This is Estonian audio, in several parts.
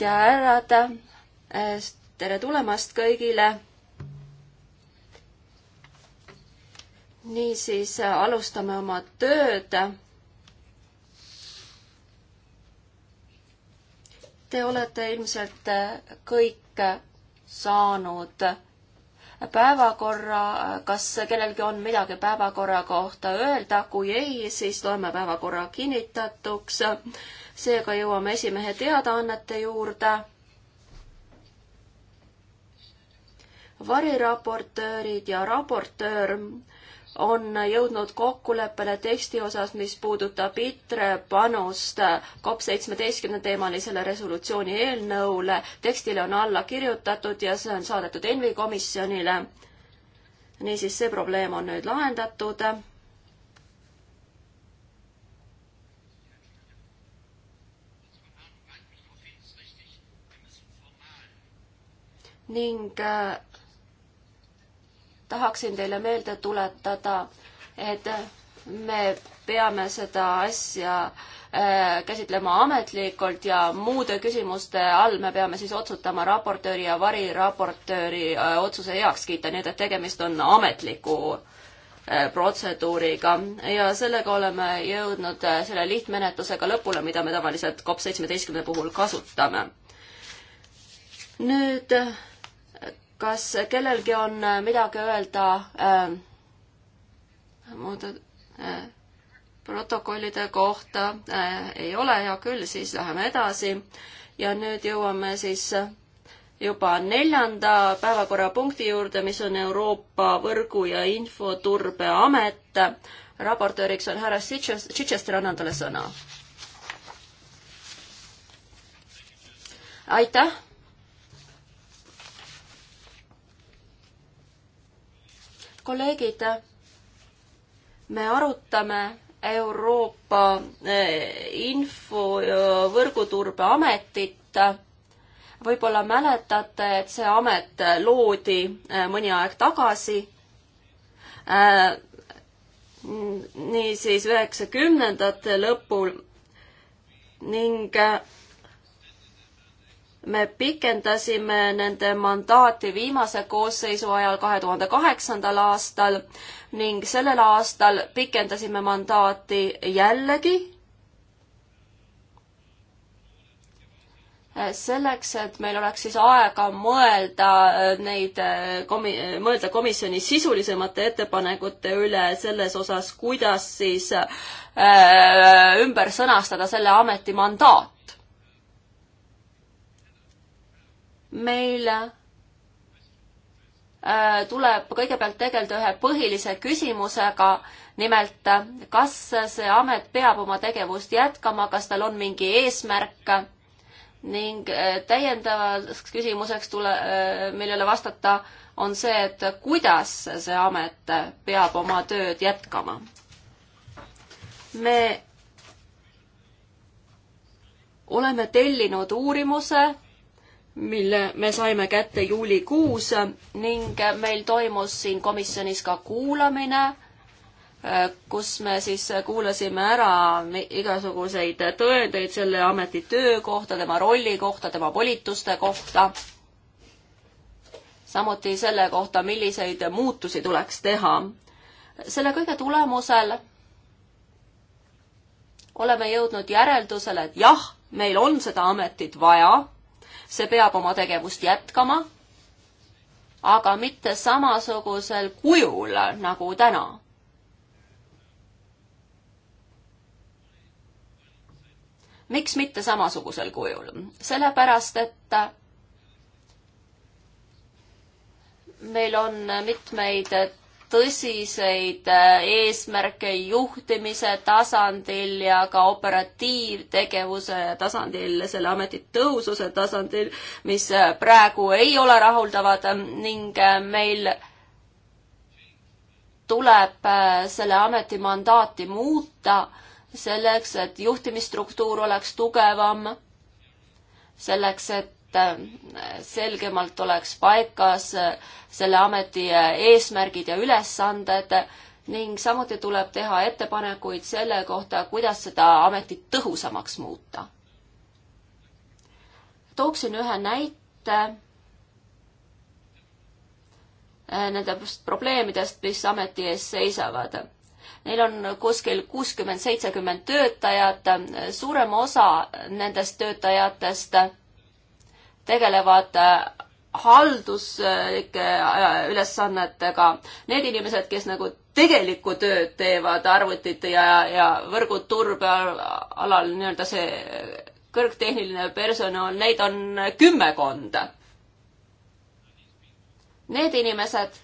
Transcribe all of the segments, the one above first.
ja härrad, tere tulemast kõigile. niisiis alustame oma tööd. Te olete ilmselt kõik saanud päevakorra, kas kellelgi on midagi päevakorra kohta öelda, kui ei, siis loeme päevakorra kinnitatuks seega jõuame esimehe teadaannete juurde. variraportöörid ja raportöör on jõudnud kokkuleppele teksti osas, mis puudutab ITRE panust COP seitsmeteistkümne teemalisele resolutsiooni eelnõule. tekstile on alla kirjutatud ja see on saadetud ENVI komisjonile. niisiis, see probleem on nüüd lahendatud ning äh, tahaksin teile meelde tuletada, et me peame seda asja äh, käsitlema ametlikult ja muude küsimuste all me peame siis otsutama raportööri ja variraportööri äh, otsuse heaks kiita, nii et, et tegemist on ametliku protseduuriga ja sellega oleme jõudnud selle lihtmenetlusega lõpule, mida me tavaliselt COP seitsmeteistkümne puhul kasutame. nüüd kas kellelgi on äh, midagi öelda äh, muude äh, protokollide kohta äh,? ei ole, hea küll, siis läheme edasi. ja nüüd jõuame siis äh, juba neljanda päevakorrapunkti juurde, mis on Euroopa Võrgu- ja Infoturbeamet. raportööriks on härra Chichester, annan talle sõna. aitäh kolleegid, me arutame Euroopa eh, Info- ja Võrguturbeametit. võib-olla mäletate, et see amet loodi eh, mõni aeg tagasi. Eh, niisiis üheksakümnendate lõpul ning me pikendasime nende mandaati viimase koosseisu ajal kahe tuhande kaheksandal aastal ning sellel aastal pikendasime mandaati jällegi selleks, et meil oleks siis aega mõelda neid komi-, mõelda komisjoni sisulisemate ettepanekute üle selles osas, kuidas siis äh, ümber sõnastada selle ameti mandaat. meil äh, tuleb kõigepealt tegeleda ühe põhilise küsimusega, nimelt kas see amet peab oma tegevust jätkama, kas tal on mingi eesmärk ning äh, täiendavaks küsimuseks tule, äh, millele vastata, on see, et kuidas see amet peab oma tööd jätkama. me oleme tellinud uurimuse mille me saime kätte juulikuus ning meil toimus siin komisjonis ka kuulamine, kus me siis kuulasime ära igasuguseid tõendeid selle ameti töö kohta, tema rolli kohta, tema volituste kohta. samuti selle kohta, milliseid muutusi tuleks teha. selle kõige tulemusel oleme jõudnud järeldusele, et jah, meil on seda ametit vaja see peab oma tegevust jätkama, aga mitte samasugusel kujul nagu täna. miks mitte samasugusel kujul? sellepärast, et meil on mitmeid tõsiseid äh, eesmärke juhtimise tasandil ja ka operatiivtegevuse tasandil, selle ameti tõhususe tasandil, mis äh, praegu ei ole rahuldavad äh, ning meil tuleb selle ameti mandaati muuta selleks, et juhtimisstruktuur oleks tugevam, selleks, et Äh, selgemalt oleks paigas äh, selle ameti äh, eesmärgid ja ülesanded ning samuti tuleb teha ettepanekuid selle kohta, kuidas seda ametit tõhusamaks muuta. tooksin ühe näite nendest probleemidest, mis ameti ees seisavad neil on kuskil kuuskümmend, seitsekümmend töötajat, suurem osa nendest töötajatest tegelevad äh, halduslike äh, ülesannetega, need inimesed, kes nagu tegelikku tööd teevad arvutite ja, ja võrguturbe alal, nii-öelda see kõrgtehniline personal, neid on kümmekond. Need inimesed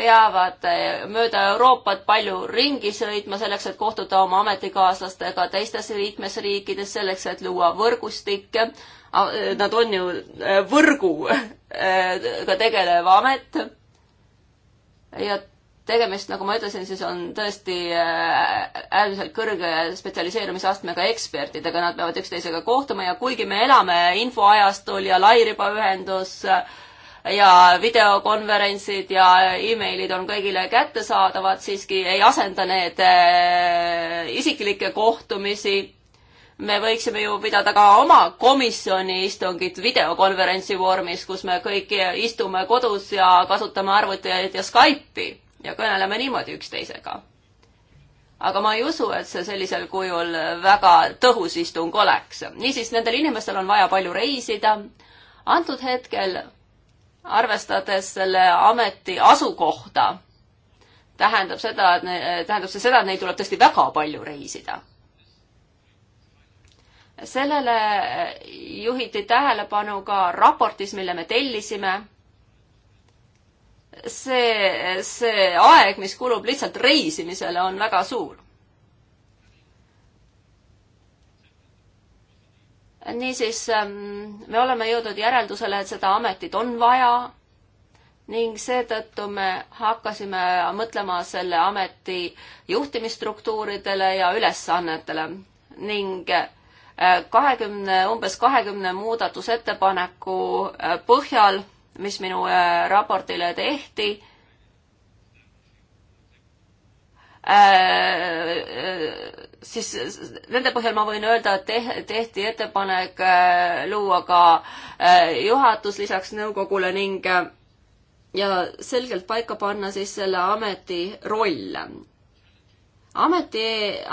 peavad mööda Euroopat palju ringi sõitma selleks, et kohtuda oma ametikaaslastega teistes liikmesriikides, selleks, et luua võrgustikke. Nad on ju äh, võrguga tegelev amet. ja tegemist, nagu ma ütlesin, siis on tõesti äh, äärmiselt kõrge spetsialiseerumisastmega ekspertidega, nad peavad üksteisega kohtuma ja kuigi me elame infoajastul ja lairibaühendus äh, ja videokonverentsid ja emailid on kõigile kättesaadavad, siiski ei asenda need äh, isiklikke kohtumisi. me võiksime ju pidada ka oma komisjoni istungit videokonverentsi vormis, kus me kõik istume kodus ja kasutame arvuteid ja Skype'i ja kõneleme niimoodi üksteisega. aga ma ei usu, et see sellisel kujul väga tõhus istung oleks. niisiis, nendel inimestel on vaja palju reisida. antud hetkel arvestades selle ameti asukohta, tähendab seda, et ne, tähendab see seda, et neil tuleb tõesti väga palju reisida. sellele juhiti tähelepanu ka raportis, mille me tellisime. see, see aeg, mis kulub lihtsalt reisimisele, on väga suur niisiis, ähm, me oleme jõudnud järeldusele, et seda ametit on vaja ning seetõttu me hakkasime mõtlema selle ameti juhtimisstruktuuridele ja ülesannetele ning äh, kahekümne, umbes kahekümne muudatusettepaneku äh, põhjal, mis minu äh, raportile tehti, Äh, äh, siis nende põhjal ma võin öelda, et tehti ettepanek äh, luua ka juhatus lisaks nõukogule ning ja selgelt paika panna siis selle ameti roll. ameti,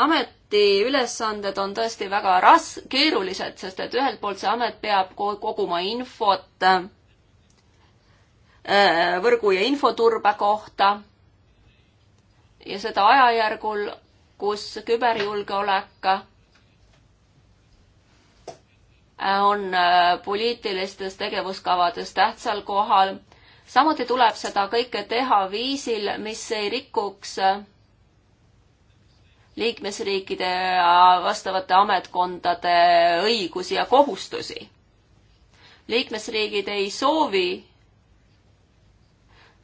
ameti ülesanded on tõesti väga ras-, keerulised, sest et ühelt poolt see amet peab koguma infot võrgu ja infoturbe kohta ja seda ajajärgul, kus küberjulgeolek äh, on äh, poliitilistes tegevuskavades tähtsal kohal. samuti tuleb seda kõike teha viisil, mis ei rikuks äh, liikmesriikide ja vastavate ametkondade õigusi ja kohustusi. liikmesriigid ei soovi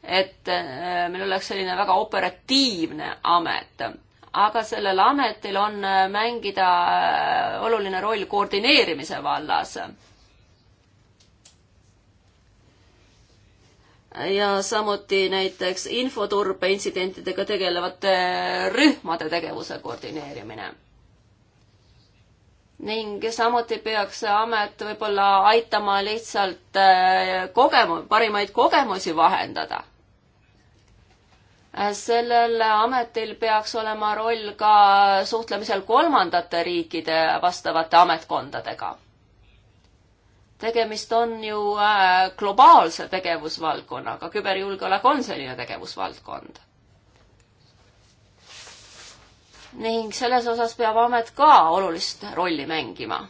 et äh, meil oleks selline väga operatiivne amet. aga sellel ametil on äh, mängida äh, oluline roll koordineerimise vallas. ja samuti näiteks infoturbeintsidentidega tegelevate rühmade tegevuse koordineerimine ning samuti peaks see amet võib-olla aitama lihtsalt kogemu-, parimaid kogemusi vahendada sellel ametil peaks olema roll ka suhtlemisel kolmandate riikide vastavate ametkondadega. tegemist on ju äh, globaalse tegevusvaldkonnaga, küberjulgeolek on selline tegevusvaldkond ning selles osas peab amet ka olulist rolli mängima.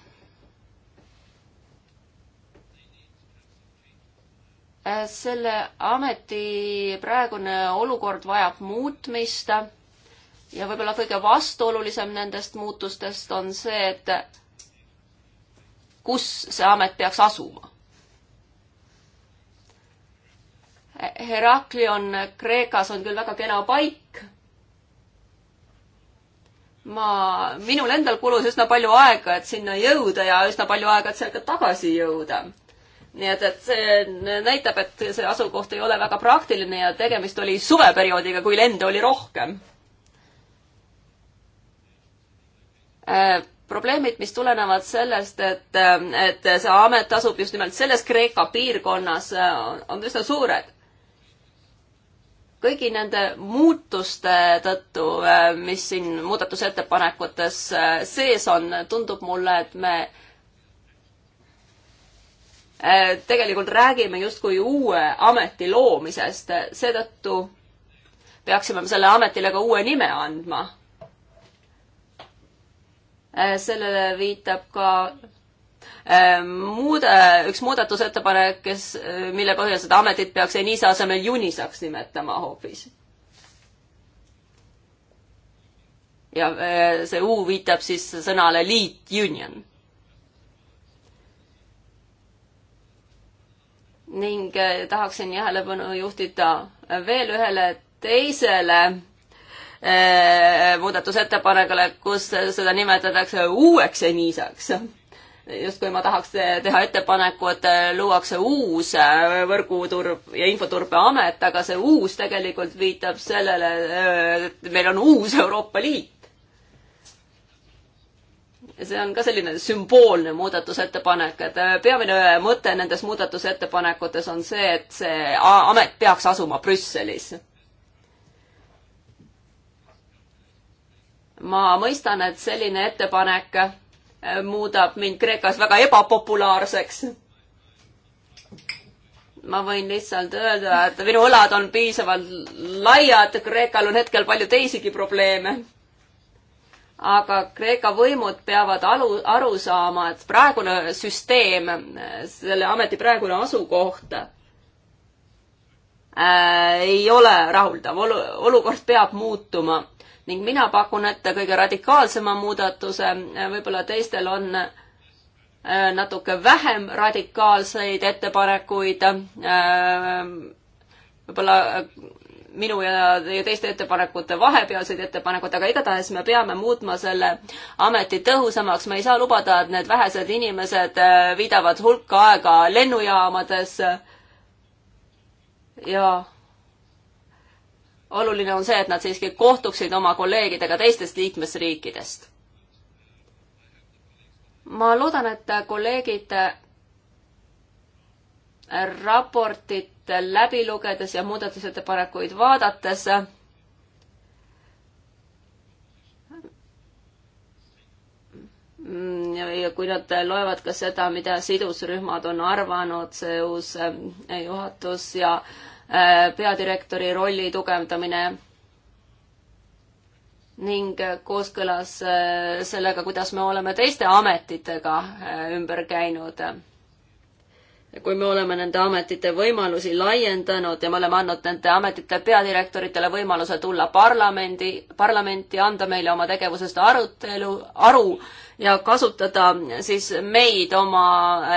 selle ameti praegune olukord vajab muutmist ja võib-olla kõige vastuolulisem nendest muutustest on see, et kus see amet peaks asuma. Heraklion Kreekas on küll väga kena paik. ma, minul endal kulus üsna palju aega, et sinna jõuda ja üsna palju aega, et sealt ka tagasi jõuda nii et, et see näitab, et see asukoht ei ole väga praktiline ja tegemist oli suveperioodiga, kui lende oli rohkem äh, probleemid, mis tulenevad sellest, et, et see amet asub just nimelt selles Kreeka piirkonnas, on üsna suured. kõigi nende muutuste tõttu, äh, mis siin muudatusettepanekutes äh, sees on, tundub mulle, et me Äh, tegelikult räägime justkui uue ameti loomisest, seetõttu peaksime me sellele ametile ka uue nime andma. Äh, sellele viitab ka äh, muude, üks muudatusettepanek, kes, mille põhjal seda ametit peaks Enisa asemel Unisaks nimetama hoopis. ja see U viitab siis sõnale liit, union ning eh, tahaksin tähelepanu juhtida eh, veel ühele teisele eh, muudatusettepanekule, kus seda nimetatakse uueks eniisaks. justkui ma tahaks teha ettepaneku, et luuakse uus võrguturb ja infoturbeamet, aga see uus tegelikult viitab sellele, et meil on uus Euroopa Liit see on ka selline sümboolne muudatusettepanek, et äh, peamine äh, mõte nendes muudatusettepanekutes on see, et see amet peaks asuma Brüsselis. ma mõistan, et selline ettepanek äh, muudab mind Kreekas väga ebapopulaarseks. ma võin lihtsalt öelda, et minu õlad on piisavalt laiad, Kreekal on hetkel palju teisigi probleeme aga Kreeka võimud peavad alu, aru saama, et praegune süsteem, selle ameti praegune asukoht äh, ei ole rahuldav Olu,, olukord peab muutuma ning mina pakun ette kõige radikaalsema muudatuse, võib-olla teistel on äh, natuke vähem radikaalseid ettepanekuid äh,, võib-olla minu ja teiste ettepanekute vahepealseid ettepanekuid, aga igatahes me peame muutma selle ameti tõhusamaks, me ei saa lubada, et need vähesed inimesed äh, viidavad hulka aega lennujaamades ja oluline on see, et nad siiski kohtuksid oma kolleegidega teistest liikmesriikidest. ma loodan, et kolleegid raportit läbi lugedes ja muudatusettepanekuid vaadates ja kui nad loevad ka seda, mida sidusrühmad on arvanud, see uus eh, juhatus ja eh, peadirektori rolli tugevdamine ning kooskõlas eh, sellega, kuidas me oleme teiste ametitega ümber käinud kui me oleme nende ametite võimalusi laiendanud ja me oleme andnud nende ametite peadirektoritele võimaluse tulla parlamendi, parlamenti, anda meile oma tegevusest arutelu, aru ja kasutada siis meid oma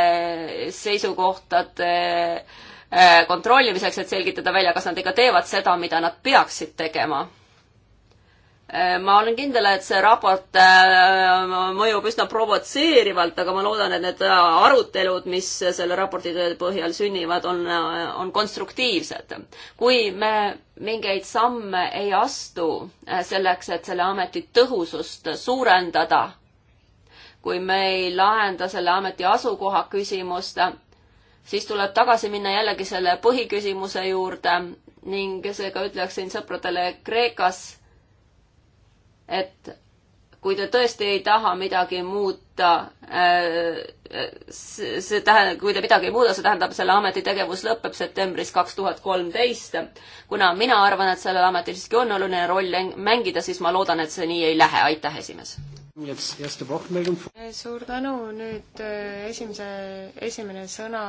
eh, seisukohtade eh, kontrollimiseks, et selgitada välja, kas nad ikka teevad seda, mida nad peaksid tegema Äh, ma olen kindel, et see raport äh, mõjub üsna provotseerivalt, aga ma loodan, et need äh, arutelud, mis selle raporti põhjal sünnivad, on, on konstruktiivsed. kui me mingeid samme ei astu selleks, et selle ameti tõhusust suurendada, kui me ei lahenda selle ameti asukoha küsimust, siis tuleb tagasi minna jällegi selle põhiküsimuse juurde ning seega ütleksin sõpradele Kreekas et kui te tõesti ei taha midagi muuta, äh, see tähendab, kui te midagi ei muuda, see tähendab, selle ameti tegevus lõpeb septembris kaks tuhat kolmteist. kuna mina arvan, et sellel ametil siiski on oluline roll mängida, siis ma loodan, et see nii ei lähe. aitäh, esimees! suur tänu, nüüd äh, esimese, esimene sõna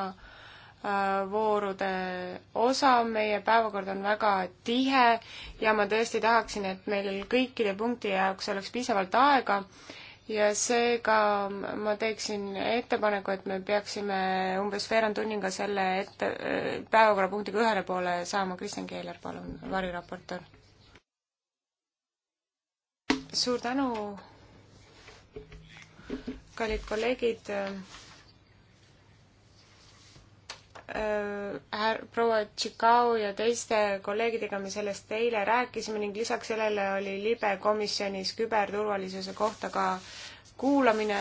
voorude osa, meie päevakord on väga tihe ja ma tõesti tahaksin, et meil kõikide punkti jaoks oleks piisavalt aega ja seega ma teeksin ettepaneku, et me peaksime umbes veerand tunniga selle ette, päevakorrapunktiga ühele poole saama. Kristjan Keeler, palun, variraportor. suur tänu, kallid kolleegid äh, proua Tšikau ja teiste kolleegidega me sellest eile rääkisime ning lisaks sellele oli libe komisjonis küberturvalisuse kohta ka kuulamine.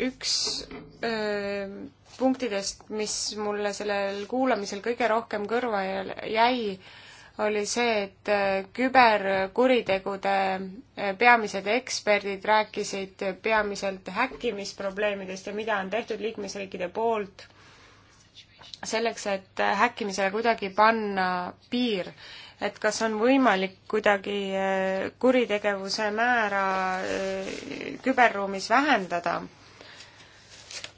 üks öö, äh, punktidest, mis mulle sellel kuulamisel kõige rohkem kõrva jäi, oli see, et äh, küberkuritegude äh, peamised eksperdid rääkisid peamiselt häkkimisprobleemidest ja mida on tehtud liikmesriikide poolt selleks, et äh, häkkimisele kuidagi panna piir, et kas on võimalik kuidagi kuritegevuse määra küberruumis vähendada.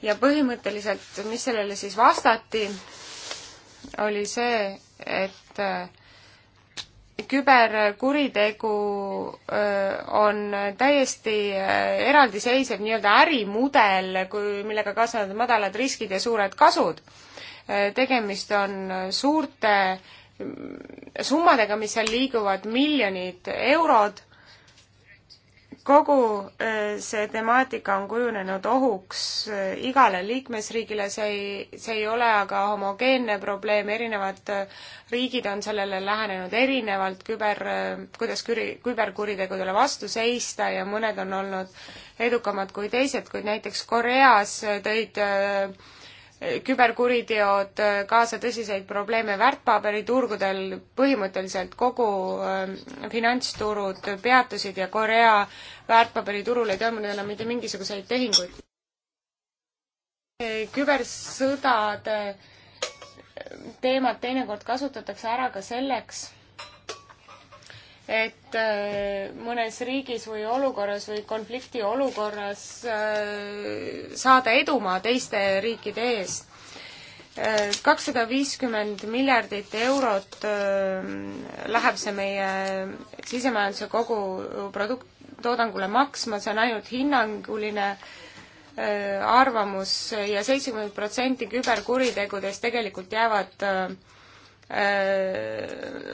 ja põhimõtteliselt, mis sellele siis vastati, oli see, et küberkuritegu on täiesti eraldiseisev nii-öelda ärimudel, kui, millega kaasnevad madalad riskid ja suured kasud. tegemist on suurte summadega, mis seal liiguvad, miljonid eurod kogu äh, see temaatika on kujunenud ohuks äh, igale liikmesriigile, see ei, see ei ole aga homogeenne probleem, erinevad äh, riigid on sellele lähenenud erinevalt, küber, kuidas küri, küberkuritegudele vastu seista ja mõned on olnud edukamad kui teised, kuid näiteks Koreas tõid äh, küberkuriteod äh, kaasa tõsiseid probleeme väärtpaberiturgudel, põhimõtteliselt kogu äh, finantsturud peatusid ja Korea väärtpaberiturul ei toimunud enam mitte mingisuguseid tehinguid. kübersõdade teemat teinekord kasutatakse ära ka selleks, et äh, mõnes riigis või olukorras või konflikti olukorras äh, saada edumaa teiste riikide ees. Äh, kakssada viiskümmend miljardit eurot läheb see meie sisemajanduse kogu produkt, toodangule maksma, see on ainult hinnanguline arvamus ja seitsekümmend protsenti küberkuritegudest tegelikult jäävad äh, Äh,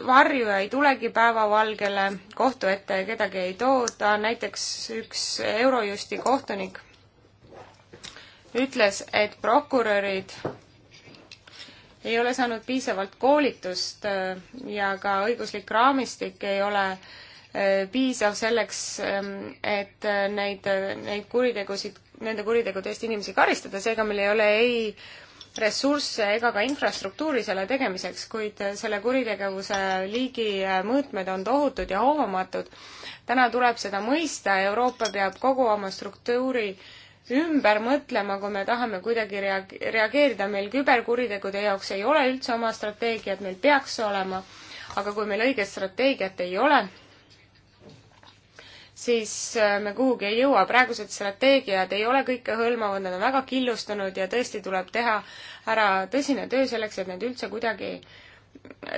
varju ei tulegi päevavalgele, kohtu ette kedagi ei tooda, näiteks üks Eurojusti kohtunik ütles, et prokurörid ei ole saanud piisavalt koolitust äh, ja ka õiguslik raamistik ei ole äh, piisav selleks, ähm, et neid, neid kuritegusid, nende kuritegude eest inimesi karistada, seega meil ei ole ei ressursse ega ka infrastruktuuri selle tegemiseks, kuid selle kuritegevuse liigi mõõtmed on tohutud ja hoomamatud. täna tuleb seda mõista, Euroopa peab kogu oma struktuuri ümber mõtlema, kui me tahame kuidagi reag-, reageerida, meil küberkuritegude jaoks ei ole üldse oma strateegiat, meil peaks olema, aga kui meil õiget strateegiat ei ole, siis äh, me kuhugi ei jõua. praegused strateegiad ei ole kõikehõlmavad, nad on väga killustunud ja tõesti tuleb teha ära tõsine töö selleks, et need üldse kuidagi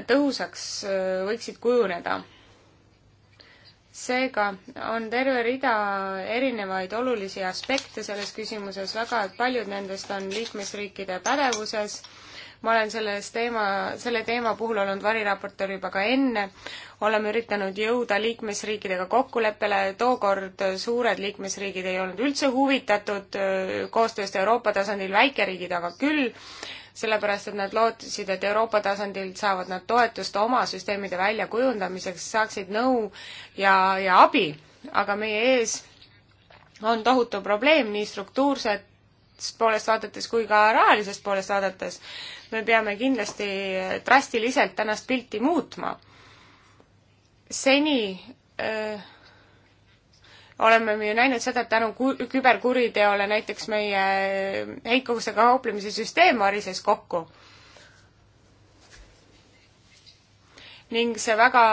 tõhusaks äh, võiksid kujuneda. seega on terve rida erinevaid olulisi aspekte selles küsimuses, väga paljud nendest on liikmesriikide pädevuses ma olen selles teema, selle teema puhul olnud variraportöör juba ka enne, oleme üritanud jõuda liikmesriikidega kokkuleppele, tookord suured liikmesriigid ei olnud üldse huvitatud koostööst Euroopa tasandil, väikeriigid aga küll, sellepärast et nad lootsid, et Euroopa tasandilt saavad nad toetust oma süsteemide väljakujundamiseks, saaksid nõu ja, ja abi, aga meie ees on tohutu probleem, nii struktuurset poolest vaadates kui ka rahalisest poolest vaadates, me peame kindlasti drastiliselt tänast pilti muutma. seni öö, äh, oleme me ju näinud seda, et tänu küberkuriteole näiteks meie heitkogustega kauplemise süsteem varises kokku. ning see väga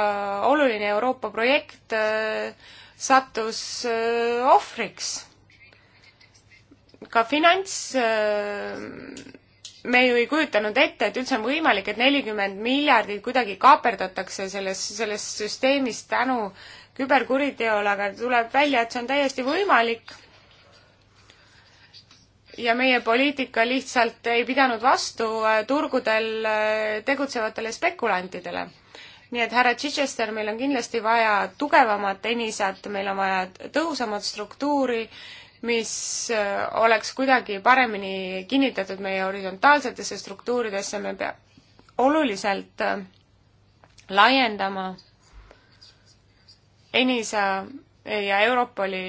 oluline Euroopa projekt öö, äh, sattus öö, äh, ohvriks ka finants äh, me ju ei kujutanud ette, et üldse on võimalik, et nelikümmend miljardit kuidagi kaaperdatakse selles, selles süsteemis tänu küberkuriteole, aga tuleb välja, et see on täiesti võimalik. ja meie poliitika lihtsalt ei pidanud vastu äh, turgudel äh, tegutsevatele spekulantidele. nii et härra Chichester, meil on kindlasti vaja tugevamat ENISA-t, meil on vaja tõhusamat struktuuri mis äh, oleks kuidagi paremini kinnitatud meie horisontaalsetesse struktuuridesse, me pea-, oluliselt äh, laiendama ENISA ja Europoli,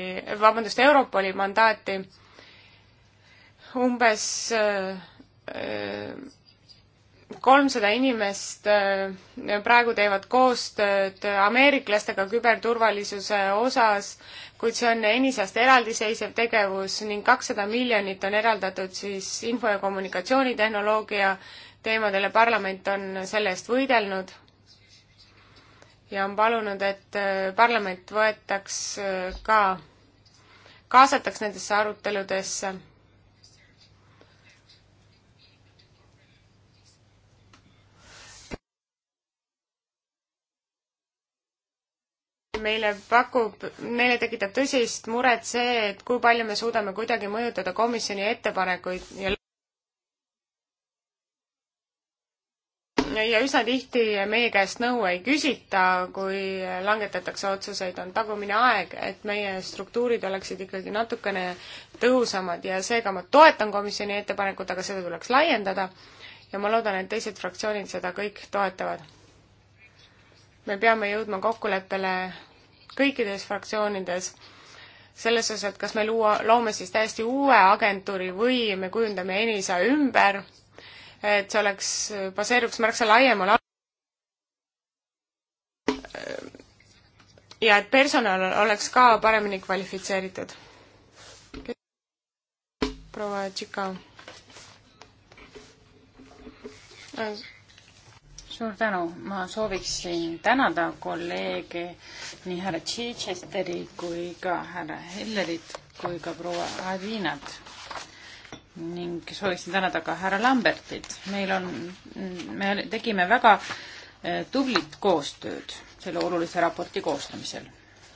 vabandust, Europoli mandaati umbes äh, kolmsada inimest praegu teevad koostööd ameeriklastega küberturvalisuse osas, kuid see on ENISA-st eraldiseisev tegevus ning kakssada miljonit on eraldatud siis info- ja kommunikatsioonitehnoloogia teemadele, parlament on selle eest võidelnud ja on palunud, et äh, parlament võetaks äh, ka, kaasataks nendesse aruteludesse meile pakub, meile tekitab tõsist muret see, et kui palju me suudame kuidagi mõjutada komisjoni ettepanekuid ja ja üsna tihti meie käest nõu ei küsita, kui langetatakse otsuseid, on tagumine aeg, et meie struktuurid oleksid ikkagi natukene tõhusamad ja seega ma toetan komisjoni ettepanekut, aga seda tuleks laiendada ja ma loodan, et teised fraktsioonid seda kõik toetavad. me peame jõudma kokkuleppele kõikides fraktsioonides selles osas, et kas me luua, loome siis täiesti uue agentuuri või me kujundame ENISA ümber, et see oleks, baseeruks märksa laiemal ja et personal oleks ka paremini kvalifitseeritud. proua Tšika suur tänu, ma sooviksin tänada kolleege nii härra Chichesteri kui ka härra Hellerit kui ka proua Adinat ning sooviksin tänada ka härra Lambertit. meil on, me tegime väga eh, tublit koostööd selle olulise raporti koostamisel.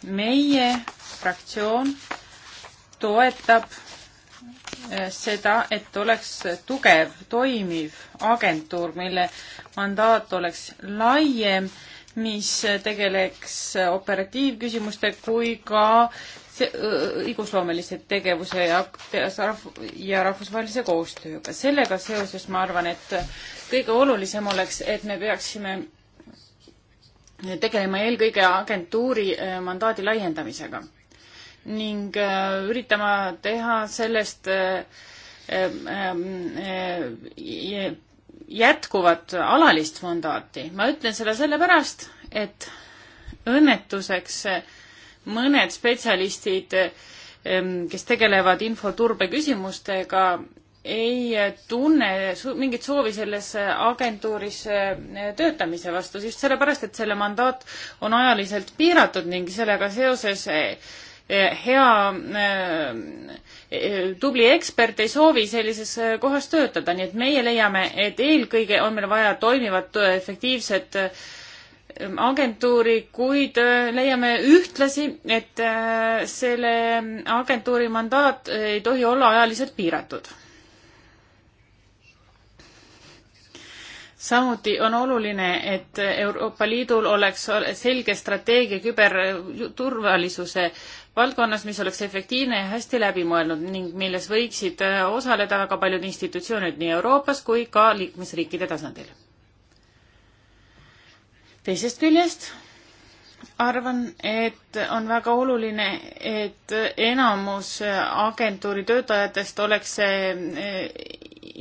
meie fraktsioon toetab Äh, seda, et oleks tugev, toimiv agentuur, mille mandaat oleks laiem, mis tegeleks operatiivküsimuste kui ka õigusloomelise tegevuse ja, ja rahvusvahelise koostööga. sellega seoses ma arvan, et kõige olulisem oleks, et me peaksime tegelema eelkõige agentuuri äh, mandaadi laiendamisega ning äh, üritama teha sellest äh, äh, jätkuvat alalist mandaati. ma ütlen seda sellepärast, et õnnetuseks mõned spetsialistid, ähm, kes tegelevad infoturbe küsimustega, ei tunne mingit soovi selles agentuuris töötamise vastu, just sellepärast, et selle mandaat on ajaliselt piiratud ning sellega seoses Eh, hea eh, eh, tubli ekspert ei soovi sellises kohas töötada, nii et meie leiame, et eelkõige on meil vaja toimivat, efektiivset agentuuri, kuid leiame ühtlasi, et selle agentuuri mandaat ei tohi olla ajaliselt piiratud. samuti on oluline, et Euroopa Liidul oleks selge strateegia küberturvalisuse valdkonnas, mis oleks efektiivne ja hästi läbimõelnud ning milles võiksid äh, osaleda väga paljud institutsioonid nii Euroopas kui ka liikmesriikide tasandil. teisest küljest arvan, et on väga oluline, et enamus äh, agentuuri töötajatest oleks äh,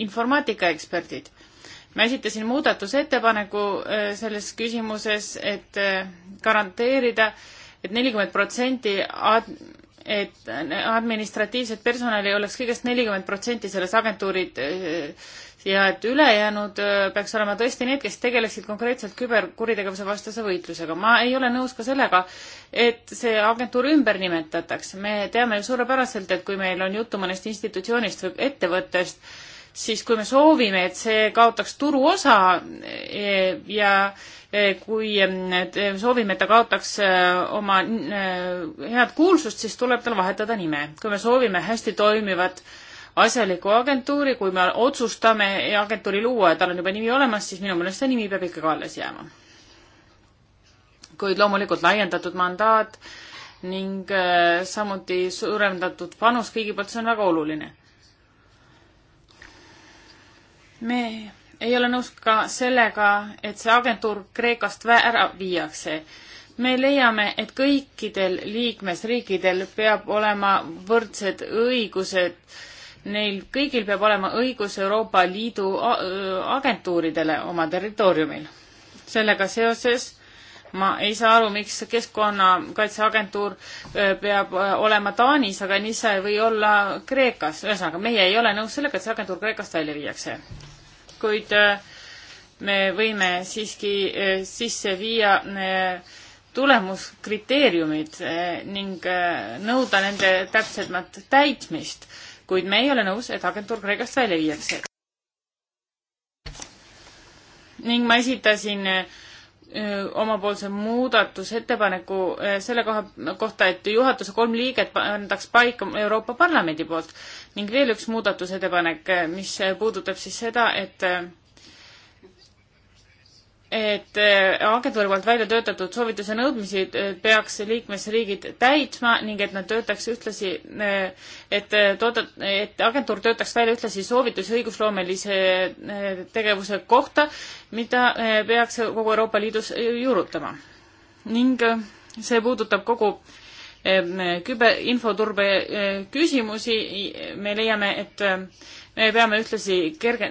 informaatikaeksperdid. ma esitasin muudatusettepaneku selles küsimuses, et garanteerida äh, et nelikümmend protsenti ad-, et administratiivset personali oleks kõigest nelikümmend protsenti selles agentuurid äh, ja et ülejäänud äh, peaks olema tõesti need, kes tegeleksid konkreetselt küberkuritegevuse vastase võitlusega. ma ei ole nõus ka sellega, et see agentuur ümber nimetatakse. me teame ju suurepäraselt, et kui meil on juttu mõnest institutsioonist või ettevõttest, siis kui me soovime, et see kaotaks turuosa e, ja e, kui soovime, et ta kaotaks e, oma head kuulsust, siis tuleb tal vahetada nime. kui me soovime hästi toimivat asjaliku agentuuri, kui me otsustame agentuuri luua ja tal on juba nimi olemas, siis minu meelest see nimi peab ikkagi alles jääma. kuid loomulikult laiendatud mandaat ning samuti suurendatud panus kõigi poolt, see on väga oluline me ei ole nõus ka sellega, et see agentuur Kreekast ära viiakse. me leiame, et kõikidel liikmesriikidel peab olema võrdsed õigused, neil kõigil peab olema õigus Euroopa Liidu agentuuridele oma territooriumil. sellega seoses ma ei saa aru, miks Keskkonnakaitseagentuur peab olema Taanis, aga nii see ei või olla Kreekas. ühesõnaga, meie ei ole nõus sellega, et see agentuur Kreekast välja viiakse kuid äh, me võime siiski äh, sisse viia äh, tulemuskriteeriumid ning nõuda nende täpsemat täitmist, kuid me ei ole nõus, et agentuur Kreekast välja viiakse. ning ma esitasin omapoolse muudatusettepaneku selle koha, kohta, et juhatuse kolm liiget pandaks paika Euroopa Parlamendi poolt ning veel üks muudatusettepanek, eh, mis eh, puudutab siis seda, et eh, et agentuuri poolt välja töötatud soovituse nõudmisi peaks liikmesriigid täitma ning et nad töötaks ühtlasi, et tooda, et agentuur töötaks välja ühtlasi soovitusi õigusloomelise tegevuse kohta, mida peaks kogu Euroopa Liidus juurutama. ning see puudutab kogu küber, infoturbe e, küsimusi, me leiame, et e, me peame ühtlasi kerge,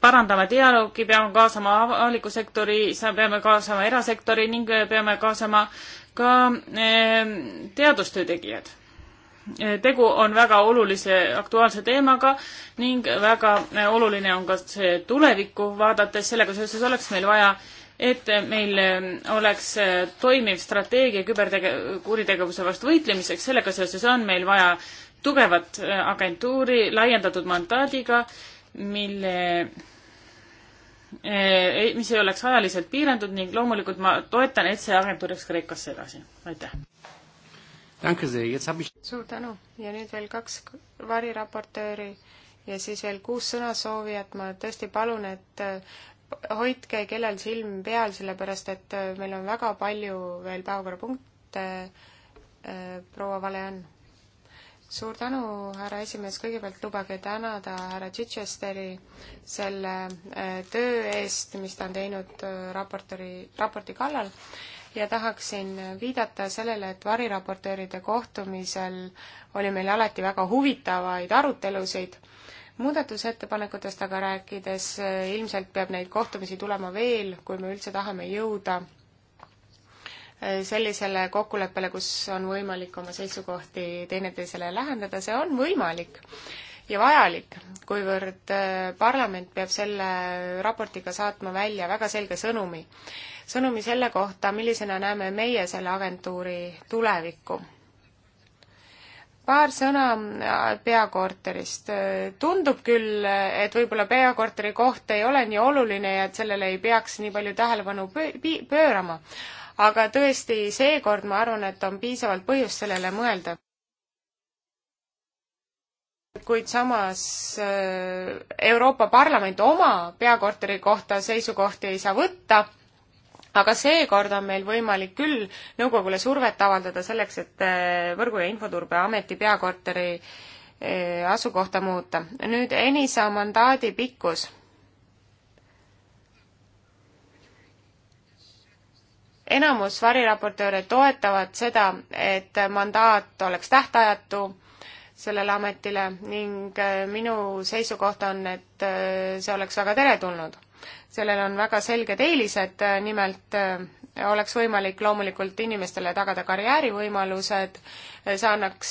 parandama dialoogi, peame kaasama avaliku sektori, peame kaasama erasektori ning peame kaasama ka e, teadustöö tegijad. tegu on väga olulise aktuaalse teemaga ning väga oluline on ka see tulevikku vaadates, sellega seoses oleks meil vaja et meil ähm, oleks äh, toimiv strateegia küberkuritegevuse vastu võitlemiseks, sellega seoses on meil vaja tugevat äh, agentuuri laiendatud mandaadiga, mille, äh, mis ei oleks ajaliselt piiratud ning loomulikult ma toetan, et see agentuur jääks Kreekasse edasi. aitäh! suur tänu ja nüüd veel kaks variraportööri ja siis veel kuus sõnasoovijat, ma tõesti palun, et hoidke kellel silm peal, sellepärast et äh, meil on väga palju veel päevakorrapunkte. Äh, proua Vale on. suur tänu, härra esimees, kõigepealt lubage tänada härra Chichesteri selle äh, töö eest, mis ta on teinud raportori, raporti kallal ja tahaksin viidata sellele, et variraportööride kohtumisel oli meil alati väga huvitavaid arutelusid muudatusettepanekutest aga rääkides, eh, ilmselt peab neid kohtumisi tulema veel, kui me üldse tahame jõuda eh, sellisele kokkuleppele, kus on võimalik oma seisukohti teineteisele lähendada, see on võimalik ja vajalik, kuivõrd eh, parlament peab selle raportiga saatma välja väga selge sõnumi. sõnumi selle kohta, millisena näeme meie selle agentuuri tulevikku paar sõna äh, peakorterist. tundub küll, et võib-olla peakorteri koht ei ole nii oluline ja et sellele ei peaks nii palju tähelepanu pöörama. aga tõesti, seekord ma arvan, et on piisavalt põhjust sellele mõelda. kuid samas äh, Euroopa Parlament oma peakorteri kohta seisukohti ei saa võtta aga seekord on meil võimalik küll nõukogule survet avaldada selleks, et eh, Võrgu- ja Infoturbeameti peakorteri eh, asukohta muuta. nüüd ENISA mandaadi pikkus. enamus variraportööre toetavad seda, et mandaat oleks tähtajatu sellele ametile ning eh, minu seisukoht on, et see oleks väga teretulnud sellel on väga selged eelised, äh, nimelt äh, oleks võimalik loomulikult inimestele tagada karjäärivõimalused, äh, see annaks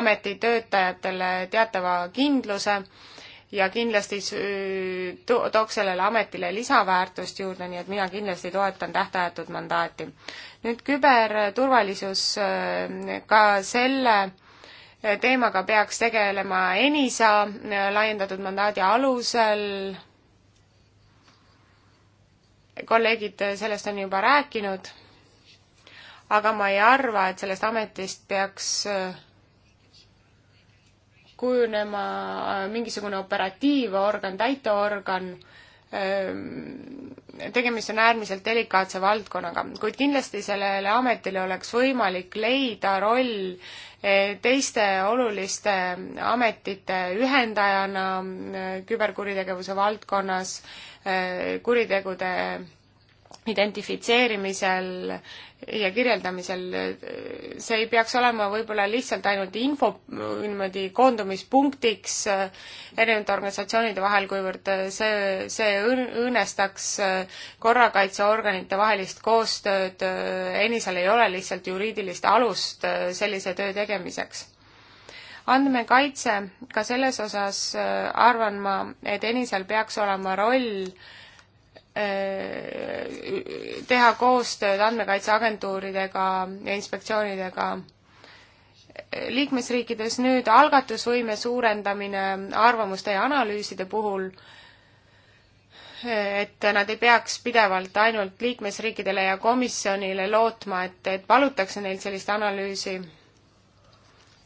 ametitöötajatele teatava kindluse ja kindlasti tooks sellele ametile lisaväärtust juurde, nii et mina kindlasti toetan tähtajatut mandaati. nüüd küberturvalisus, ka selle teemaga peaks tegelema ENISA laiendatud mandaadi alusel kolleegid sellest on juba rääkinud, aga ma ei arva, et sellest ametist peaks äh, kujunema äh, mingisugune operatiivorgan, täiteorgan, äh, tegemist on äärmiselt delikaatse valdkonnaga, kuid kindlasti sellele ametile oleks võimalik leida roll teiste oluliste ametite ühendajana küberkuritegevuse valdkonnas äh,, Äh, kuritegude identifitseerimisel ja kirjeldamisel, see ei peaks olema võib-olla lihtsalt ainult info niimoodi koondumispunktiks äh, erinevate organisatsioonide vahel, kuivõrd äh, see, see õõnestaks korrakaitseorganite vahelist koostööd, ENISA-l ei ole lihtsalt juriidilist alust sellise töö tegemiseks andmekaitse, ka selles osas äh, arvan ma, et Enisel peaks olema roll äh, teha koostööd andmekaitseagentuuridega ja inspektsioonidega liikmesriikides nüüd algatusvõime suurendamine arvamuste ja analüüside puhul, et nad ei peaks pidevalt ainult liikmesriikidele ja komisjonile lootma, et, et palutakse neilt sellist analüüsi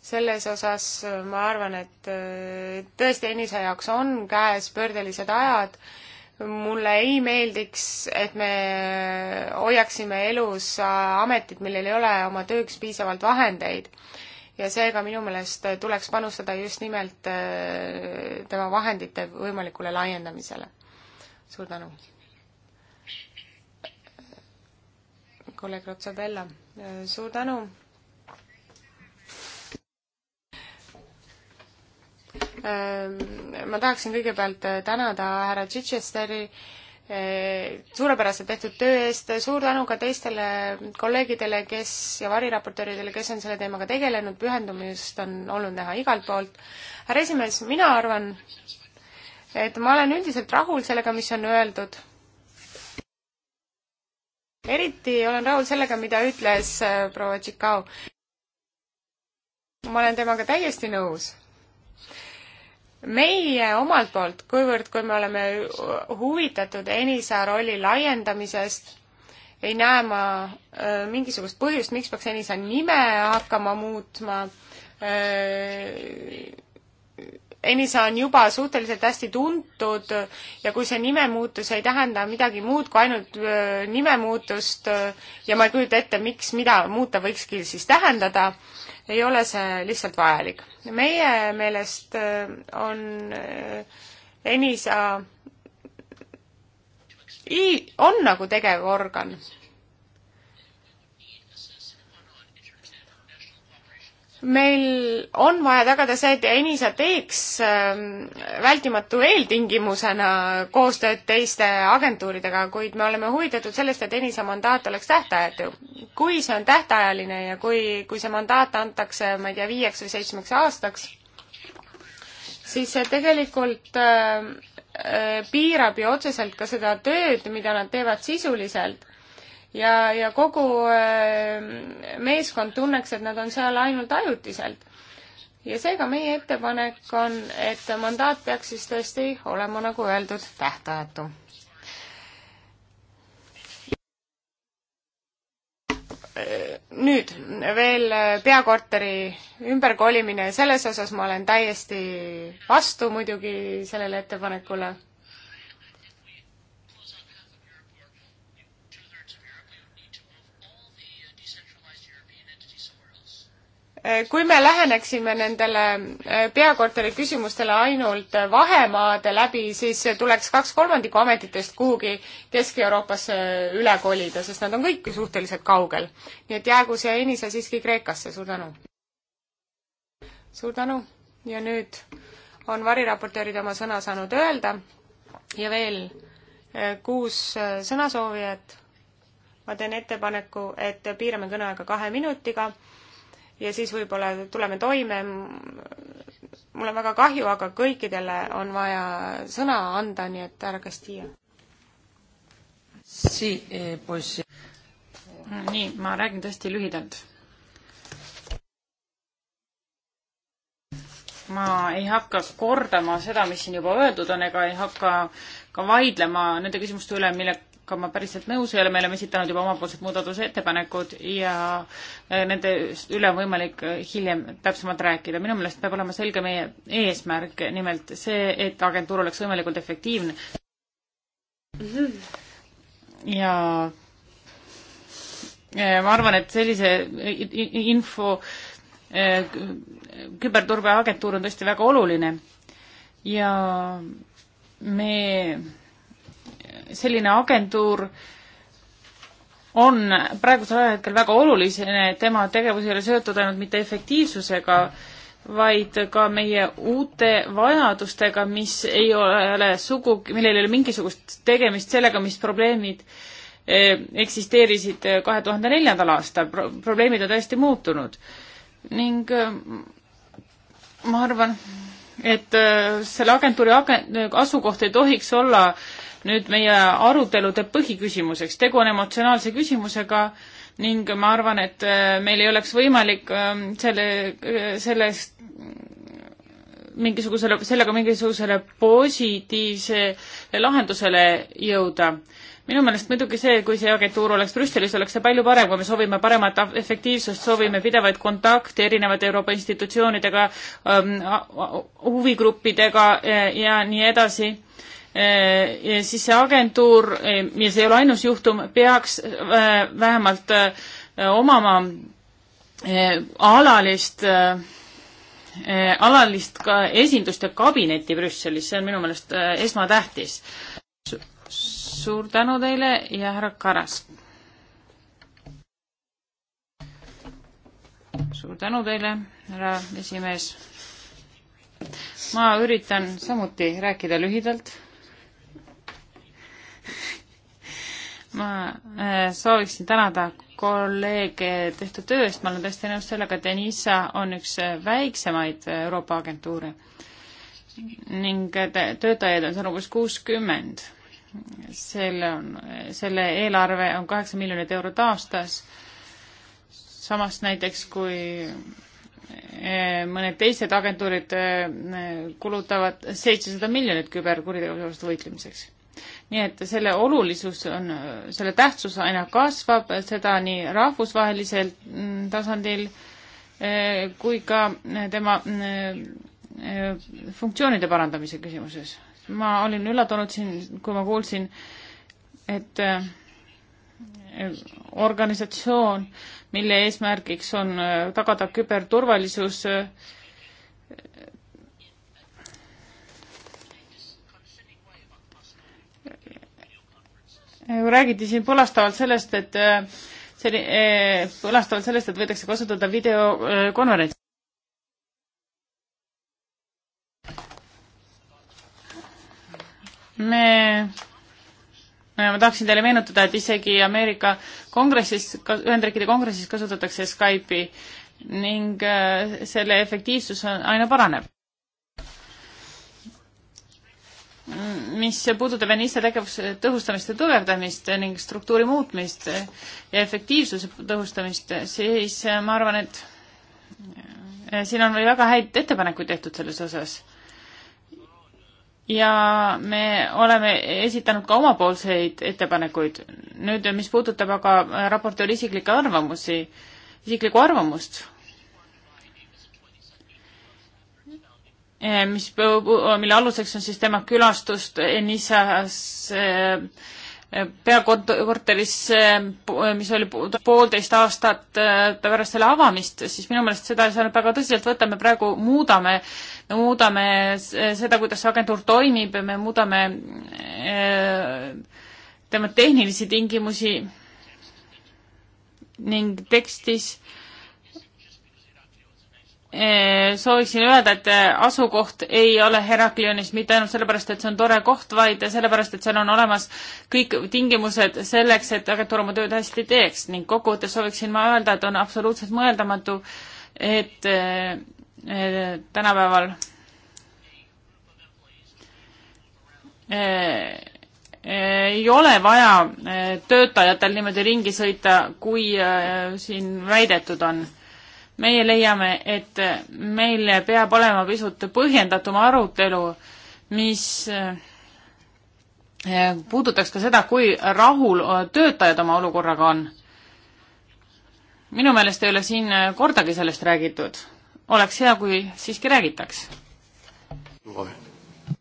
selles osas äh, ma arvan, et äh, tõesti Enise jaoks on käes pöördelised ajad. mulle ei meeldiks, et me hoiaksime elus äh, ametit, millel ei ole oma tööks piisavalt vahendeid. ja seega minu meelest tuleks panustada just nimelt tema vahendite võimalikule laiendamisele. suur tänu. kolleeg Rotsabella, suur tänu Ehm, ma tahaksin kõigepealt eh, tänada härra Chichesteri eh, suurepäraselt tehtud töö eest, suur tänu ka teistele kolleegidele, kes ja variraportööridele, kes on selle teemaga tegelenud, pühendumist on olnud näha igalt poolt. härra esimees, mina arvan, et ma olen üldiselt rahul sellega, mis on öeldud. eriti olen rahul sellega, mida ütles eh, proua Tšikau. ma olen temaga täiesti nõus meie omalt poolt, kuivõrd kui me oleme huvitatud Enisa rolli laiendamisest, ei näe ma öö, äh, mingisugust põhjust, miks peaks Enisa nime hakkama muutma. Äh, Enisa on juba suhteliselt hästi tuntud ja kui see nimemuutus ei tähenda midagi muud kui ainult öö, äh, nimemuutust öö, ja ma ei kujuta ette, miks mida muuta võikski siis tähendada, ei ole see lihtsalt vajalik. meie meelest äh, on äh, Enisa on nagu tegevorgan meil on vaja tagada see, et Enisa teeks ähm, vältimatu eeltingimusena koostööd teiste agentuuridega, kuid me oleme huvitatud sellest, et Enisa mandaat oleks tähtajatu. kui see on tähtajaline ja kui, kui see mandaat antakse, ma ei tea, viieks või seitsmeks aastaks, siis see tegelikult ähm, äh, piirab ju otseselt ka seda tööd, mida nad teevad sisuliselt ja, ja kogu äh, meeskond tunneks, et nad on seal ainult ajutiselt. ja seega meie ettepanek on, et mandaat peaks siis tõesti olema, nagu öeldud, tähtajatu. Äh, nüüd veel äh, peakorteri ümberkolimine, selles osas ma olen täiesti vastu muidugi sellele ettepanekule Eh, kui me läheneksime nendele eh, peakorteri küsimustele ainult eh, vahemaade läbi, siis tuleks kaks kolmandikku ametitest kuhugi Kesk-Euroopasse üle kolida, sest nad on kõik ju suhteliselt kaugel. nii et jäägu see Enise siiski Kreekasse, suur tänu! suur tänu ja nüüd on variraportöörid oma sõna saanud öelda ja veel kuus sõnasoovijat. ma teen ettepaneku, et piirame kõneaega kahe minutiga ja siis võib-olla tuleme toime. mul on väga kahju, aga kõikidele on vaja sõna anda, nii et härra Castillo. Eh, eh. nii, ma räägin tõesti lühidalt. ma ei hakka kordama seda, mis siin juba öeldud on, ega ei hakka ka vaidlema nende küsimuste üle, mille millega ma päriselt nõus ei ole, me oleme esitanud juba omapoolsed muudatusettepanekud ja äh, nende üle on võimalik äh, hiljem täpsemalt rääkida. minu meelest peab olema selge meie eesmärk, nimelt see, et agentuur oleks võimalikult efektiivne. ja äh, ma arvan, et sellise info küberturbeagentuur on tõesti väga oluline ja me selline agentuur on praegusel hetkel väga oluline, tema tegevus ei ole seotud ainult mitte efektiivsusega, vaid ka meie uute vajadustega, mis ei ole sugugi, millel ei ole mingisugust tegemist sellega, mis probleemid eh, eksisteerisid eh, kahe tuhande neljandal aastal Pro, probleemid on täiesti muutunud. ning eh, ma arvan, et selle agentuuri agen-, asukoht ei tohiks olla nüüd meie arutelude põhiküsimuseks. tegu on emotsionaalse küsimusega ning ma arvan, et äh, meil ei oleks võimalik ähm, selle, äh, sellest mingisugusele, sellega mingisugusele positiivse lahendusele jõuda. minu meelest muidugi see, kui see agentuur oleks Brüsselis, oleks see palju parem, kui me soovime paremat efektiivsust, soovime pidevaid kontakte erinevate Euroopa institutsioonidega, ähm, huvigruppidega ja, äh, ja nii edasi Äh, siis see agentuur, äh, ja see ei ole ainus juhtum, peaks äh, vähemalt omama alalist, alalist ka esindust ja kabinetti Brüsselis, see on minu meelest esmatähtis. suur tänu teile ja härra Karas. suur tänu teile, härra esimees. ma üritan samuti rääkida lühidalt ma äh, sooviksin tänada kolleege tehtud töö eest, ma olen tõesti nõus sellega, et Enisa on üks äh, väiksemaid äh, Euroopa agentuure ning töötajaid on seal umbes kuuskümmend. selle on, selle eelarve on kaheksa miljonit eurot aastas, samas näiteks kui mõned teised agentuurid kulutavad seitsesada miljonit küberkuritegevuse vastu võitlemiseks nii et selle olulisus on, selle tähtsus aina kasvab, seda nii rahvusvahelisel mm, tasandil eh, kui ka eh, tema mm, eh, funktsioonide parandamise küsimuses. ma olin üllatunud siin, kui ma kuulsin, et organisatsioon, mille eesmärgiks on tagada küberturvalisus, räägiti siin põlastavalt sellest, et äh, selli-, äh, põlastavalt sellest, et võidakse kasutada videokonverentsi. me, ma tahaksin teile meenutada, et isegi Ameerika kongressis, Ühendriikide kongressis kasutatakse Skype'i ning äh, selle efektiivsus aina paraneb mis puudutab NISA tegevuse tõhustamist ja tugevdamist ning struktuuri muutmist ja efektiivsuse tõhustamist, siis ma arvan, et siin on veel väga häid ettepanekuid tehtud selles osas. ja me oleme esitanud ka omapoolseid ettepanekuid. nüüd, mis puudutab aga raportööri isiklikke arvamusi, isiklikku arvamust, Eh, mis, mille aluseks on siis tema külastust Enissas eh, eh, peakontoris, mis oli poolteist aastat pärast selle avamist, siis minu meelest seda ei saa nüüd väga tõsiselt võtta, me praegu muudame, me muudame seda, kuidas see agentuur toimib, me muudame tema tehnilisi tingimusi ning tekstis äh, Äh, sooviksin öelda, et äh, asukoht ei ole Heraklionis mitte ainult sellepärast, et see on tore koht, vaid sellepärast, et seal on olemas kõik tingimused selleks, et agentuur oma tööd hästi teeks ning kokkuvõttes sooviksin ma öelda, et on absoluutselt mõeldamatu, et äh, tänapäeval ei ole vaja töötajatel niimoodi ringi sõita, kui siin väidetud on meie leiame, et meil peab olema pisut põhjendatum arutelu, mis eh, puudutaks ka seda, kui rahul eh, töötajad oma olukorraga on. minu meelest ei ole siin eh, kordagi sellest räägitud. oleks hea, kui siiski räägitaks.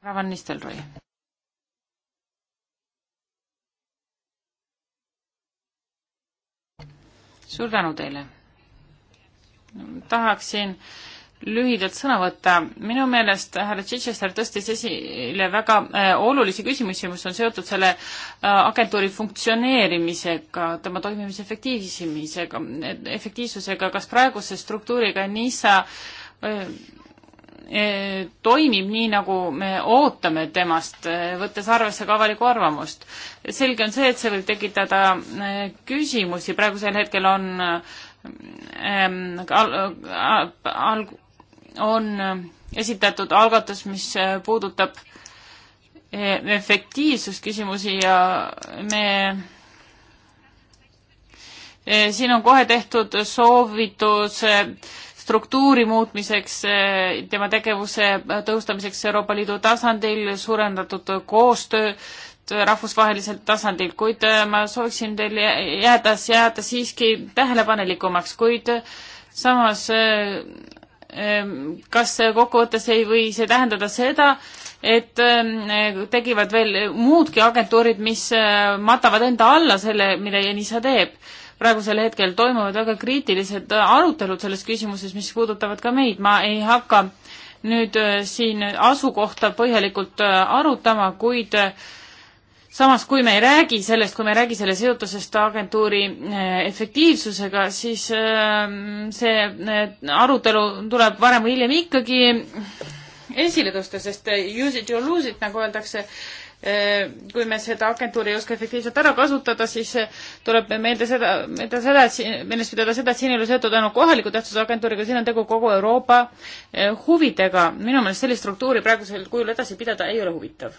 Ravan Nistelrooy. suur tänu teile tahaksin lühidalt sõna võtta. minu meelest härra Chichester tõstis esile väga äh, olulisi küsimusi, mis on seotud selle äh, agentuuri funktsioneerimisega, tema toimimise efektiivsemisega, efektiivsusega, kas praeguse struktuuriga NISA äh, äh, toimib nii, nagu me ootame temast, äh, võttes arvesse ka avalikku arvamust. selge on see, et see võib tekitada äh, küsimusi, praegusel hetkel on äh, ähm, al, al, on esitatud algatus, mis eh, puudutab eh, efektiivsusküsimusi ja me eh, siin on kohe tehtud soovitus struktuuri muutmiseks, tema tegevuse tõhustamiseks Euroopa Liidu tasandil, suurendatud koostöö äh, Äh, rahvusvahelisel tasandil, kuid äh, ma sooviksin teil jääda, jääda siiski tähelepanelikumaks, kuid äh, samas ähm, kas kokkuvõttes ei või see tähendada seda, et ähm, tegivad veel muudki agentuurid, mis matavad enda alla selle, mida Janisa teeb? praegusel hetkel toimuvad väga kriitilised arutelud selles küsimuses, mis puudutavad ka meid, ma ei hakka nüüd siin asukohta põhjalikult arutama, kuid äh, samas, kui me ei räägi sellest, kui me ei räägi selle seotusest agentuuri eh, efektiivsusega, siis ehm, see eh, arutelu tuleb varem või hiljem ikkagi esile tõsta, sest eh, use it or lose it, nagu öeldakse, kui me seda agentuuri ei oska efektiivselt ära kasutada, siis tuleb meelde seda, meelde seda, et meeles pidada seda, et siin ei ole seotud ainult kohaliku tähtsuse agentuuriga, siin on tegu kogu Euroopa huvidega. minu meelest sellist struktuuri praegusel kujul edasi pidada ei ole huvitav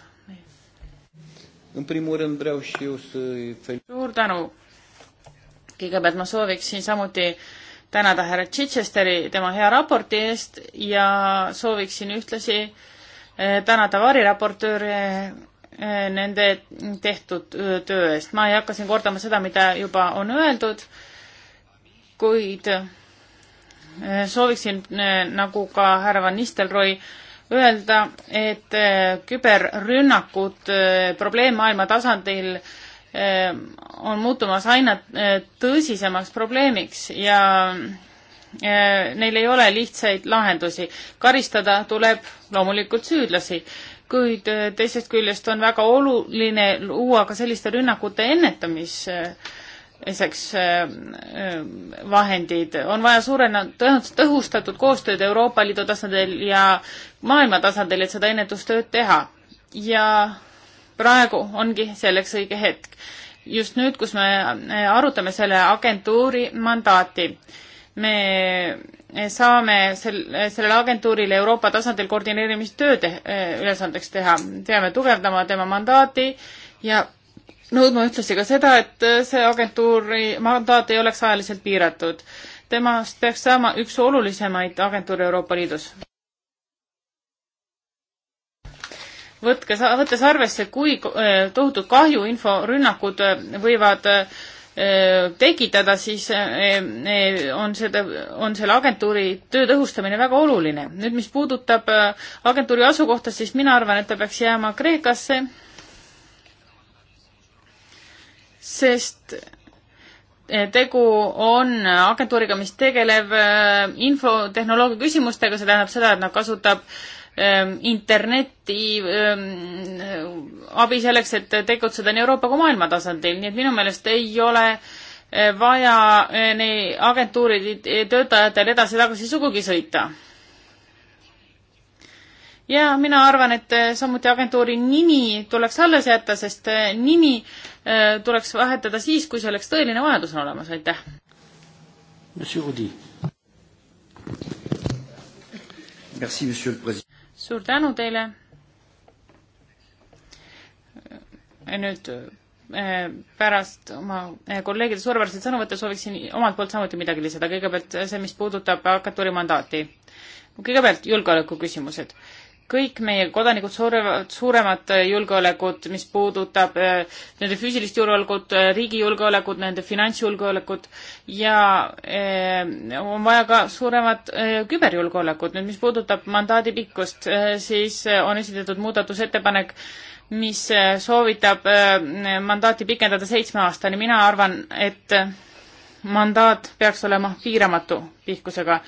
În primul rând vreau și eu să felicit. Suur tänu! Kõigepealt ma sooviksin samuti tänada härra Chichesteri tema hea raporti eest ja sooviksin ühtlasi eh, tänada variraportööre eh, nende tehtud eh, töö eest. ma ei hakka siin kordama seda, mida juba on öeldud, kuid sooviksin nagu ka härra Van Nistelrooy öelda, et äh, küberrünnakud äh, probleemmaailma tasandil äh, on muutumas aina tõsisemaks probleemiks ja neil ei ole lihtsaid lahendusi. karistada tuleb loomulikult süüdlasi, kuid teisest küljest on väga oluline luua ka selliste rünnakute ennetamiseks vahendid. on vaja suurenenud tõhustatud koostööd Euroopa Liidu tasandil ja maailma tasandil, et seda ennetustööd teha. ja praegu ongi selleks õige hetk. just nüüd, kus me arutame selle agentuuri mandaati, me saame sel-, sellele agentuurile Euroopa tasandil koordineerimistöö te-, eh, ülesandeks teha. peame tugevdama tema mandaati ja nõudma ühtlasi ka seda, et see agentuuri mandaat ei oleks ajaliselt piiratud. temast peaks saama üks olulisemaid agentuure Euroopa Liidus. võtke, võttes arvesse, kui äh, tohutud kahju inforünnakud äh, võivad äh, tekitada, siis on seda, on selle agentuuri töö tõhustamine väga oluline. nüüd, mis puudutab agentuuri asukohta, siis mina arvan, et ta peaks jääma Kreekasse, sest tegu on agentuuriga, mis tegeleb infotehnoloogia küsimustega, see tähendab seda, et nad kasutab äh, Ähm, interneti ähm, abi selleks, et tegutseda nii Euroopa kui maailma tasandil, nii et minu meelest ei ole äh, vaja äh, nii agentuuri äh, töötajatel edasi-tagasi sugugi sõita. ja mina arvan, et samuti agentuuri nimi tuleks alles jätta, sest nimi tuleks vahetada siis, kui selleks tõeline vajadus on olemas, aitäh. Monsieur Audi. Merci, Monsieur le Président suur tänu teile. nüüd eh, pärast oma eh, kolleegide suurepäraseid sõnavõtte sooviksin omalt poolt samuti midagi lisada, kõigepealt see, mis puudutab advokatuuri mandaati. kõigepealt julgeoleku küsimused kõik meie kodanikud suurevad, suuremat äh, julgeolekut, mis puudutab äh, nende füüsilist julgeolekut, äh, riigi julgeolekut, nende finantsjulgeolekut ja on vaja ka suuremat küberjulgeolekut. nüüd, mis puudutab mandaadi pikkust, siis on esitatud muudatusettepanek, mis soovitab mandaati pikendada seitsme aastani. mina arvan, et mandaat peaks olema piiramatu pihkusega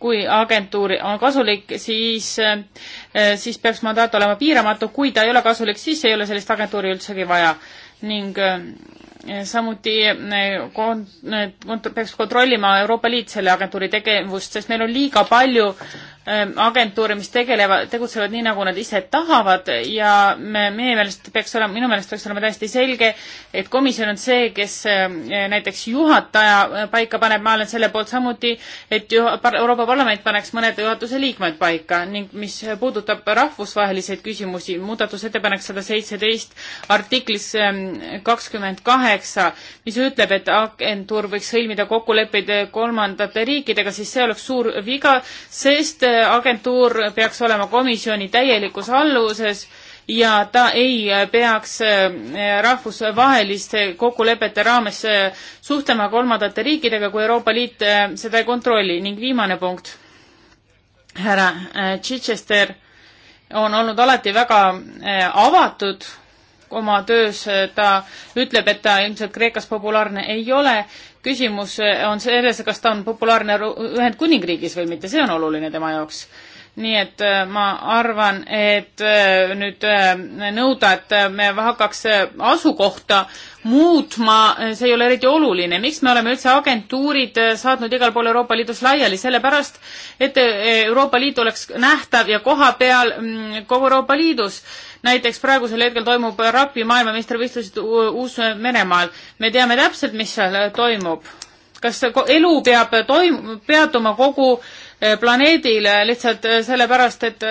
kui agentuur on kasulik, siis, eh, siis peaks mandaat olema piiramatu, kui ta ei ole kasulik, siis ei ole sellist agentuuri üldsegi vaja. ning eh, samuti eh, kont-, peaks kontrollima Euroopa Liit selle agentuuri tegevust, sest meil on liiga palju Ähm, agentuure, mis tegelevad, tegutsevad nii, nagu nad ise tahavad ja me, meie meelest peaks olema, minu meelest peaks olema täiesti selge, et komisjon on see, kes ähm, näiteks juhataja äh, paika paneb, ma olen selle poolt samuti, et juha, Euroopa Parlament paneks mõned juhatuse liikmed paika ning mis puudutab rahvusvaheliseid küsimusi, muudatusettepanek sada seitseteist artiklis ähm, kakskümmend kaheksa, mis ütleb, et agentuur võiks sõlmida kokkuleppeid kolmandate riikidega, siis see oleks suur viga, sest äh, agentuur peaks olema komisjoni täielikus alluvuses ja ta ei peaks eh, rahvusvaheliste kokkulepete raames eh, suhtlema kolmandate riikidega, kui Euroopa Liit eh, seda ei kontrolli ning viimane punkt, härra Chichester on olnud alati väga avatud oma töös, ta ütleb, et ta ilmselt Kreekas populaarne ei ole, küsimus eh, on selles, kas ta on populaarne Ühendkuningriigis või mitte, see on oluline tema jaoks. nii et eh, ma arvan, et eh, nüüd nõuda, et me hakkaks asukohta muutma, see ei ole eriti oluline. miks me oleme üldse agentuurid saatnud igal pool Euroopa Liidus laiali? sellepärast, et Euroopa Liit oleks nähtav ja koha peal mm, kogu Euroopa Liidus näiteks praegusel hetkel toimub Rapi maailmameistrivõistlused Uus-Meremaal. me teame täpselt, mis seal toimub. kas elu peab toim-, peatuma kogu eh, planeedile eh, lihtsalt eh, sellepärast, et,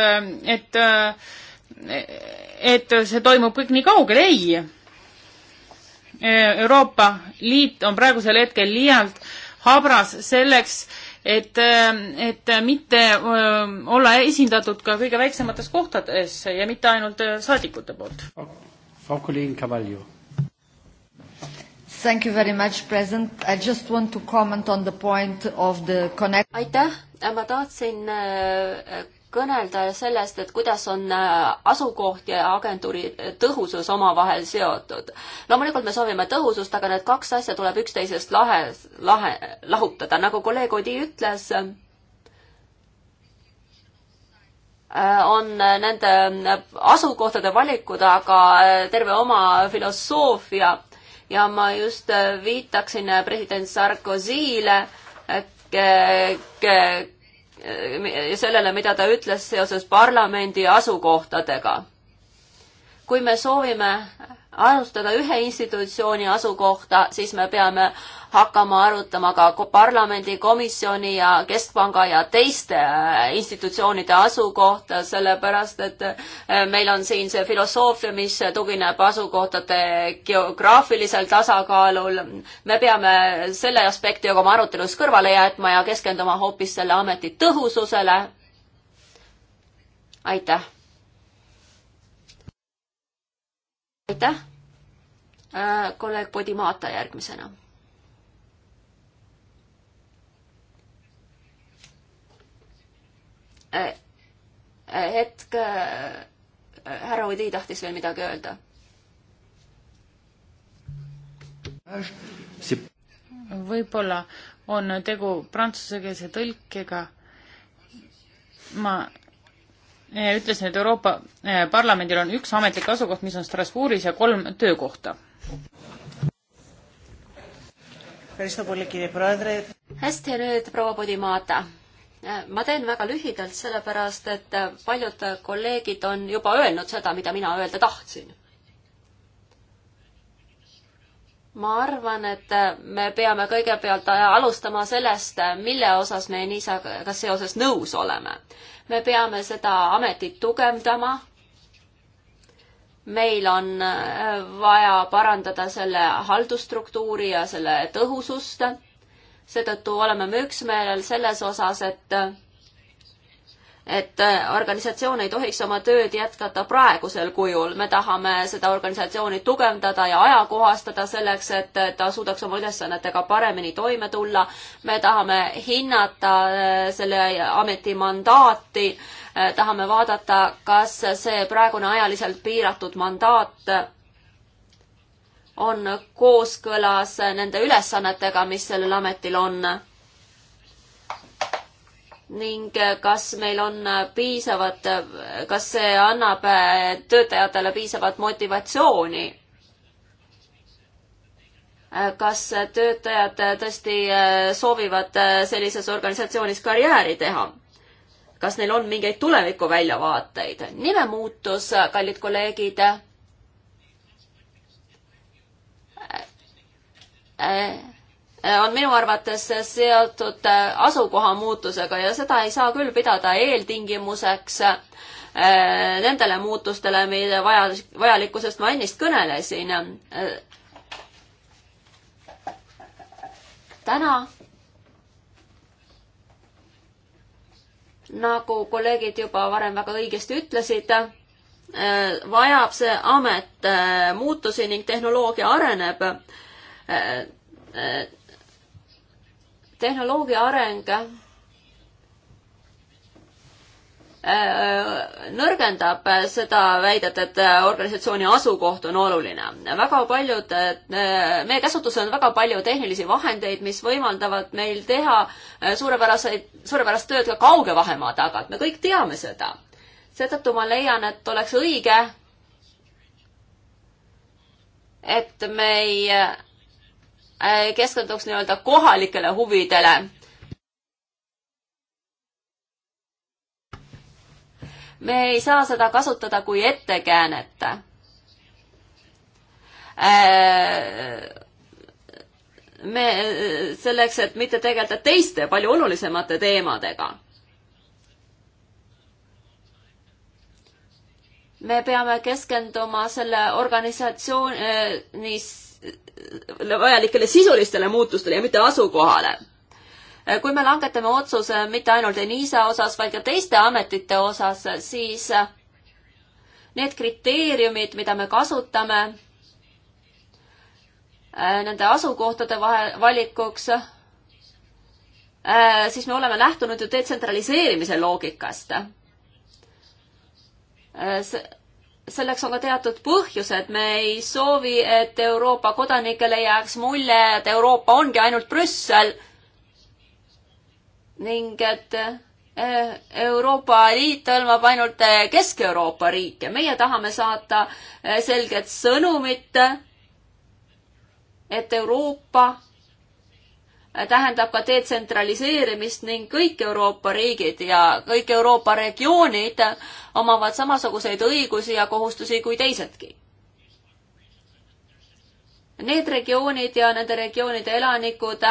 et, et see toimub kõik nii kaugel, ei. Euroopa Liit on praegusel hetkel liialt habras selleks, et, et mitte olla esindatud ka kõige väiksemates kohtades ja mitte ainult saadikute poolt. Frau Kollegin Cavallo. Thank you very much, President. I just want to comment on the point of the connect- aitäh, ma tahtsin kõnelda sellest, et kuidas on äh, asukoht ja agentuuri äh, tõhusus omavahel seotud. loomulikult me soovime tõhusust, aga need kaks asja tuleb üksteisest lahe, lahe, lahutada, nagu kolleeg Odi ütles, äh, on nende asukohtade valikud aga terve oma filosoofia ja ma just viitaksin president Sarkozyle, sellele, mida ta ütles seoses parlamendi asukohtadega. kui me soovime alustada ühe institutsiooni asukohta, siis me peame hakkama arutama ka parlamendi, komisjoni ja keskpanga ja teiste äh, institutsioonide asukohta, sellepärast et äh, meil on siin see filosoofia, mis tugineb asukohtade geograafilisel tasakaalul. me peame selle aspekti oma arutelus kõrvale jätma ja keskenduma hoopis selle ameti tõhususele. aitäh aitäh, äh, kolleeg Podimata järgmisena. Äh, äh, hetk, härra Udi tahtis veel midagi öelda võib-olla on tegu prantsusekeelse tõlkega. ma Eh, ütlesin, et Euroopa eh, Parlamendil on üks ametlik asukoht, mis on Strasbourgis ja kolm töökohta. hästi, nüüd proua Podimata. Eh, ma teen väga lühidalt, sellepärast et paljud kolleegid on juba öelnud seda, mida mina öelda tahtsin. ma arvan, et me peame kõigepealt alustama sellest, mille osas me Enisaga seoses nõus oleme me peame seda ametit tugevdama. meil on äh, vaja parandada selle haldusstruktuuri ja selle tõhusust. seetõttu oleme me üksmeelel selles osas, et et äh, organisatsioon ei tohiks oma tööd jätkata praegusel kujul. me tahame seda organisatsiooni tugevdada ja ajakohastada selleks, et ta suudaks oma ülesannetega paremini toime tulla. me tahame hinnata äh, selle ameti mandaati, äh, tahame vaadata, kas see praegune ajaliselt piiratud mandaat on kooskõlas nende ülesannetega, mis sellel ametil on ning eh, kas meil on eh, piisavad, eh, kas see annab töötajatele piisavat motivatsiooni? kas töötajad tõesti soovivad sellises organisatsioonis karjääri teha? kas neil on mingeid tulevikuväljavaateid? nimemuutus, kallid kolleegid äh,. Äh, on minu arvates seotud äh, asukoha muutusega ja seda ei saa küll pidada eeltingimuseks äh, nendele muutustele, mille vaja, vajalikkusest ma ennist kõnelesin. täna nagu kolleegid juba varem väga õigesti ütlesid, vajab see amet muutusi ning tehnoloogia areneb tehnoloogia areng äh, äh, nõrgendab seda väidet, et äh, organisatsiooni asukoht on oluline. väga paljud, meie käsutuses on väga palju tehnilisi vahendeid, mis võimaldavad meil teha suurepäraseid, suurepärast tööd ka kauge vahemaa tagant, me kõik teame seda. seetõttu ma leian, et oleks õige, et me ei Äh, keskenduks nii-öelda kohalikele huvidele. me ei saa seda kasutada kui ettekäänet äh, me, selleks, et mitte tegeleda teiste palju olulisemate teemadega. me peame keskenduma selle organisatsiooni äh, Äh, vajalikele sisulistele muutustele ja mitte asukohale. Äh, kui me langetame otsuse mitte ainult Enisa osas, vaid ka teiste ametite osas, siis äh, need kriteeriumid, mida me kasutame nende asukohtade vahe, valikuks, siis me oleme lähtunud ju detsentraliseerimise loogikast selleks on ka teatud põhjused, me ei soovi, et Euroopa kodanikele jääks mulje, et Euroopa ongi ainult Brüssel ning et eh, Euroopa Liit hõlmab ainult eh, Kesk-Euroopa riike, meie tahame saata eh, selget sõnumit, et Euroopa tähendab ka detsentraliseerimist ning kõik Euroopa riigid ja kõik Euroopa regioonid omavad samasuguseid õigusi ja kohustusi kui teisedki. Need regioonid ja nende regioonide elanikud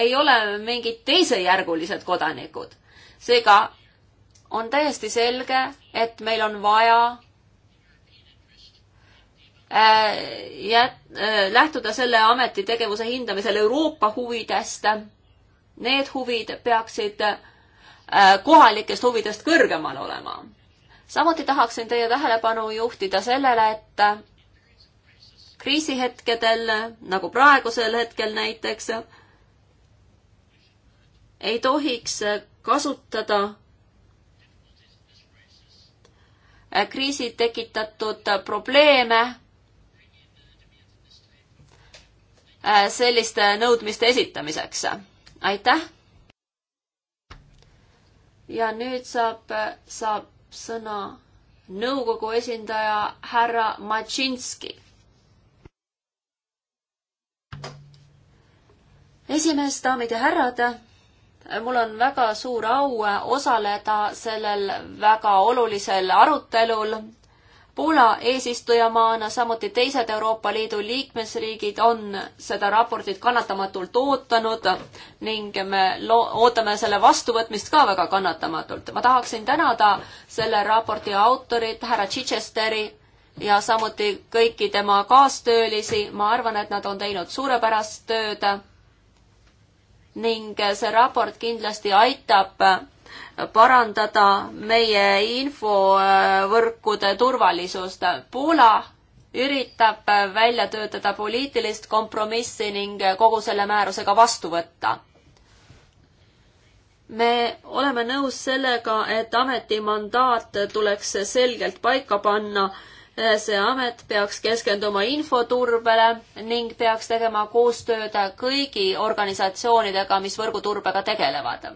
ei ole mingid teisejärgulised kodanikud. seega on täiesti selge, et meil on vaja Äh, jät-, äh, lähtuda selle ameti tegevuse hindamisel Euroopa huvidest. Need huvid peaksid äh, kohalikest huvidest kõrgemal olema. samuti tahaksin teie tähelepanu juhtida sellele, et kriisihetkedel, nagu praegusel hetkel näiteks, ei tohiks kasutada kriisi tekitatud probleeme Äh, selliste nõudmiste esitamiseks. aitäh! ja nüüd saab, äh, saab sõna nõukogu esindaja härra Matšinski. esimees, daamid ja härrad, mul on väga suur au osaleda sellel väga olulisel arutelul Poola eesistujamaana, samuti teised Euroopa Liidu liikmesriigid on seda raportit kannatamatult ootanud ning me ootame selle vastuvõtmist ka väga kannatamatult. ma tahaksin tänada selle raporti autorit, härra Chichesteri ja samuti kõiki tema kaastöölisi, ma arvan, et nad on teinud suurepärast tööd ning see raport kindlasti aitab parandada meie infovõrkude turvalisust. Poola üritab välja töötada poliitilist kompromissi ning kogu selle määrusega vastu võtta. me oleme nõus sellega, et ametimandaat tuleks selgelt paika panna. see amet peaks keskenduma infoturbele ning peaks tegema koostööd kõigi organisatsioonidega, mis võrguturbega tegelevad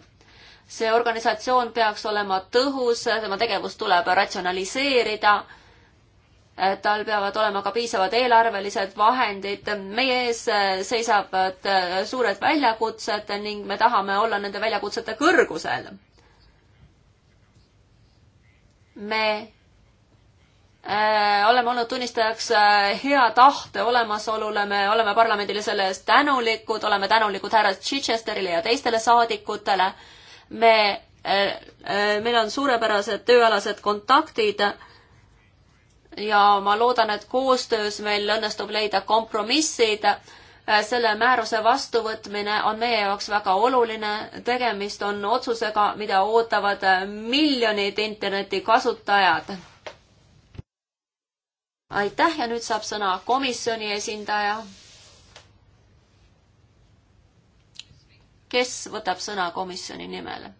see organisatsioon peaks olema tõhus, tema tegevus tuleb ratsionaliseerida, tal peavad olema ka piisavad eelarvelised vahendid, meie ees seisavad suured väljakutsed ning me tahame olla nende väljakutsete kõrgusel. me äh, oleme olnud tunnistajaks äh, hea tahte olemasolule, me oleme parlamendile selle eest tänulikud, oleme tänulikud härra Chichesterile ja teistele saadikutele me, eh, eh, meil on suurepärased tööalased kontaktid ja ma loodan, et koostöös meil õnnestub leida kompromissid. Eh, selle määruse vastuvõtmine on meie jaoks väga oluline, tegemist on otsusega, mida ootavad miljonid internetikasutajad. aitäh ja nüüd saab sõna komisjoni esindaja kes võtab sõna komisjoni nimel?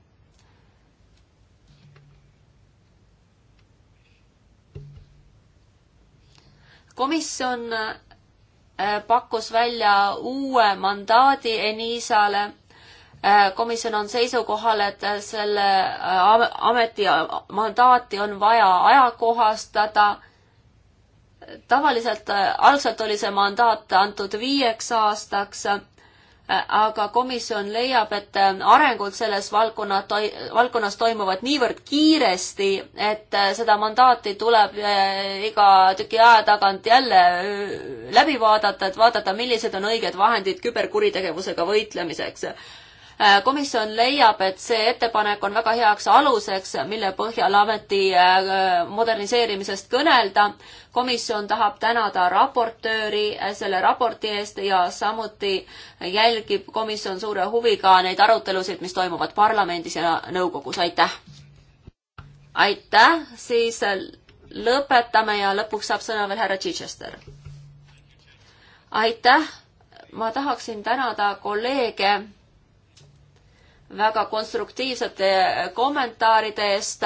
komisjon äh, pakkus välja uue mandaadi Enisale äh, komisjon on seisukohal, et selle äh, ameti mandaati on vaja ajakohastada. tavaliselt algselt oli see mandaat antud viieks aastaks aga komisjon leiab, et äh, arengud selles valdkonna, valdkonnas toimuvad niivõrd kiiresti, et äh, seda mandaati tuleb äh, iga tüki aja tagant jälle läbi vaadata, et vaadata, millised on õiged vahendid küberkuritegevusega võitlemiseks Äh, komisjon leiab, et see ettepanek on väga heaks aluseks, mille põhjal ameti äh, moderniseerimisest kõnelda. komisjon tahab tänada raportööri äh, selle raporti eest ja samuti jälgib komisjon suure huviga neid arutelusid, mis toimuvad parlamendis ja nõukogus, aitäh! aitäh, siis lõpetame ja lõpuks saab sõna veel härra Chichester. aitäh, ma tahaksin tänada kolleege väga konstruktiivsete kommentaaride eest.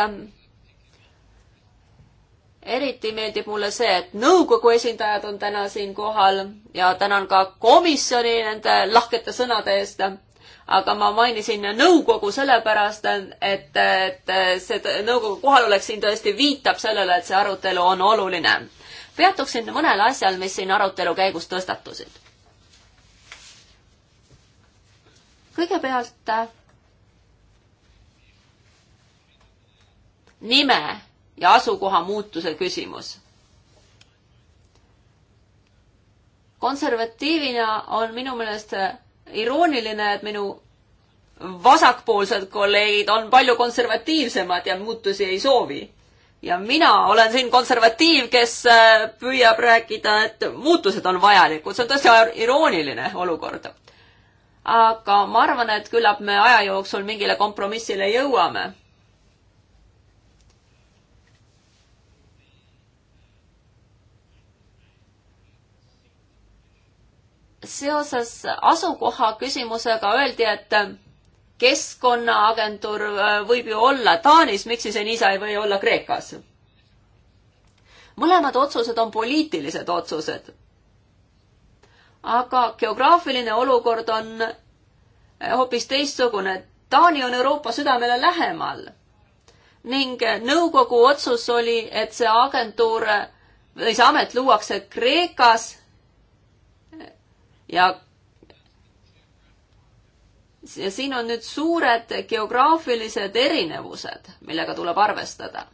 eriti meeldib mulle see, et nõukogu esindajad on täna siin kohal ja tänan ka komisjoni nende lahkete sõnade eest aga ma mainisin nõukogu sellepärast, et, et see nõukogu kohalolek siin tõesti viitab sellele, et see arutelu on oluline. peatuksin mõnel asjal, mis siin arutelu käigus tõstatusid. kõigepealt nime ja asukoha muutuse küsimus. konservatiivina on minu meelest irooniline, et minu vasakpoolsed kolleegid on palju konservatiivsemad ja muutusi ei soovi. ja mina olen siin konservatiiv, kes äh, püüab rääkida, et muutused on vajalikud, see on tõesti irooniline olukord. aga ma arvan, et küllap me aja jooksul mingile kompromissile jõuame seoses asukoha küsimusega öeldi, et ähm, keskkonnaagentuur äh, võib ju olla Taanis, miks siis Enisa ei või olla Kreekas? mõlemad otsused on poliitilised otsused. aga geograafiline olukord on äh, hoopis teistsugune. Taani on Euroopa südamele lähemal ning äh, nõukogu otsus oli, et see agentuur või see amet luuakse Kreekas ja ja siin on nüüd suured geograafilised erinevused, millega tuleb arvestada.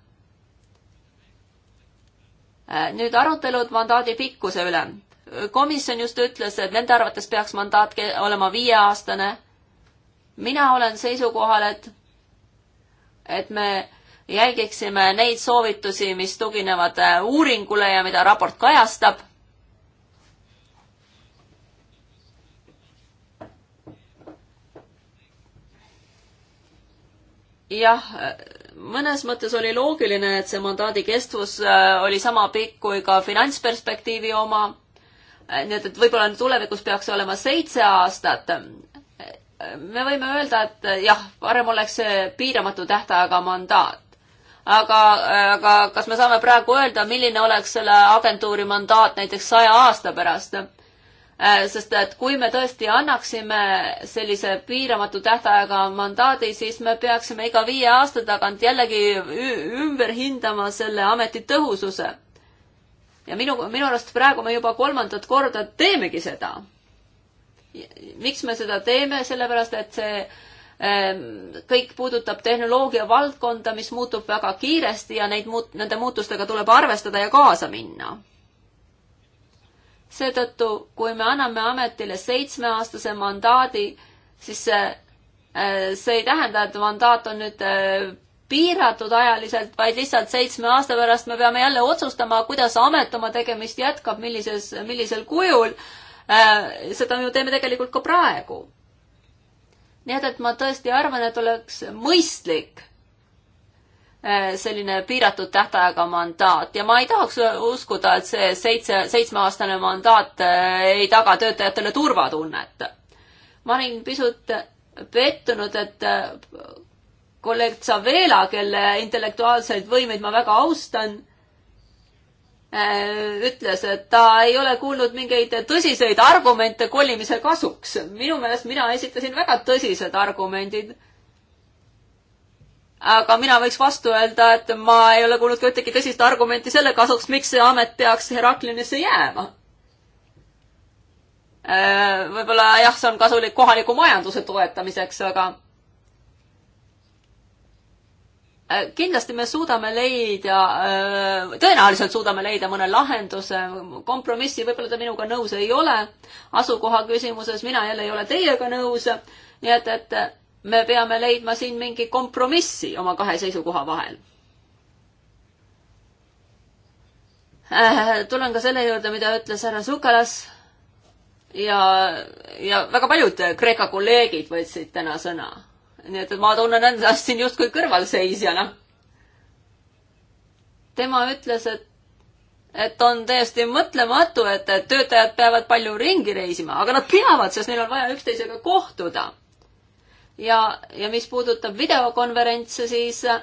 Äh, nüüd arutelud mandaadi pikkuse üle. komisjon just ütles, et nende arvates peaks mandaat olema viieaastane. mina olen seisukohal, et, et me jälgiksime neid soovitusi, mis tuginevad äh, uuringule ja mida raport kajastab jah, mõnes mõttes oli loogiline, et see mandaadi kestvus äh, oli sama pikk kui ka finantsperspektiivi oma. Äh, nii et, et võib-olla tulevikus peaks olema seitse aastat. Äh, me võime öelda, et jah, parem oleks see piiramatu tähtajaga mandaat aga, aga kas me saame praegu öelda, milline oleks selle agentuuri mandaat näiteks saja aasta pärast? Äh, sest et kui me tõesti annaksime sellise piiramatu tähtajaga mandaadi, siis me peaksime iga viie aasta tagant jällegi ümber hindama selle ameti tõhususe. ja minu, minu arust praegu me juba kolmandat korda teemegi seda. miks me seda teeme, sellepärast et see ähm, kõik puudutab tehnoloogia valdkonda, mis muutub väga kiiresti ja neid muut-, nende muutustega tuleb arvestada ja kaasa minna seetõttu, kui me anname ametile seitsmeaastase mandaadi, siis see, äh, see ei tähenda, et mandaat on nüüd äh, piiratud ajaliselt, vaid lihtsalt seitsme aasta pärast me peame jälle otsustama, kuidas amet oma tegemist jätkab, millises, millisel kujul. Äh, seda me ju teeme tegelikult ka praegu. nii et, et ma tõesti arvan, et oleks mõistlik Äh, selline piiratud tähtajaga mandaat ja ma ei tahaks uskuda, et see seitse, seitsmeaastane mandaat äh, ei taga töötajatele turvatunnet. ma olin pisut pettunud, et äh, kolleeg Tsavela, kelle intellektuaalseid võimeid ma väga austan, ütles, et ta ei ole kuulnud mingeid tõsiseid argumente kolimise kasuks. minu meelest mina esitasin väga tõsised argumendid aga mina võiks vastu öelda, et ma ei ole kuulnud ka ühtegi tõsist argumenti selle kasuks, miks see amet peaks Heraklinisse jääma. Äh, võib-olla jah, see on kasulik kohaliku majanduse toetamiseks, aga äh, kindlasti me suudame leida, äh, tõenäoliselt suudame leida mõne lahenduse, kompromissi, võib-olla te minuga nõus ei ole asukoha küsimuses, mina jälle ei ole teiega nõus, nii et, et me peame leidma siin mingi kompromissi oma kahe seisukoha vahel äh,. tulen ka selle juurde, mida ütles härra Sukalas ja, ja väga paljud Kreeka kolleegid võtsid täna sõna. nii et ma tunnen endast siin justkui kõrvalseisjana. tema ütles, et, et on täiesti mõtlematu, et, et töötajad peavad palju ringi reisima, aga nad peavad, sest neil on vaja üksteisega kohtuda ja, ja mis puudutab videokonverentse, siis äh,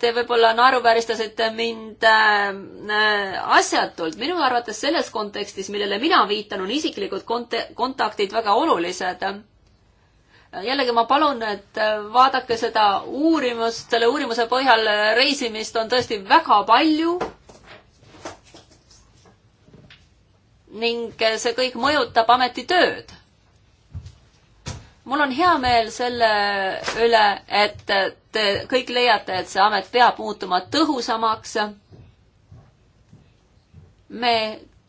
te võib-olla naeruvääristasite mind äh, äh, asjatult. minu arvates selles kontekstis, millele mina viitan, on isiklikud kont-, kontaktid väga olulised. jällegi ma palun, et vaadake seda uurimust, selle uurimuse põhjal reisimist on tõesti väga palju ning see kõik mõjutab ametitööd mul on hea meel selle üle, et te kõik leiate, et see amet peab muutuma tõhusamaks. me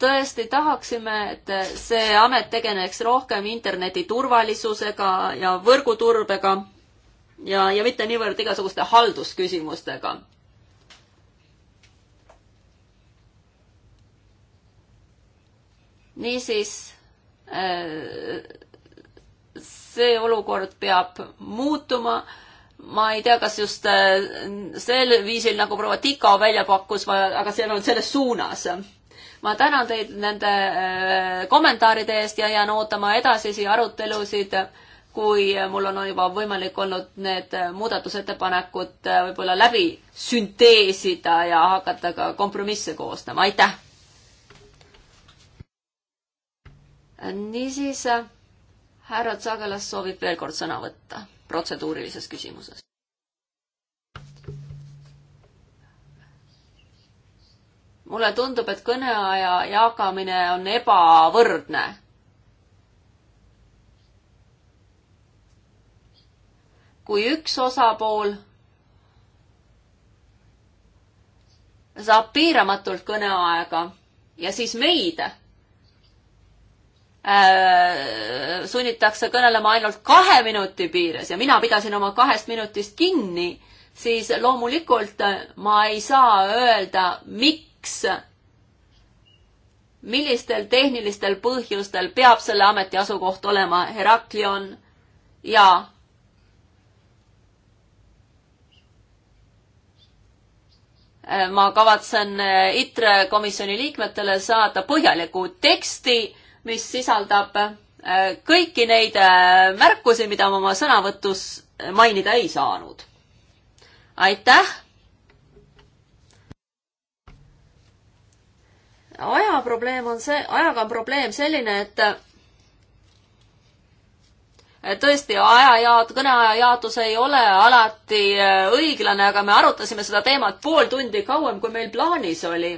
tõesti tahaksime, et see amet tegeleks rohkem interneti turvalisusega ja võrguturbega ja, ja mitte niivõrd igasuguste haldusküsimustega niisiis äh, see olukord peab muutuma. ma ei tea, kas just äh, sel viisil, nagu proua Tikao välja pakkus, aga see on selles suunas. ma tänan teid nende äh, kommentaaride eest ja jään ootama edasisi arutelusid, kui mul on juba võimalik olnud need äh, muudatusettepanekud võib-olla läbi sünteesida ja hakata ka kompromisse koostama, aitäh! niisiis härra Tsagelas soovib veel kord sõna võtta protseduurilises küsimuses. mulle tundub, et kõneaja jagamine on ebavõrdne. kui üks osapool saab piiramatult kõneaega ja siis meid Äh, sunnitakse kõnelema ainult kahe minuti piires ja mina pidasin oma kahest minutist kinni, siis loomulikult ma ei saa öelda, miks, millistel tehnilistel põhjustel peab selle ameti asukoht olema Heraklion ja ma kavatsen ITRE komisjoni liikmetele saata põhjaliku teksti mis sisaldab äh, kõiki neid äh, märkusi, mida ma oma sõnavõtus mainida ei saanud. aitäh! aja probleem on see, ajaga on probleem selline, et tõesti, ajajaot-, kõneaja jaotus ei ole alati äh, õiglane, aga me arutasime seda teemat pool tundi kauem, kui meil plaanis oli.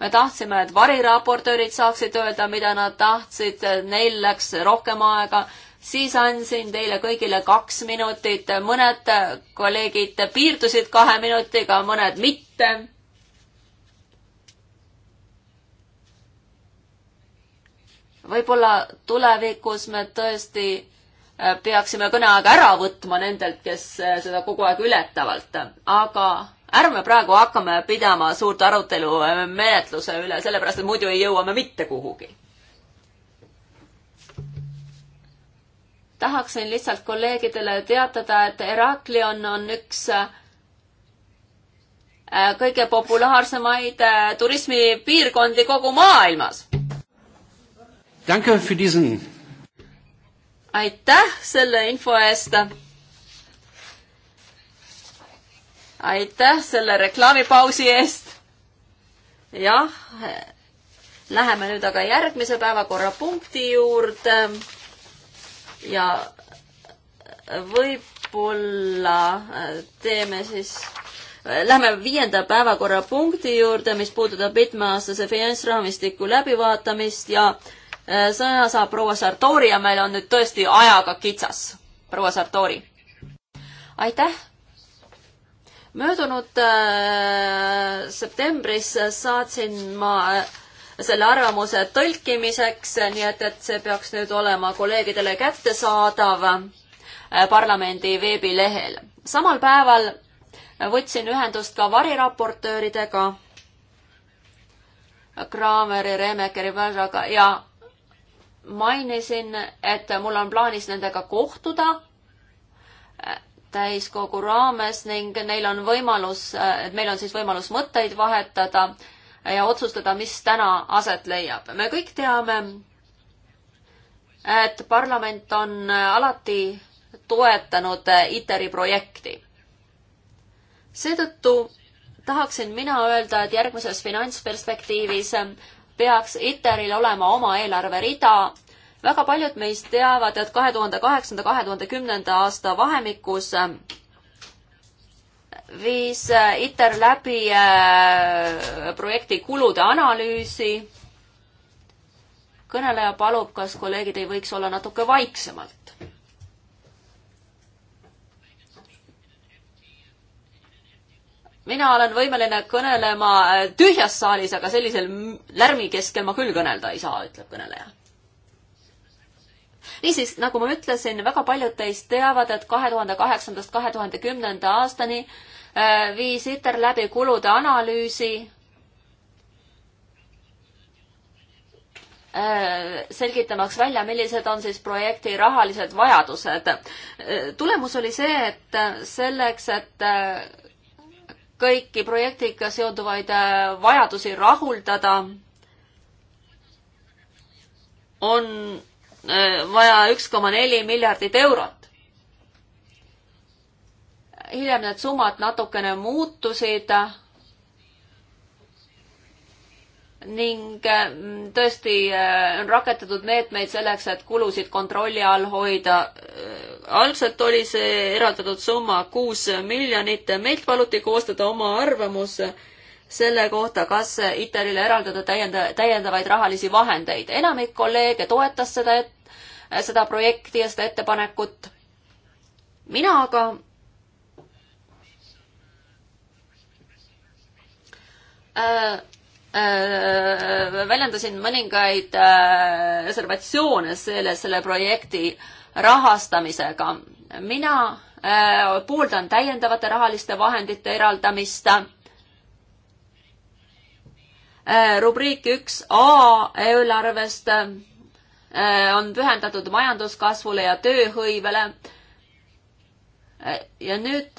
me tahtsime, et variraportöörid saaksid öelda, mida nad tahtsid, neil läks rohkem aega, siis andsin teile kõigile kaks minutit, mõned kolleegid piirdusid kahe minutiga, mõned mitte võib-olla tulevikus me tõesti Äh, peaksime kõneaega ära võtma nendelt, kes äh, seda kogu aeg ületavalt, aga ärme praegu hakkame pidama suurt arutelu äh, menetluse üle, sellepärast et muidu ei jõua me mitte kuhugi. tahaksin lihtsalt kolleegidele teatada, et Heraklion on üks kõige populaarsemaid turismipiirkondi kogu maailmas. Danke für diesen aitäh selle info eest. aitäh selle reklaamipausi eest. jah, läheme nüüd aga järgmise päevakorrapunkti juurde. ja võib-olla äh, teeme siis äh, Lähme viienda päevakorrapunkti juurde, mis puudutab mitmeaastase finantsraamistiku läbivaatamist ja äh, Äh, sõna saab proua Sartori ja meil on nüüd tõesti ajaga kitsas. proua Sartori. aitäh. möödunud äh, septembris saatsin ma äh, selle arvamuse tõlkimiseks, nii et, et see peaks nüüd olema kolleegidele kättesaadav äh, parlamendi veebilehel. samal päeval võtsin ühendust ka variraportööridega, Kraameri, Remekeri, Pärraga ja mainisin, et mul on plaanis nendega kohtuda äh, täiskogu raames ning neil on võimalus, äh, et meil on siis võimalus mõtteid vahetada ja otsustada, mis täna aset leiab. me kõik teame, et parlament on äh, alati toetanud ITER-i projekti. seetõttu tahaksin mina öelda, et järgmises finantsperspektiivis peaks ITER-il olema oma eelarverida. väga paljud meist teavad, et kahe tuhande kaheksanda, kahe tuhande kümnenda aasta vahemikus viis ITER läbi äh, projekti kulude analüüsi. kõneleja palub, kas kolleegid ei võiks olla natuke vaiksemalt? mina olen võimeline kõnelema äh, tühjas saalis, aga sellisel lärmi keskel ma küll kõnelda ei saa, ütleb kõneleja. niisiis, nagu ma ütlesin, väga paljud teist teavad, et kahe tuhande kaheksandast kahe tuhande kümnenda aastani äh, viis ITER läbi kulude analüüsi. Äh, selgitamaks välja, millised on siis projekti rahalised vajadused. tulemus oli see, et selleks, et kõiki projektiga seonduvaid äh, vajadusi rahuldada, on äh, vaja üks koma neli miljardit eurot. hiljem need summad natukene muutusid ning äh, tõesti äh, on rakendatud meetmeid selleks, et kulusid kontrolli all hoida. Äh, algselt oli see eraldatud summa kuus miljonit, meilt paluti koostada oma arvamus selle kohta, kas ITER-ile eraldada täienda-, täiendavaid rahalisi vahendeid. enamik kolleege toetas seda, seda projekti ja seda ettepanekut. mina aga äh, Äh, väljendasin mõningaid äh, reservatsioone selle, selle projekti rahastamisega. mina äh, pooldan täiendavate rahaliste vahendite eraldamist. rubriik üks A eelarvest on pühendatud majanduskasvule ja tööhõivele. ja nüüd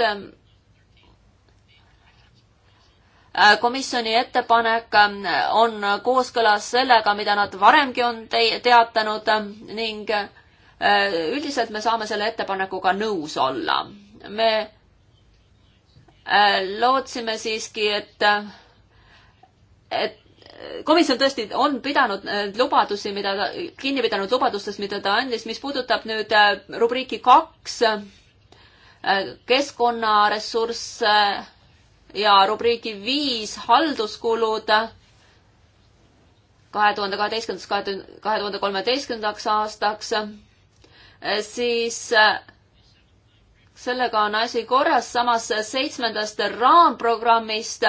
Äh, komisjoni ettepanek äh, on kooskõlas sellega, mida nad varemgi on te teatanud äh, ning üldiselt me saame selle ettepanekuga nõus olla. me lootsime siiski, et, et komisjon tõesti on pidanud lubadusi, mida ta, kinni pidanud lubadustest, mida ta andis, mis puudutab nüüd rubriiki kaks, keskkonnaressurss ja rubriigi viis halduskulud kahe tuhande kaheteistkümnendast kahe, kahe tuhande kolmeteistkümnendaks aastaks, siis sellega on asi korras, samas seitsmendast raamprogrammist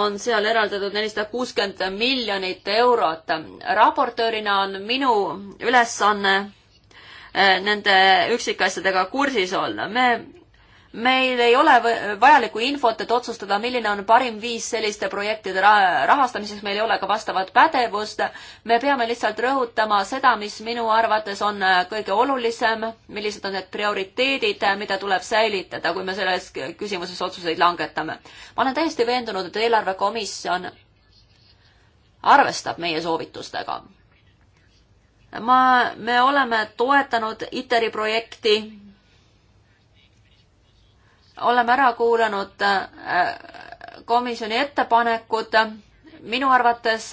on seal eraldatud nelisada kuuskümmend miljonit eurot. raportöörina on minu ülesanne Äh, nende üksikasjadega kursis olla. me, meil ei ole vajalikku infot, et otsustada, milline on parim viis selliste projektide rahastamiseks, meil ei ole ka vastavat pädevust. me peame lihtsalt rõhutama seda, mis minu arvates on äh, kõige olulisem, millised on need prioriteedid, äh, mida tuleb säilitada, kui me selles küsimuses otsuseid langetame. ma olen täiesti veendunud, et eelarvekomisjon arvestab meie soovitustega ma, me oleme toetanud ITER-i projekti, oleme ära kuulanud äh, komisjoni ettepanekud, minu arvates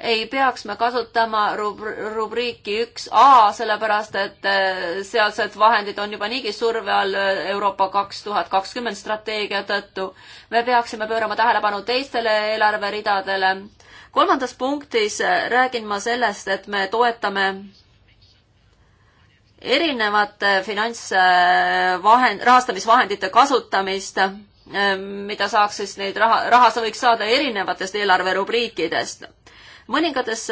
ei peaks me kasutama rubri rubriiki üks A, sellepärast et äh, sealsed vahendid on juba niigi surve all äh, Euroopa kaks tuhat kakskümmend strateegia tõttu. me peaksime pöörama tähelepanu teistele eelarveridadele kolmandas punktis äh, räägin ma sellest, et me toetame erinevate finantsvahend, äh, rahastamisvahendite kasutamist, äh, mida saaks siis neid raha, raha sa võiks saada erinevatest eelarverubriikidest. mõningates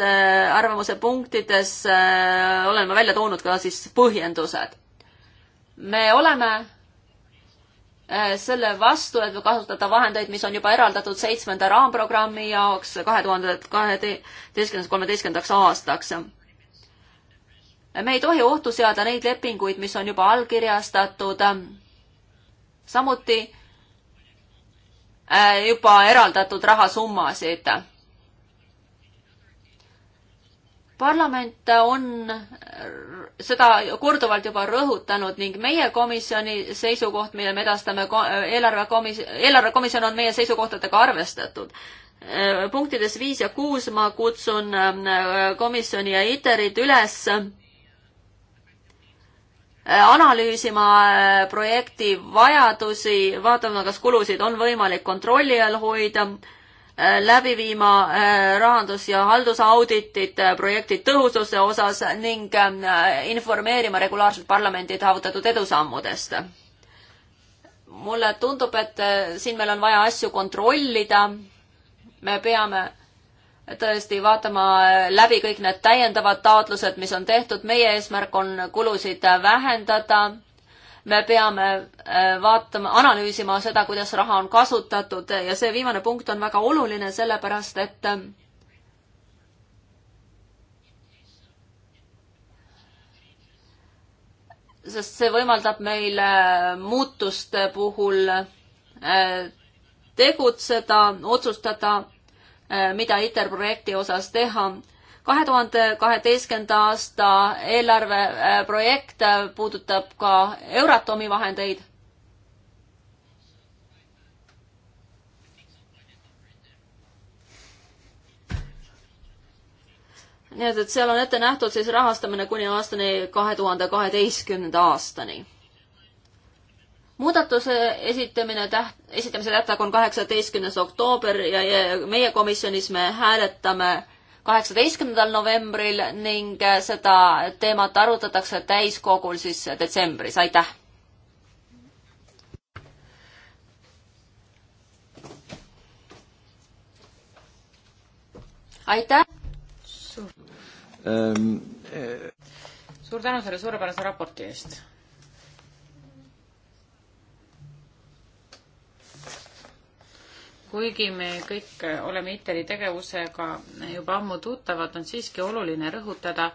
arvamuse punktides olen ma välja toonud ka siis põhjendused. me oleme Äh, selle vastu, et kasutada vahendeid, mis on juba eraldatud seitsmenda raamprogrammi jaoks kahe tuhande kaheteistkümnendast kolmeteistkümnendaks aastaks. me ei tohi ohtu seada neid lepinguid, mis on juba allkirjastatud. samuti äh, juba eraldatud rahasummasid parlament on seda korduvalt juba rõhutanud ning meie komisjoni seisukoht, mille me edastame eelarvekomis-, eelarvekomisjon on meie seisukohtadega arvestatud. punktides viis ja kuus ma kutsun äh, komisjoni ja ITER-it üles äh, analüüsima äh, projekti vajadusi, vaatama, kas kulusid on võimalik kontrolli all hoida Äh, läbi viima äh, rahandus- ja haldusauditit äh, projekti tõhususe osas ning informeerima regulaarselt parlamendi saavutatud edusammudest. mulle tundub, et siin meil on vaja asju kontrollida. me peame tõesti vaatama läbi kõik need täiendavad taotlused, mis on tehtud, meie eesmärk on kulusid vähendada me peame äh, vaatama, analüüsima seda, kuidas raha on kasutatud ja see viimane punkt on väga oluline, sellepärast et äh, sest see võimaldab meil äh, muutuste puhul tegutseda, otsustada, mida ITER projekti osas teha kahe tuhande kaheteistkümnenda aasta eelarveprojekt äh, äh, puudutab ka Euratomi vahendeid. nii et, et seal on ette nähtud siis rahastamine kuni aastani kahe tuhande kaheteistkümnenda aastani muudatuse esitamine täht-, esitamise tähtaeg on kaheksateistkümnes oktoober ja, ja meie komisjonis me hääletame kaheksateistkümnendal novembril ning äh, seda teemat arutatakse täiskogul siis detsembris, aitäh! aitäh! suur ähm, äh, tänu selle suurepärase raporti eest kuigi me kõik oleme ITER-i tegevusega juba ammu tuttavad, on siiski oluline rõhutada,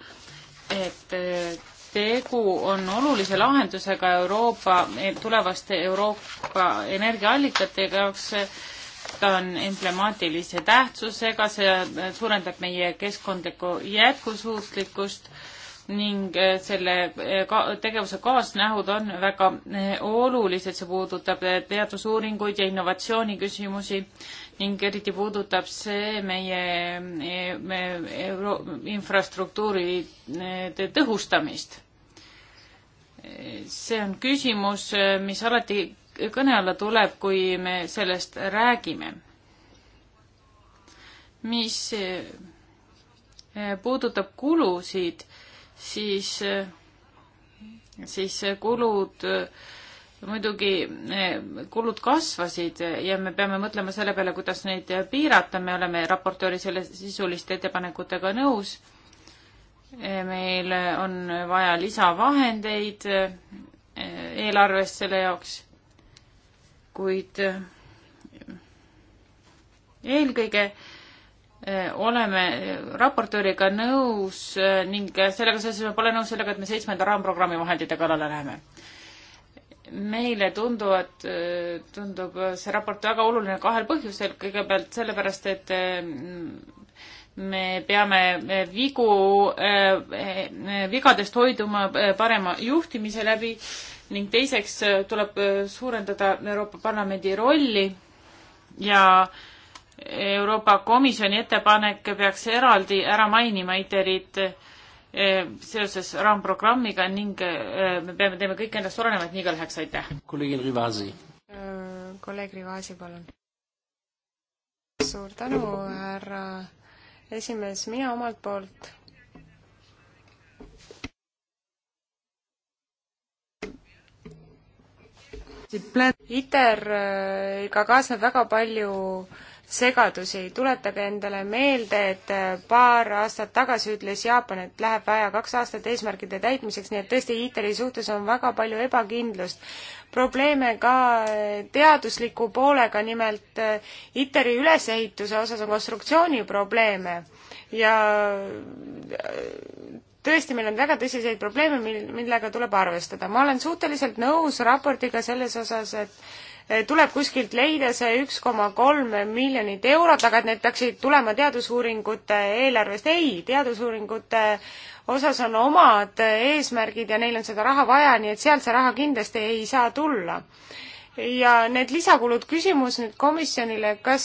et äh, tegu on olulise lahendusega Euroopa, e, tulevaste Euroopa energiaallikate jaoks. ta on emblemaatilise tähtsusega, see suurendab meie keskkondlikku jätkusuutlikkust ning eh, selle eh, ka tegevuse kaasnähud on väga eh, olulised, see puudutab teadusuuringuid ja innovatsiooni küsimusi ning eriti puudutab see meie, meie euro, infrastruktuuri tõhustamist. see on küsimus, mis alati kõne alla tuleb, kui me sellest räägime. mis puudutab kulusid, siis, siis kulud muidugi kulud kasvasid ja me peame mõtlema selle peale, kuidas neid piirata, me oleme raportööri selle sisuliste ettepanekutega nõus. meil on vaja lisavahendeid eh, eelarvest selle jaoks, kuid eh, eelkõige Äh, oleme äh, raportööriga nõus äh, ning sellega seoses ma pole nõus sellega, et me seitsmenda raamprogrammi vahendite kallale läheme. meile tunduvad, tundub see raport väga oluline kahel põhjusel, kõigepealt sellepärast, et me peame vigu, vigadest hoiduma parema juhtimise läbi ning teiseks tuleb suurendada Euroopa Parlamendi rolli ja äh, Euroopa Komisjoni ettepanek peaks eraldi ära mainima ITER-id eh, seoses raamprogrammiga ning eh, me peame, teeme kõik endast oleneva, et nii ka läheks, aitäh. kolleeg Rivasi. Äh, kolleeg Rivasi, palun. suur tänu, härra esimees, mina omalt poolt ITER-ga kaasneb väga palju segadusi. tuletage endale meelde, et äh, paar aastat tagasi ütles Jaapan, et läheb vaja kaks aastat eesmärkide täitmiseks, nii et tõesti ITER-i suhtes on väga palju ebakindlust. probleeme ka äh, teadusliku poolega, nimelt äh, ITER-i ülesehituse osas on konstruktsiooniprobleeme ja tõesti, meil on väga tõsiseid probleeme, mil, millega tuleb arvestada. ma olen suhteliselt nõus raportiga selles osas, et Eh, tuleb kuskilt leida see üks koma kolm miljonit eurot, aga et need peaksid tulema teadusuuringute eelarvest, ei, teadusuuringute osas on omad eesmärgid ja neil on seda raha vaja, nii et sealt see raha kindlasti ei saa tulla. ja need lisakulud, küsimus nüüd komisjonile, kas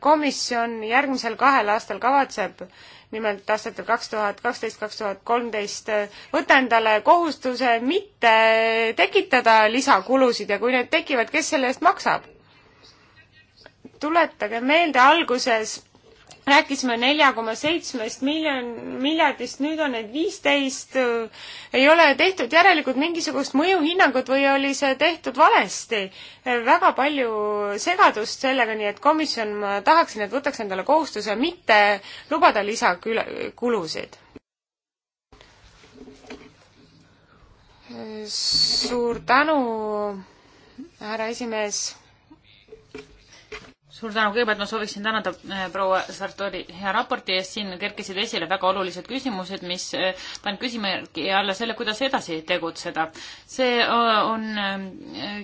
komisjon järgmisel kahel aastal kavatseb äh, nimelt aastatel kaks tuhat kaksteist, kaks tuhat kolmteist, võta endale kohustuse mitte tekitada lisakulusid ja kui need tekivad, kes selle eest maksab? tuletage meelde alguses rääkisime nelja koma seitsmest miljon, miljardist, nüüd on need viisteist, äh, ei ole tehtud järelikult mingisugust mõjuhinnangut või oli see tehtud valesti. väga palju segadust sellega, nii et komisjon, ma tahaksin, et võtaks endale kohustuse mitte lubada lisakulusid. suur tänu, härra esimees suur tänu, kõigepealt ma sooviksin tänada äh, proua Sartori hea raporti eest, siin kerkisid esile väga olulised küsimused, mis äh, panid küsimärgi alla selle, kuidas edasi tegutseda. see äh, on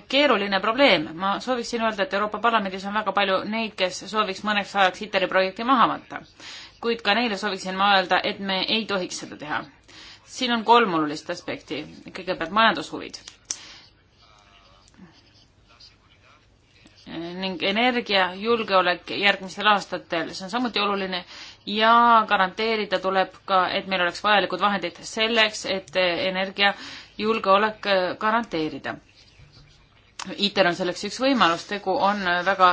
keeruline probleem, ma sooviksin öelda, et Euroopa Parlamendis on väga palju neid, kes sooviks mõneks ajaks ITER-i projekti maha võtta. kuid ka neile sooviksin ma öelda, et me ei tohiks seda teha. siin on kolm olulist aspekti, kõigepealt majandushuvid ning energiajulgeolek järgmistel aastatel, see on samuti oluline ja garanteerida tuleb ka, et meil oleks vajalikud vahendid selleks, et energiajulgeolek äh, garanteerida. ITER on selleks üks võimalus, tegu on väga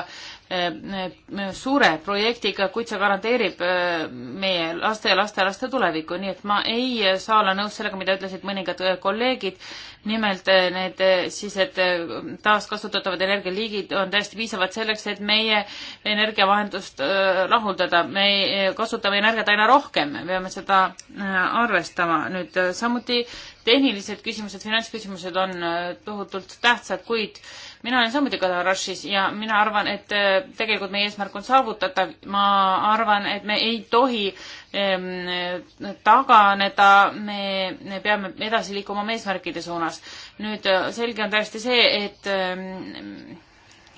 suure projektiga, kuid see garanteerib äh, meie laste ja lastelaste tulevikku, nii et ma ei saa olla nõus sellega, mida ütlesid mõningad äh, kolleegid. nimelt äh, need siis, et taaskasutatavad energialiigid on täiesti piisavad selleks, et meie energiavahendust rahuldada. me kasutame energiat aina rohkem, me peame seda arvestama. nüüd samuti tehnilised küsimused, finantsküsimused on tohutult tähtsad, kuid mina olen samuti Kadarashis ja mina arvan, et äh, tegelikult meie eesmärk on saavutatav. ma arvan, et me ei tohi ähm, taganeda, me, me peame edasi liikuma oma eesmärkide suunas. nüüd äh, selge on täiesti see, et ähm,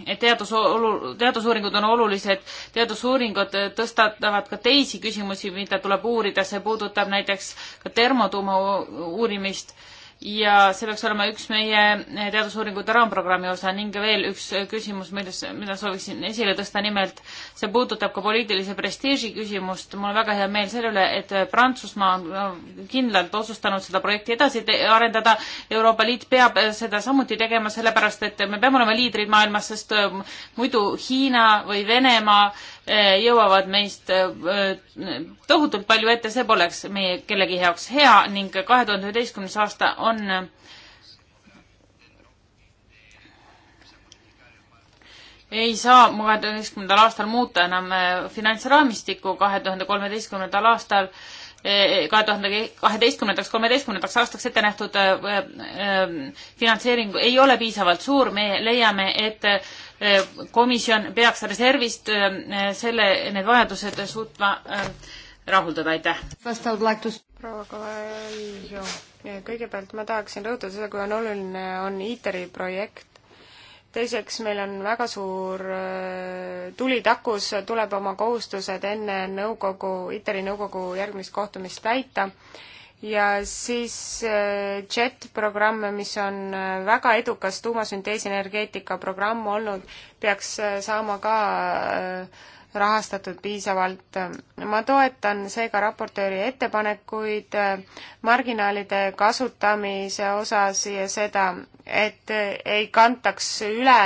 et teadus, teadusuuringud on olulised, teadusuuringud äh, tõstatavad ka teisi küsimusi, mida tuleb uurida, see puudutab näiteks ka termotuuma uurimist äh, ja see peaks olema üks meie eh, teadusuuringute raamprogrammi osa ning veel üks eh, küsimus, milles, mida sooviksin esile tõsta, nimelt see puudutab ka poliitilise prestiiži küsimust. mul on väga hea meel selle üle, et eh, Prantsusmaa on kindlalt otsustanud seda projekti edasi arendada. Euroopa Liit peab seda samuti tegema, sellepärast et me peame olema liidrid maailmas, sest muidu Hiina või Venemaa Eh, jõuavad meist eh, tohutult palju ette, see poleks meie kellegi jaoks hea ning kahe tuhande üheteistkümnes aasta on eh, ei saa kahe tuhande üheksakümnendal aastal muuta enam finantsraamistikku kahe tuhande kolmeteistkümnendal aastal äh, kahe tuhande kaheteistkümnendaks, kolmeteistkümnendaks aastaks ette nähtud äh, äh, finantseering ei ole piisavalt suur, me leiame, et äh, komisjon peaks reservist selle, need vajadused suutma rahuldada, aitäh. proua Kalaio, kõigepealt ma tahaksin rõhutada seda, kui on oluline on ITER-i projekt teiseks, meil on väga suur äh, tuli takus, tuleb oma kohustused enne nõukogu, ITER-i nõukogu järgmist kohtumist täita ja siis äh, JET programm, mis on äh, väga edukas tuumasünteesi energeetika programm olnud, peaks saama ka äh, rahastatud piisavalt. ma toetan seega raportööri ettepanekuid äh, marginaalide kasutamise osas ja seda, et ei kantaks üle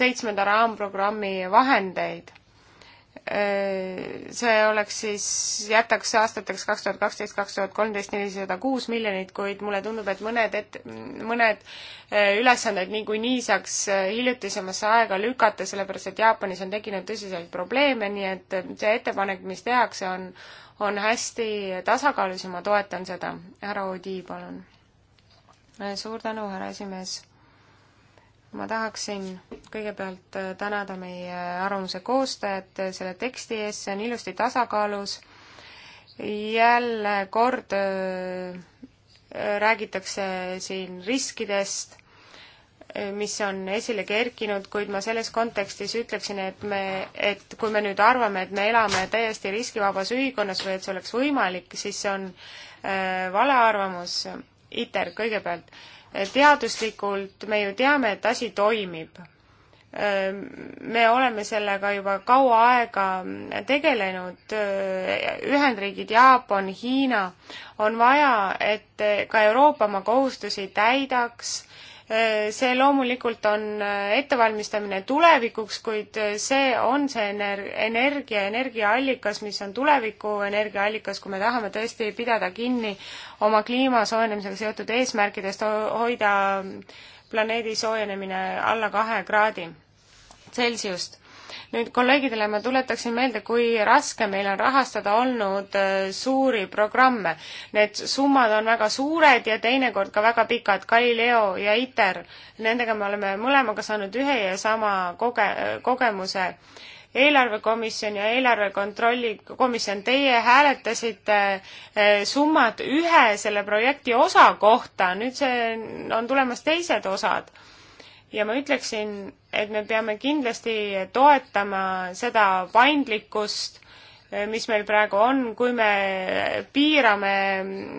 seitsmenda raamprogrammi vahendeid. Äh, see oleks siis, jätaks aastateks kaks tuhat kaksteist, kaks tuhat kolmteist nelisada kuus miljonit, kuid mulle tundub, et mõned, et mõned äh, ülesanded niikuinii saaks äh, hiljutisemasse aega lükata, sellepärast et Jaapanis on tekkinud tõsiseid probleeme, nii et see ettepanek, mis tehakse, on, on hästi tasakaalus ja ma toetan seda. härra Odi, palun. suur tänu, härra esimees ma tahaksin kõigepealt äh, tänada meie arvamuse koostajat äh, selle teksti eest, see on ilusti tasakaalus. jälle kord äh, räägitakse siin riskidest, mis on esile kerkinud, kuid ma selles kontekstis ütleksin, et me, et kui me nüüd arvame, et me elame täiesti riskivabas ühiskonnas või et see oleks võimalik, siis see on äh, valearvamus. ITER kõigepealt äh, teaduslikult me ju teame, et asi toimib. me oleme sellega juba kaua aega tegelenud, Ühendriigid, Jaapan, Hiina, on vaja, et ka Euroopa oma kohustusi täidaks Äh, see loomulikult on äh, ettevalmistamine tulevikuks, kuid äh, see on see ener-, energia, energiaallikas, mis on tuleviku energiaallikas, kui me tahame tõesti pidada kinni oma kliima soojenemisega seotud eesmärkidest, hoida planeedi soojenemine alla kahe kraadi Celsiust nüüd kolleegidele ma tuletaksin meelde, kui raske meil on rahastada olnud äh, suuri programme. Need summad on väga suured ja teinekord ka väga pikad, Galileo ja ITER, nendega me oleme mõlemaga saanud ühe ja sama koge-, kogemuse eelarvekomisjon ja eelarvekontrolli komisjon, teie hääletasite äh, summad ühe selle projekti osa kohta, nüüd see on tulemas teised osad ja ma ütleksin, et me peame kindlasti toetama seda paindlikkust, eh, mis meil praegu on, kui me piirame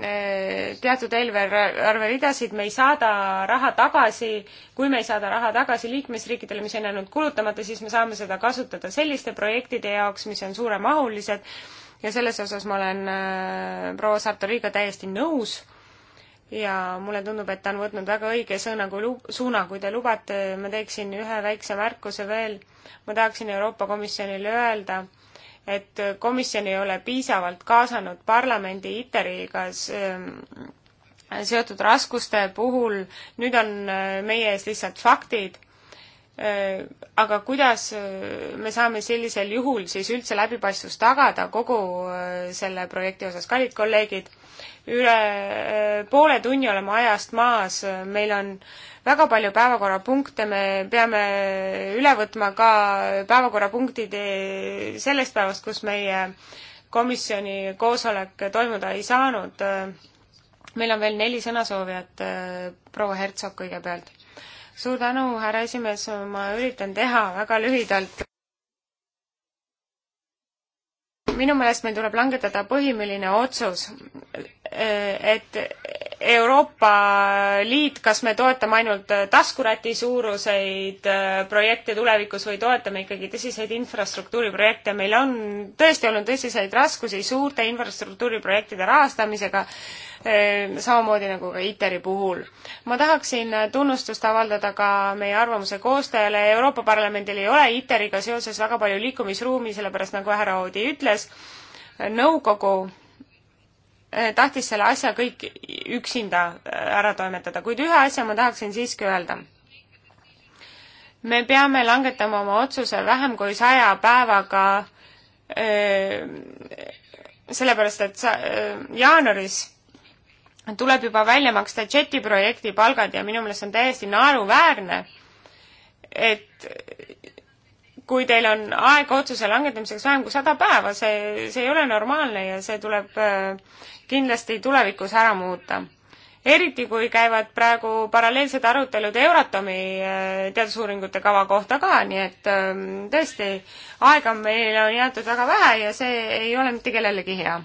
eh, teatud eelarveridasid, me ei saada raha tagasi, kui me ei saada raha tagasi liikmesriikidele, mis on jäänud kulutamata, siis me saame seda kasutada selliste projektide jaoks, mis on suuremahulised ja selles osas ma olen eh, proua Sartoriga täiesti nõus ja mulle tundub, et ta on võtnud väga õige sõna, kui lu-, suuna, kui te lubate, ma teeksin ühe väikse märkuse veel. ma tahaksin Euroopa Komisjonile öelda, et komisjon ei ole piisavalt kaasanud parlamendi ITER-iga ähm, seotud raskuste puhul, nüüd on äh, meie ees lihtsalt faktid, äh, aga kuidas äh, me saame sellisel juhul siis üldse läbipaistvust tagada kogu selle projekti osas, kallid kolleegid, üle äh, poole tunni oleme ajast maas, meil on väga palju päevakorrapunkte, me peame üle võtma ka päevakorrapunktid sellest päevast, kus meie komisjoni koosolek toimuda ei saanud. meil on veel neli sõnasoovijat, äh, proua Hertsog kõigepealt. suur tänu, härra esimees, ma üritan teha väga lühidalt minu meelest meil tuleb langetada põhimõtteline otsus, et Euroopa Liit, kas me toetame ainult äh, taskuräti suuruseid äh, projekte tulevikus või toetame ikkagi tõsiseid infrastruktuuriprojekte, meil on tõesti olnud tõsiseid raskusi suurte infrastruktuuriprojektide rahastamisega, äh, samamoodi nagu ka ITER-i puhul. ma tahaksin tunnustust avaldada ka meie arvamuse koostajale, Euroopa Parlamendil ei ole ITER-iga seoses väga palju liikumisruumi, sellepärast nagu härra Oudi ütles, nõukogu Eh, tahtis selle asja kõik üksinda eh, ära toimetada, kuid ühe asja ma tahaksin siiski öelda. me peame langetama oma otsuse vähem kui saja päevaga eh, sellepärast, et sa, jaanuaris tuleb juba välja maksta JET-i projekti palgad ja minu meelest on täiesti naeruväärne, et kui teil on aega otsuse langetamiseks vähem kui sada päeva, see, see ei ole normaalne ja see tuleb kindlasti tulevikus ära muuta. eriti, kui käivad praegu paralleelsed arutelud Euratomi äh, teadusuuringute kava kohta ka, nii et ähm, tõesti, aega meile on jäetud väga vähe ja see ei ole mitte kellelegi hea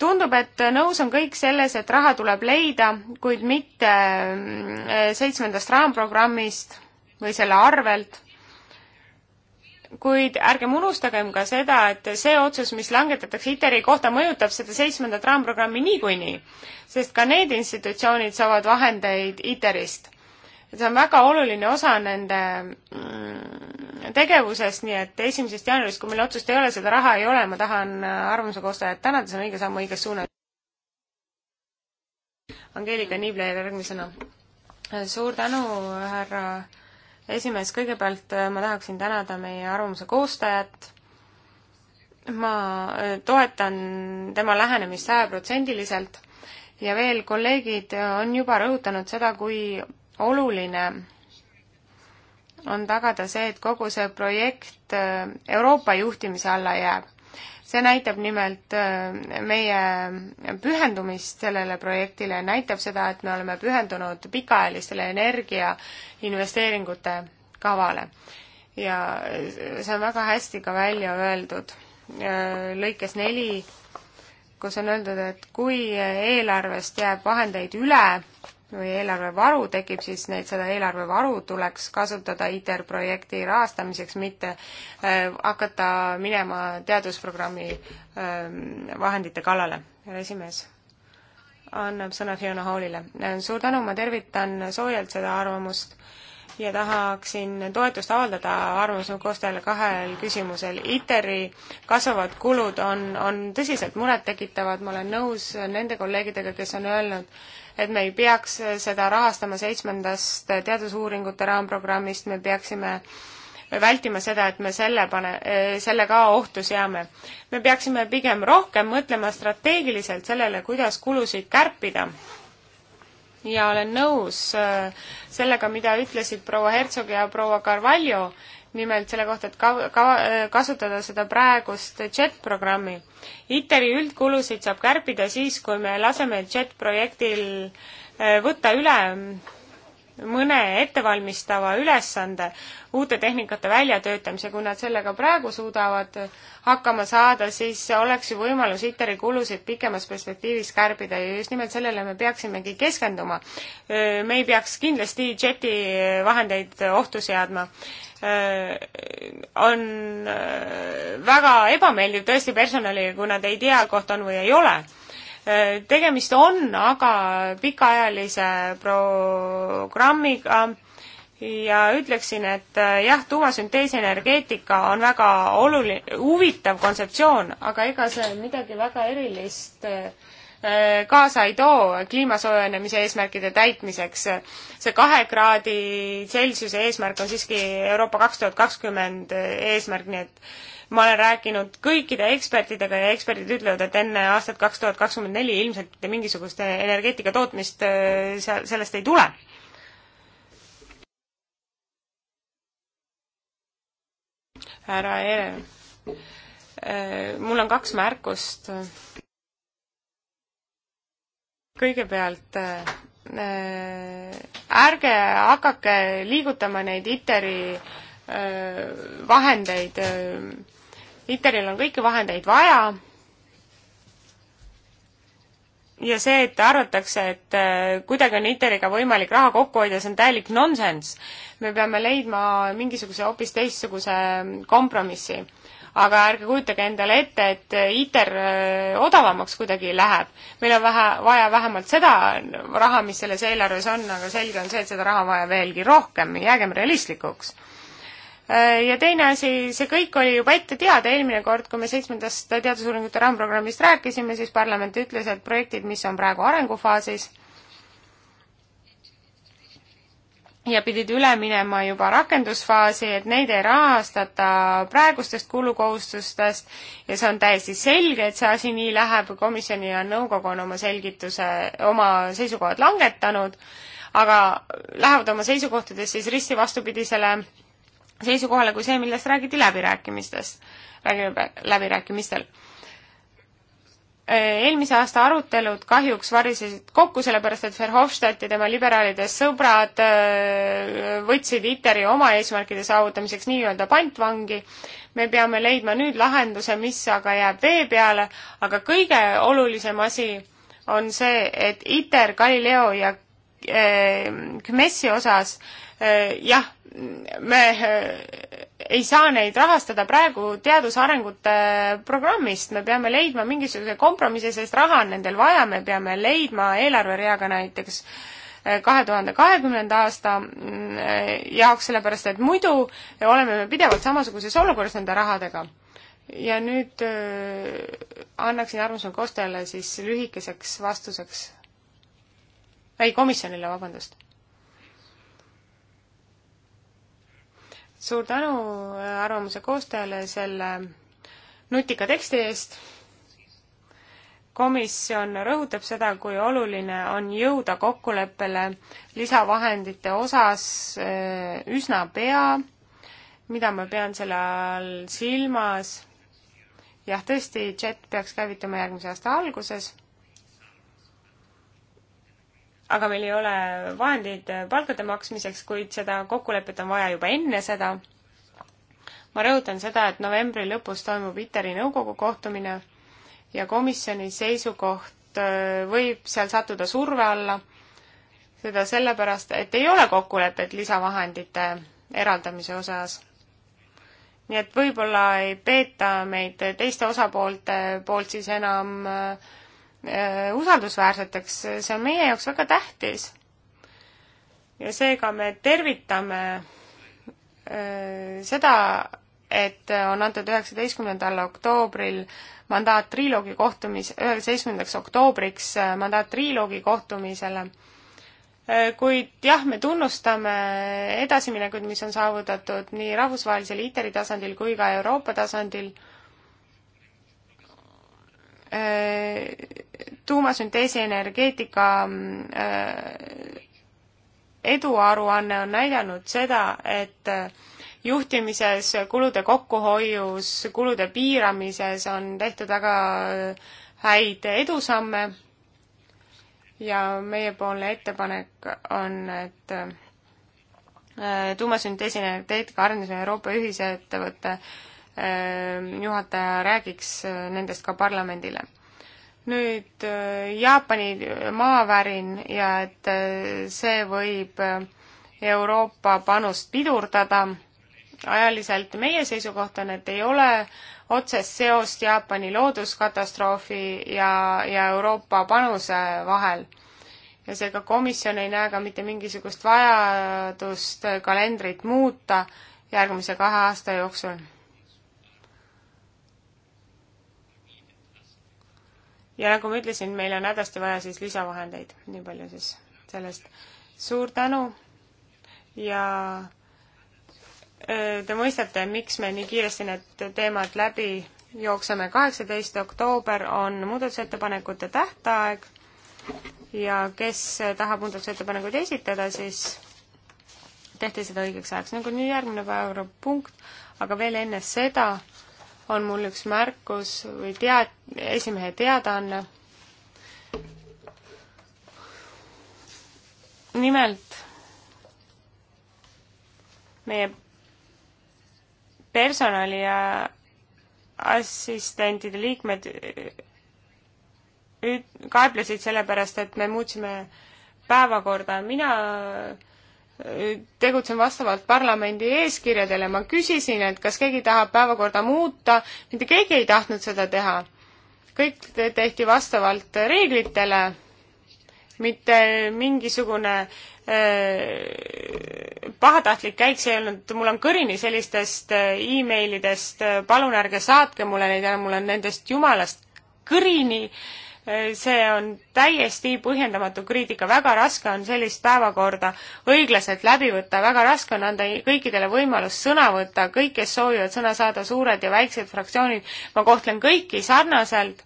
tundub, et nõus on kõik selles, et raha tuleb leida, kuid mitte ähm, seitsmendast raamprogrammist või selle arvelt kuid ärgem unustagem ka seda, et see otsus, mis langetatakse ITER-i kohta, mõjutab seda seitsmendat raamprogrammi niikuinii, sest ka need institutsioonid saavad vahendeid ITER-ist. see on väga oluline osa nende mm, tegevusest, nii et esimesest jaanuarist, kui meil otsust ei ole, seda raha ei ole, ma tahan äh, arvamuse koostajat tänada, see on õige samm õiges suunas. Angeelika Niibler järgmisena. suur tänu, härra esimees, kõigepealt äh, ma tahaksin tänada meie arvamuse koostajat, ma äh, toetan tema lähenemist sajaprotsendiliselt ja veel kolleegid äh, on juba rõhutanud seda, kui oluline on tagada see, et kogu see projekt Euroopa juhtimise alla jääb see näitab nimelt äh, meie pühendumist sellele projektile, näitab seda, et me oleme pühendunud pikaajalistele energiainvesteeringute kavale. ja see on väga hästi ka välja öeldud äh, lõikes neli, kus on öeldud, et kui eelarvest jääb vahendeid üle, või eelarvevaru tekib, siis neid, seda eelarvevaru tuleks kasutada ITER projekti rahastamiseks, mitte äh, hakata minema teadusprogrammi äh, vahendite kallale. härra esimees annab sõna Fiona Hallile. Äh, suur tänu, ma tervitan soojalt seda arvamust ja tahaksin toetust avaldada arvamusnõukogustajale kahel küsimusel. ITER-i kasvavad kulud on, on tõsiselt murettekitavad, ma olen nõus nende kolleegidega, kes on öelnud, et me ei peaks seda rahastama seitsmendast teadusuuringute raamprogrammist, me peaksime vältima seda, et me selle pane, selle ka ohtu seame. me peaksime pigem rohkem mõtlema strateegiliselt sellele, kuidas kulusid kärpida ja olen nõus äh, sellega, mida ütlesid proua Herzog ja proua Carvalho, nimelt selle kohta, et ka-, ka-, kasutada seda praegust JET-programmi. ITER-i üldkulusid saab kärpida siis, kui me laseme JET-projektil äh, võtta üle mõne ettevalmistava ülesande uute tehnikate väljatöötamise, kui nad sellega praegu suudavad hakkama saada, siis oleks ju võimalus ITER-i kulusid pikemas perspektiivis kärbida ja just nimelt sellele me peaksimegi keskenduma. me ei peaks kindlasti JET-i vahendeid ohtu seadma on väga ebameeldiv tõesti personalile, kui nad ei tea, koht on või ei ole Äh, tegemist on aga pikaajalise programmiga ja ütleksin, et äh, jah, tuumasünteesenergeetika on väga oluline, huvitav kontseptsioon, aga ega see midagi väga erilist äh, kaasa ei too kliima soojenemise eesmärkide täitmiseks. see kahe kraadi Celsiuse eesmärk on siiski Euroopa kaks tuhat kakskümmend eesmärk, nii et ma olen rääkinud kõikide ekspertidega ja eksperdid ütlevad, et enne aastat kaks tuhat kakskümmend neli ilmselt mitte mingisugust energeetika tootmist äh, seal, sellest ei tule härra Ere. Äh, mul on kaks märkust. kõigepealt äh, ärge hakake liigutama neid ITER-i vahendeid ITER-il on kõiki vahendeid vaja ja see, et arvatakse, et äh, kuidagi on ITER-iga võimalik raha kokku hoida, see on täielik nonsenss. me peame leidma mingisuguse hoopis teistsuguse mm, kompromissi. aga ärge kujutage endale ette, et äh, ITER äh, odavamaks kuidagi läheb. meil on vähe, vaja vähemalt seda raha, mis selles eelarves on, aga selge on see, et seda raha on vaja veelgi rohkem, jäägem realistlikuks Äh, ja teine asi, see kõik oli juba ette teada, eelmine kord, kui me seitsmendast teadusuuringute raamprogrammist rääkisime, siis parlament ütles, et projektid, mis on praegu arengufaasis ja pidid üle minema juba rakendusfaasi, et neid ei rahastata praegustest kulukohustustest ja see on täiesti selge, et see asi nii läheb, komisjoni ja nõukogu on oma selgituse, oma seisukohad langetanud, aga lähevad oma seisukohtades siis risti vastupidisele seisukohale kui see, millest räägiti läbirääkimistes, räägime läbirääkimistel. Äh, eelmise aasta arutelud kahjuks varisesid kokku, sellepärast et Verhofstadt ja tema liberaalide sõbrad äh, võtsid ITER-i oma eesmärkide saavutamiseks nii-öelda pantvangi. me peame leidma nüüd lahenduse, mis aga jääb vee peale, aga kõige olulisem asi on see, et ITER, Galileo ja Kmessi äh, osas jah me eh, ei saa neid rahastada praegu teadusarengute programmist, me peame leidma mingisuguse kompromissi, sest raha on nendel vaja, me peame leidma eelarvereaga näiteks eh, kahe tuhande kahekümnenda aasta mm, jaoks, sellepärast et muidu oleme me pidevalt samasuguses olukorras nende rahadega. ja nüüd eh, annaksin armsale Kostele siis lühikeseks vastuseks, ei komisjonile, vabandust suur tänu äh, arvamuse koostajale selle nutika teksti eest. komisjon rõhutab seda, kui oluline on jõuda kokkuleppele lisavahendite osas äh, üsna pea, mida ma pean selle all silmas. jah, tõesti, JET peaks käivituma järgmise aasta alguses aga meil ei ole vahendeid palkade maksmiseks, kuid seda kokkulepet on vaja juba enne seda. ma rõhutan seda, et novembri lõpus toimub ITER-i nõukogu kohtumine ja komisjoni seisukoht äh, võib seal sattuda surve alla, seda sellepärast, et ei ole kokkulepet lisavahendite eraldamise osas. nii et võib-olla ei peeta meid teiste osapoolte poolt siis enam äh, Äh, usaldusväärseteks, see on meie jaoks väga tähtis. ja seega me tervitame äh, seda, et on antud üheksateistkümnendal oktoobril mandaat triloogi kohtumis, üheksateistkümnendaks oktoobriks äh, mandaat triloogi kohtumisele. kuid jah, me tunnustame edasiminekuid, mis on saavutatud nii rahvusvahelisel ITER-i tasandil kui ka Euroopa tasandil Äh, tuumasünteesi energeetika äh, eduaruanne on näidanud seda, et äh, juhtimises, kulude kokkuhoius, kulude piiramises on tehtud väga häid edusamme ja meiepoolne ettepanek on, et tuumasünteesi energeetika arendus on Euroopa ühisettevõte Ehm, juhataja räägiks äh, nendest ka parlamendile. nüüd äh, Jaapani äh, maavärin ja et see võib Euroopa panust pidurdada ajaliselt, meie seisukoht on, et ei ole otsest seost Jaapani looduskatastroofi ja, ja Euroopa panuse vahel ja seega komisjon ei näe ka mitte mingisugust vajadust kalendrit muuta järgmise kahe aasta jooksul. ja nagu ma ütlesin, meil on hädasti vaja siis lisavahendeid, nii palju siis sellest. suur tänu ja äh, te mõistate, miks me nii kiiresti need teemad läbi jookseme. kaheksateist oktoober on muudatusettepanekute tähtaeg ja kes tahab muudatusettepanekuid esitada, siis tehti seda õigeks ajaks. nagu nüüd järgmine päevapunkt, aga veel enne seda on mul üks märkus või tead-, esimehe teadaanne. nimelt meie personali ja assistentide liikmed kaeblesid selle pärast, et me muutsime päevakorda. mina tegutsen vastavalt parlamendi eeskirjadele, ma küsisin, et kas keegi tahab päevakorda muuta, mitte keegi ei tahtnud seda teha. kõik tehti vastavalt reeglitele, mitte mingisugune äh, pahatahtlik käik, see ei olnud, mul on kõrini sellistest äh, emailidest, palun ärge saatke mulle neid ära, mul on nendest jumalast kõrini äh, see on täiesti põhjendamatu kriitika, väga raske on sellist päevakorda õiglaselt läbi võtta, väga raske on anda kõikidele võimalus sõna võtta, kõik, kes soovivad sõna saada, suured ja väiksed fraktsioonid, ma kohtlen kõiki sarnaselt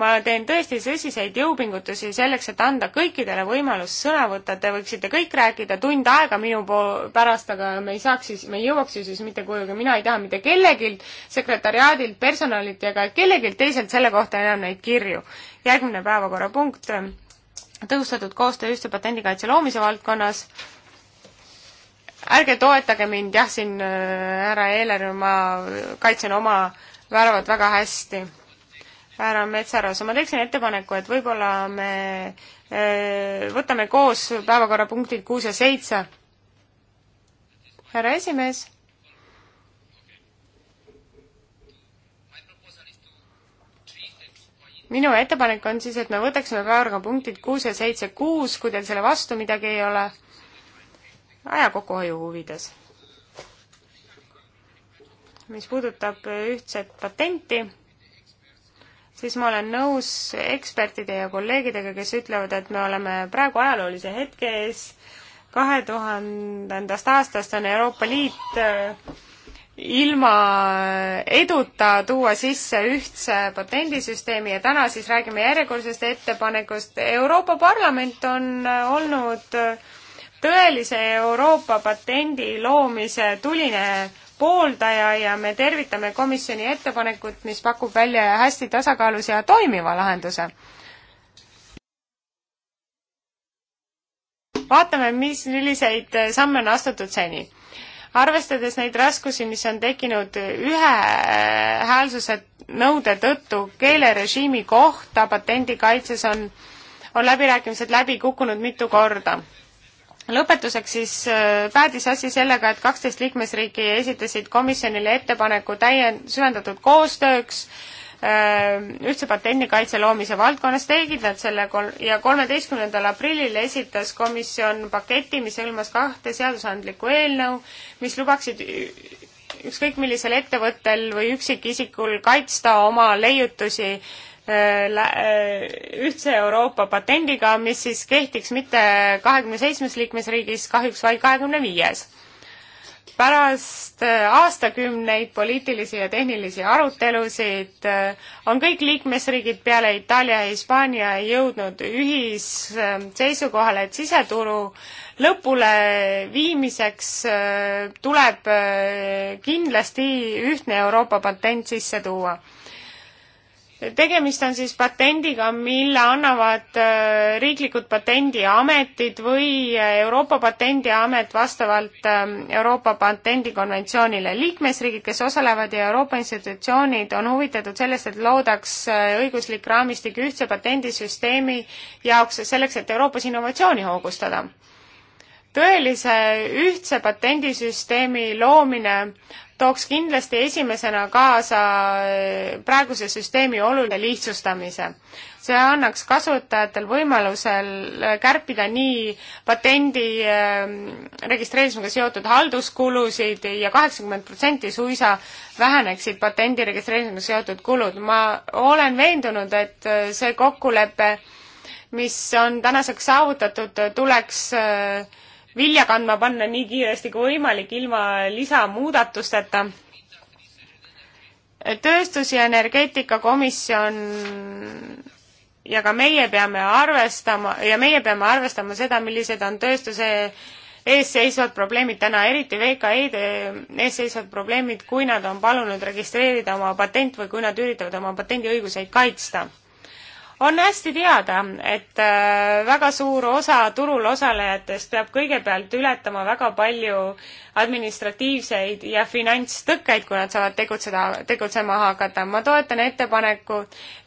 ma teen tõesti tõsiseid jõupingutusi selleks, et anda kõikidele võimalus sõna võtta, te võiksite kõik rääkida tund aega minu po-, pärast, aga me ei saaks siis, me ei jõuaks ju siis mitte kuhugi, mina ei taha mitte kellegilt, sekretäriaadilt, personalilt ega kellegilt teiselt selle kohta enam neid kirju. järgmine päevakorrapunkt, tõhustatud koostöö ühtse patendikaitse loomise valdkonnas, ärge toetage mind, jah, siin äh, härra Eeler, ma kaitsen oma väravad väga hästi härra Metsaros, ma teeksin ettepaneku, et võib-olla me võtame koos päevakorrapunktid kuus ja seitse. härra esimees minu ettepanek on siis, et me võtaksime päevakorrapunktid kuus ja seitse kuus, kui teil selle vastu midagi ei ole, aja kokkuhoiu huvides. mis puudutab ühtset patenti, siis ma olen nõus ekspertide ja kolleegidega, kes ütlevad, et me oleme praegu ajaloolise hetke ees. kahe tuhandendast aastast on Euroopa Liit äh, ilma äh, eduta tuua sisse ühtse patendisüsteemi ja täna siis räägime järjekordsest ettepanekust. Euroopa Parlament on äh, olnud tõelise Euroopa patendi loomise tuline pooldaja ja me tervitame komisjoni ettepanekut, mis pakub välja hästi tasakaalus ja toimiva lahenduse. vaatame, mis, milliseid samme on astutud seni arvestades neid raskusi, mis on tekkinud ühehäälsuse nõude tõttu keelerežiimi kohta patendikaitses, on, on läbirääkimised läbi kukkunud mitu korda lõpetuseks siis äh, päädis asi sellega, et kaksteist liikmesriiki esitasid komisjonile ettepaneku täien-, süvendatud koostööks äh, ühtse patendikaitse loomise valdkonnas, tegid nad selle kol-, ja kolmeteistkümnendal aprillil esitas komisjon paketi, mis hõlmas kahte seadusandlikku eelnõu, mis lubaksid ükskõik millisel ettevõttel või üksikisikul kaitsta oma leiutusi äh, Äh, äh, ühtse Euroopa patendiga, mis siis kehtiks mitte kahekümne seitsmes liikmesriigis, kahjuks vaid kahekümne viies. pärast äh, aastakümneid poliitilisi ja tehnilisi arutelusid on kõik liikmesriigid peale Itaalia ja Hispaania jõudnud ühisseisukohale, et siseturu lõpuleviimiseks tuleb kindlasti ühtne Euroopa patent sisse tuua tegemist on siis patendiga, mille annavad äh, riiklikud patendiametid või äh, Euroopa Patendiamet vastavalt ähm, Euroopa patendikonventsioonile. liikmesriigid, kes osalevad ja Euroopa institutsioonid on huvitatud sellest, et loodaks äh, õiguslik raamistik ühtse patendisüsteemi jaoks, selleks et Euroopas innovatsiooni hoogustada tõelise ühtse patendisüsteemi loomine tooks kindlasti esimesena kaasa äh, praeguse süsteemi olulise lihtsustamise. see annaks kasutajatel võimalusel äh, kärpida nii patendi ähm, registreerimisega seotud halduskulusid ja kaheksakümmend protsenti suisa väheneksid patendi registreerimisega seotud kulud. ma olen veendunud, et äh, see kokkulepe, mis on tänaseks saavutatud, tuleks äh, vilja kandma panna nii kiiresti kui võimalik ilma lisamuudatusteta. tööstus- ja energeetikakomisjon ja ka meie peame arvestama ja meie peame arvestama seda, millised on tööstuse ees seisvad probleemid täna, eriti VKE-de ees seisvad probleemid, kui nad on palunud registreerida oma patent või kui nad üritavad oma patendiõiguseid kaitsta on hästi teada, et äh, väga suur osa turul osalejatest peab kõigepealt ületama väga palju administratiivseid ja finantstõkkeid, kui nad saavad tegutseda, tegutsema hakata. ma toetan ettepaneku,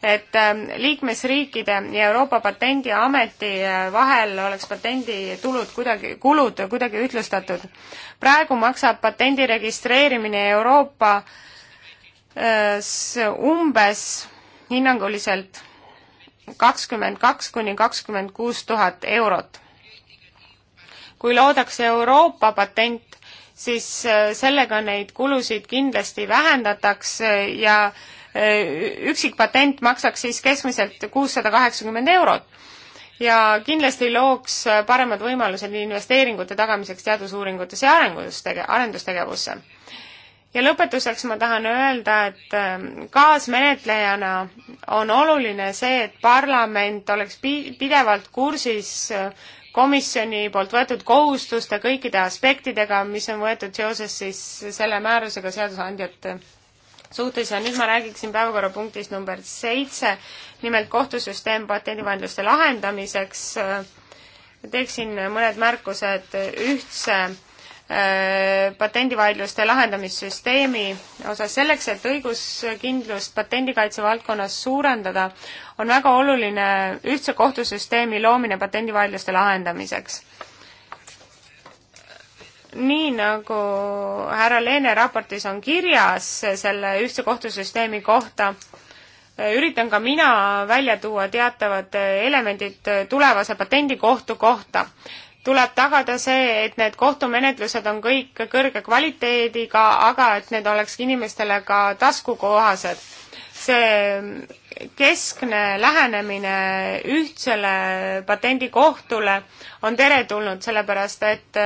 et ähm, liikmesriikide ja Euroopa Patendiameti äh, vahel oleks patenditulud kuidagi, kulud kuidagi ühtlustatud. praegu maksab patendi registreerimine Euroopas äh, umbes hinnanguliselt kakskümmend kaks kuni kakskümmend kuus tuhat eurot. kui loodakse Euroopa patent, siis äh, sellega neid kulusid kindlasti vähendataks äh, ja äh, üksik patent maksaks siis keskmiselt kuussada kaheksakümmend eurot ja kindlasti looks paremad võimalused investeeringute tagamiseks teadusuuringutes ja arendustege-, arendustegevusse ja lõpetuseks ma tahan öelda, et ähm, kaasmenetlejana on oluline see, et parlament oleks pi-, pidevalt kursis äh, komisjoni poolt võetud kohustuste kõikide aspektidega, mis on võetud seoses siis selle määrusega seadusandjate suhtes ja nüüd ma räägiksin päevakorrapunktist number seitse, nimelt kohtusüsteem patendivaidluste lahendamiseks. Äh, teeksin mõned märkused ühtse Äh, patendivaidluste lahendamissüsteemi osas. selleks, et õiguskindlust patendikaitse valdkonnas suurendada, on väga oluline ühtse kohtusüsteemi loomine patendivaidluste lahendamiseks. nii, nagu härra Leene raportis on kirjas selle ühtse kohtusüsteemi kohta, äh, üritan ka mina välja tuua teatavad elemendid tulevase patendikohtu kohta tuleb tagada see, et need kohtumenetlused on kõik kõrge kvaliteediga, aga et need oleks inimestele ka taskukohased. see keskne lähenemine ühtsele patendikohtule on teretulnud, sellepärast et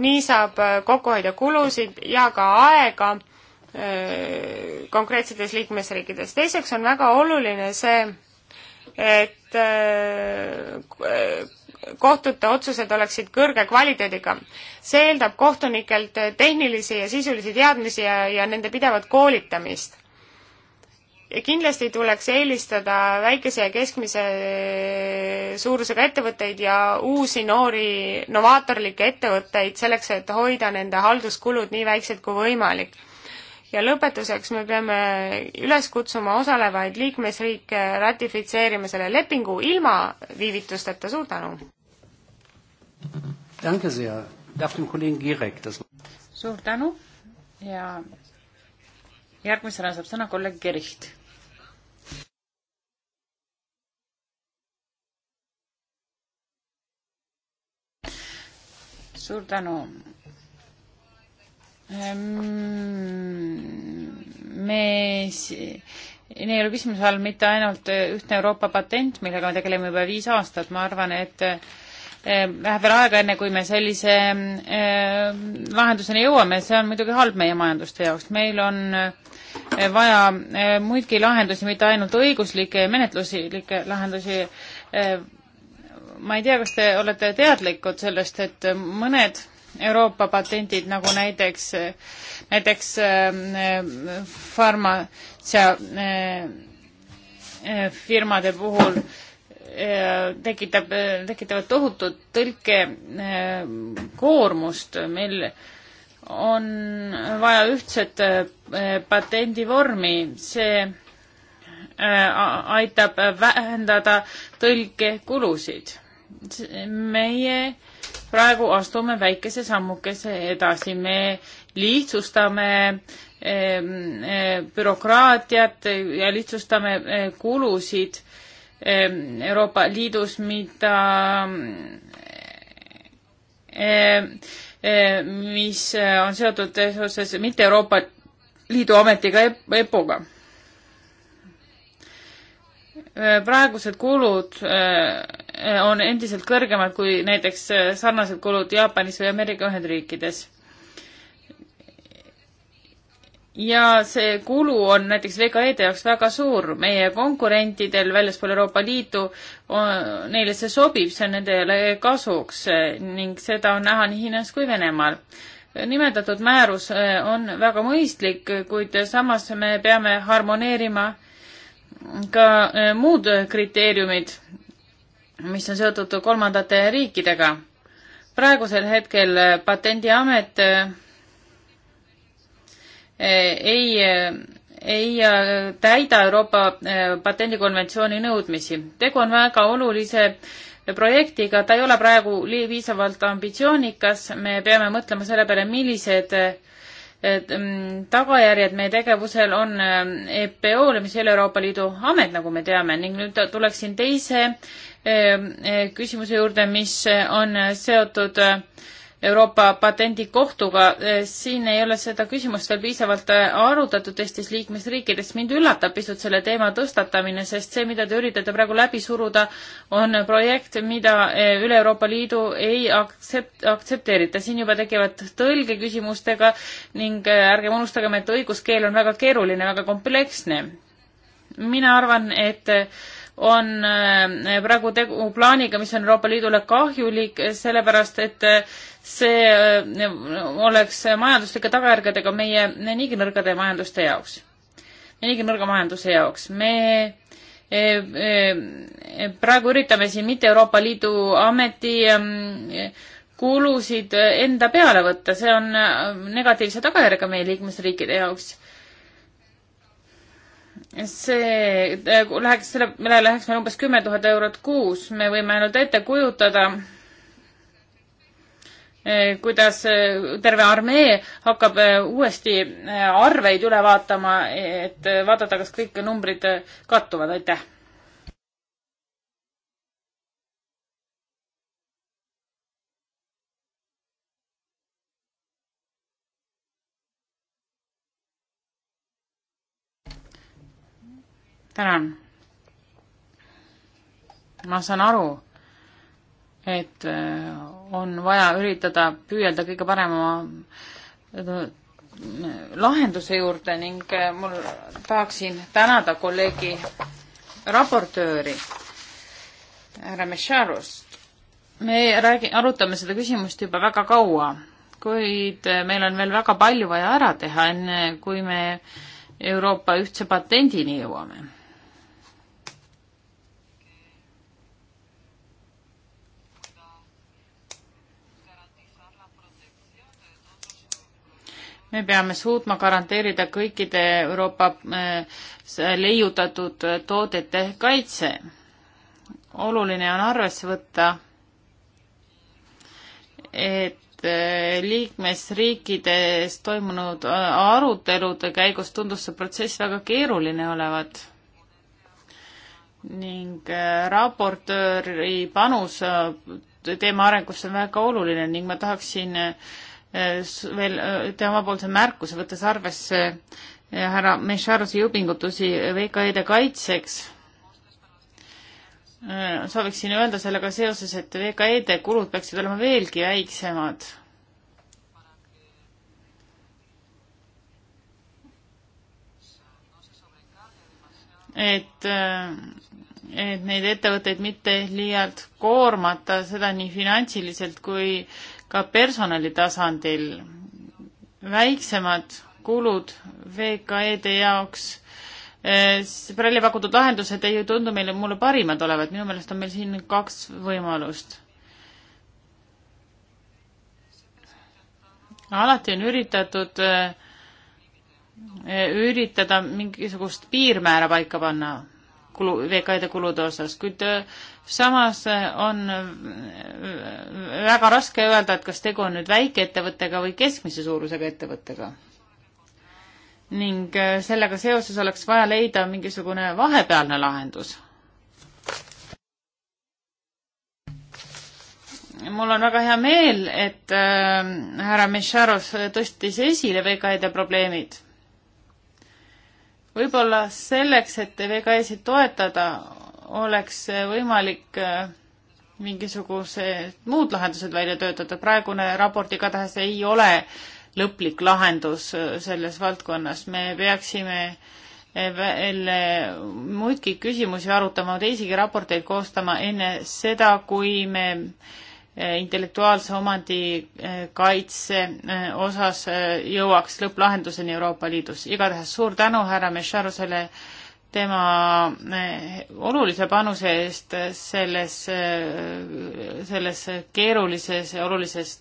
nii saab kokku hoida kulusid ja ka aega äh, konkreetsetes liikmesriikides. teiseks on väga oluline see, et äh, kohtute otsused oleksid kõrge kvaliteediga. see eeldab kohtunikelt tehnilisi ja sisulisi teadmisi ja, ja nende pidevat koolitamist. kindlasti tuleks eelistada väikese ja keskmise suurusega ettevõtteid ja uusi noori novaatorlikke ettevõtteid selleks, et hoida nende halduskulud nii väiksed kui võimalik ja lõpetuseks me peame üles kutsuma osalevaid liikmesriike ratifitseerima selle lepingu ilma viivitusteta, suur tänu! suur tänu ja järgmisena saab sõna kolleeg Gericht. suur tänu Ehm, me, ei ole küsimuse all mitte ainult eh, ühtne Euroopa patent, millega me tegeleme juba viis aastat, ma arvan, et eh, läheb veel aega, enne kui me sellise ehm, lahenduseni jõuame, see on muidugi halb meie majanduste jaoks, meil on eh, vaja muidki lahendusi, mitte ainult õiguslikke ja menetluslikke lahendusi. ma ei tea, kas te olete teadlikud sellest, et mõned Euroopa patendid, nagu näiteks, näiteks ähm, farmatsia äh, äh, firmade puhul äh, tekitab, tekitavad tohutut tõlkekoormust, meil on vaja ühtset patendivormi, see aitab vähendada tõlkekulusid. meie praegu astume väikese sammukese edasi, me lihtsustame eh, bürokraatiat ja lihtsustame eh, kulusid Euroopa Liidus, mida, eh, mis on seotud seoses mitte Euroopa Liidu ametiga EPO-ga Äh, praegused kulud äh, on endiselt kõrgemad kui näiteks äh, sarnased kulud Jaapanis või Ameerika Ühendriikides. ja see kulu on näiteks VKE-de jaoks väga suur, meie konkurentidel väljaspool Euroopa Liitu, neile see sobib, see on nendele kasuks ning seda on näha nii Hiinas kui Venemaal nimetatud määrus on väga mõistlik, kuid samas me peame harmoneerima äh, ka äh, muud kriteeriumid, mis on seotud kolmandate riikidega. praegusel hetkel äh, Patendiamet äh, ei, ei täida Euroopa patendikonventsiooni nõudmisi. tegu on väga olulise projektiga, ta ei ole praegu piisavalt ambitsioonikas, me peame mõtlema selle peale, millised Mm, tagajärjed meie tegevusel on ähm, EPO-le, mis ei ole Euroopa Liidu amet, nagu me teame, ning nüüd tuleksin teise ähm, äh, küsimuse juurde, mis äh, on äh, seotud äh, Euroopa Patendikohtuga, eh, siin ei ole seda küsimust veel piisavalt eh, arutatud teistes liikmesriikides. mind üllatab pisut selle teema tõstatamine, sest see, mida te üritate praegu läbi suruda, on projekt, mida eh, üle Euroopa Liidu ei aktsept-, aktsepteerita. siin juba tekivad tõlgeküsimustega ning ärgem unustagem, et õiguskeel on väga keeruline, väga kompleksne. mina arvan, et on äh, praegu tegu plaaniga, mis on Euroopa Liidule kahjulik, sellepärast et äh, see äh, oleks majanduslike tagajärgedega meie niigi nõrgade majanduste jaoks, niigi nõrga majanduse jaoks. me e, e, e, praegu üritame siin mitte Euroopa Liidu ameti ähm, kulusid enda peale võtta, see on negatiivse tagajärjega meie liikmesriikide jaoks see äh, läheks, selle, millele läheks meil umbes kümme tuhat eurot kuus, me võime ainult ette kujutada, äh, kuidas äh, terve armee hakkab uuesti arveid üle vaatama, et vaadata, kas kõik numbrid kattuvad, aitäh. tänan. ma saan aru, et äh, on vaja üritada püüelda kõige parema äh, lahenduse juurde ning äh, mul tahaksin tänada kolleegi raportööri härra Mešarust. me räägi-, arutame seda küsimust juba väga kaua, kuid meil on veel väga palju vaja ära teha, enne kui me Euroopa ühtse patendini jõuame me peame suutma garanteerida kõikide Euroopa äh, leiutatud äh, toodete kaitse. oluline on arvesse võtta, et äh, liikmesriikides toimunud arutelude käigus tundus see protsess väga keeruline olevat ning raportööri panus teema arengusse on väga oluline ning ma tahaksin äh, veel teha omapoolse märkuse, võttes arvesse härra Mešarose jõupingutusi VKE-de kaitseks, sooviksin öelda sellega seoses, et VKE-de kulud peaksid olema veelgi väiksemad. et, et neid ettevõtteid mitte liialt koormata, seda nii finantsiliselt kui äh, ka personali tasandil. väiksemad kulud VKE-de jaoks välja eh, pakutud lahendused ei tundu meile, mulle parimad olevat, minu meelest on meil siin kaks võimalust. alati on üritatud, eh, eh, üritada mingisugust piirmäära paika panna kulu, VKE-de kulude osas, kuid äh, samas äh, on äh, väga raske öelda, et kas tegu on nüüd väikeettevõttega või keskmise suurusega ettevõttega. ning sellega seoses oleks vaja leida mingisugune vahepealne lahendus. mul on väga hea meel, et äh, härra Mešarov tõstis esile VKE-de probleemid võib-olla selleks, et VKE-sid toetada, oleks võimalik äh, mingisugused muud lahendused välja töötada, praegune raport igatahes ei ole lõplik lahendus äh, selles valdkonnas, me peaksime äh, veel muidki küsimusi arutama, teisigi raporteid koostama enne seda, kui me Eh, intellektuaalse omandi eh, kaitse eh, osas jõuaks lõpplahenduseni Euroopa Liidus. igatahes suur tänu härra Mešarusele tema olulise panuse eest selles, selles keerulises ja olulises,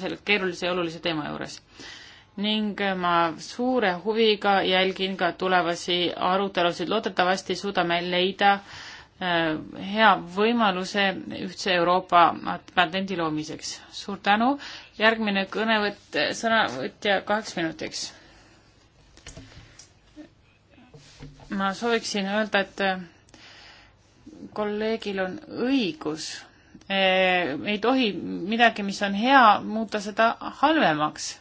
selle keerulise ja olulise teema juures. ning ma suure huviga jälgin ka tulevasi arutelusid, loodetavasti suudame leida äh, Äh, hea võimaluse ühtse Euroopa patendi loomiseks. suur tänu, järgmine kõnevõtt, sõnavõtja kaheks minutiks. ma sooviksin öelda, et äh, kolleegil on õigus, äh, ei tohi midagi, mis on hea, muuta seda halvemaks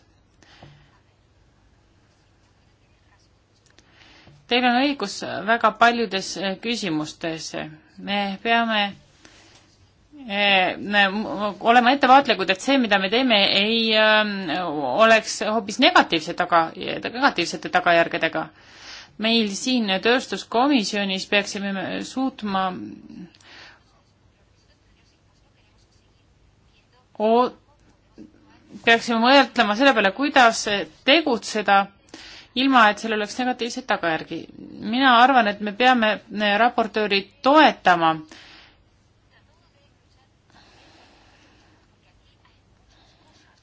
Teil on õigus väga paljudes eh, küsimustes. me peame eh, olema ettevaatlikud, et see, mida me teeme, ei eh, oleks hoopis negatiivse taga, negatiivsete tagajärgedega. meil siin tööstuskomisjonis peaksime me suutma peaksime mõtlema selle peale, kuidas tegutseda ilma et seal oleks negatiivseid tagajärgi. mina arvan, et me peame eh, raportööri toetama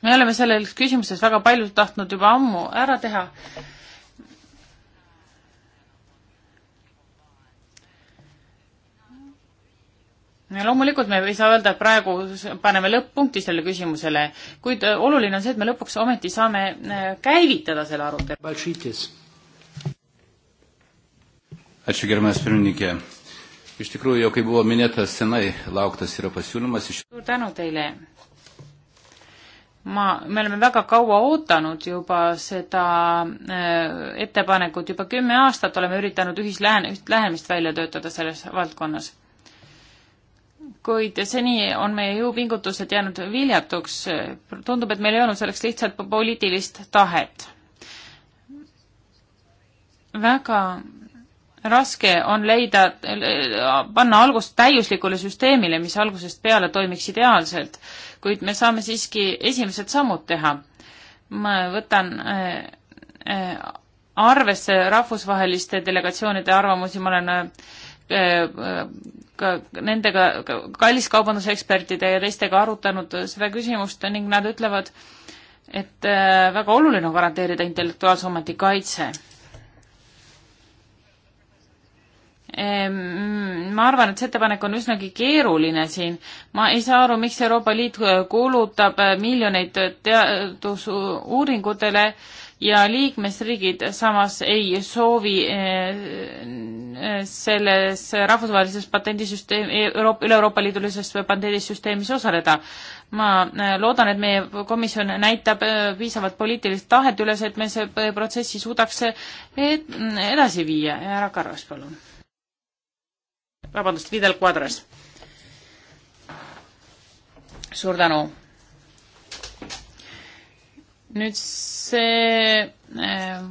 me oleme selles küsimuses väga palju tahtnud juba ammu ära teha loomulikult me ei saa öelda, et praegu paneme lõpp-punkti sellele küsimusele, kuid äh, oluline on see, et me lõpuks ometi saame äh, käivitada selle arutelu. Ačiū gerbiamas pirmininkė. Iš tikrųjų, jau kaip buvo minėtas, senai lauktas yra pasiūlymas iš. suur tänu teile. ma, me oleme väga kaua ootanud juba seda äh, ettepanekut, juba kümme aastat oleme üritanud ühislähen-, üht lähenemist välja töötada selles valdkonnas kuid seni on meie jõupingutused jäänud viljatuks. tundub, et meil ei olnud selleks lihtsalt poliitilist tahet. väga raske on leida, panna algust täiuslikule süsteemile, mis algusest peale toimiks ideaalselt, kuid me saame siiski esimesed sammud teha. ma võtan äh, äh, arvesse rahvusvaheliste delegatsioonide arvamusi, ma olen äh, ka nendega, kalliskaubandusekspertide ja teistega arutanud seda küsimust ning nad ütlevad, et äh, väga oluline on garanteerida intellektuaalse omandi kaitse. Ehm, ma arvan, et see ettepanek on üsnagi keeruline siin. ma ei saa aru, miks Euroopa Liit äh, kulutab äh, miljoneid teadusuuringutele äh, ja liikmesriigid samas ei soovi eh, selles rahvusvahelises patendisüsteem, Euroopa, üle-Euroopa Liidulises patendisüsteemis osaleda. ma eh, loodan, et meie komisjon näitab eh, piisavalt poliitilist tahet üles, et me see protsessi suudaks mm, edasi viia. härra Karras, palun. vabandust, Vidal Quadras. suur tänu nüüd see äh,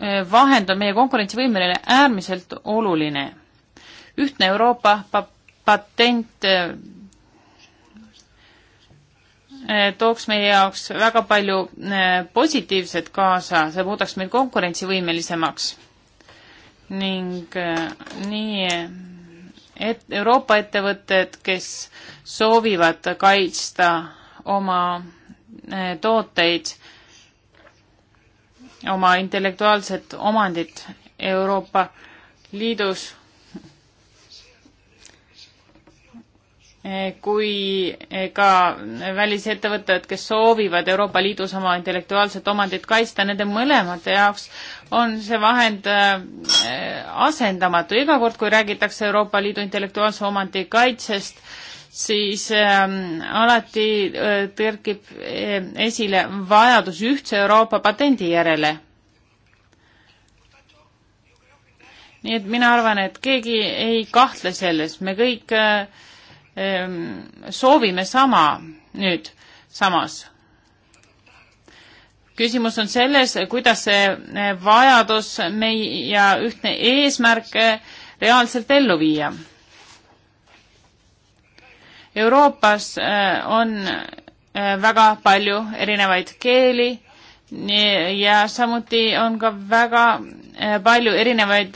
äh, vahend on meie konkurentsivõimele äärmiselt oluline. ühtne Euroopa patent äh, tooks meie jaoks väga palju positiivset kaasa, see muudaks meid konkurentsivõimelisemaks ning nii et Euroopa ettevõtted, kes soovivad kaitsta oma Eh, tooteid, oma intellektuaalset omandit Euroopa Liidus. Eh, kui eh, ka välisettevõtted, kes soovivad Euroopa Liidus oma intellektuaalset omandit kaitsta, nende mõlemate jaoks on see vahend asendamatu. iga kord, kui räägitakse Euroopa Liidu intellektuaalse omandi kaitsest, siis ähm, alati äh, tõrkib äh, esile vajadus ühtse Euroopa patendi järele. nii et mina arvan, et keegi ei kahtle selles, me kõik äh, äh, soovime sama nüüd, samas. küsimus on selles, kuidas see äh, vajadus meie ja ühtne eesmärk äh, reaalselt ellu viia Euroopas äh, on äh, väga palju erinevaid keeli ja samuti on ka väga äh, palju erinevaid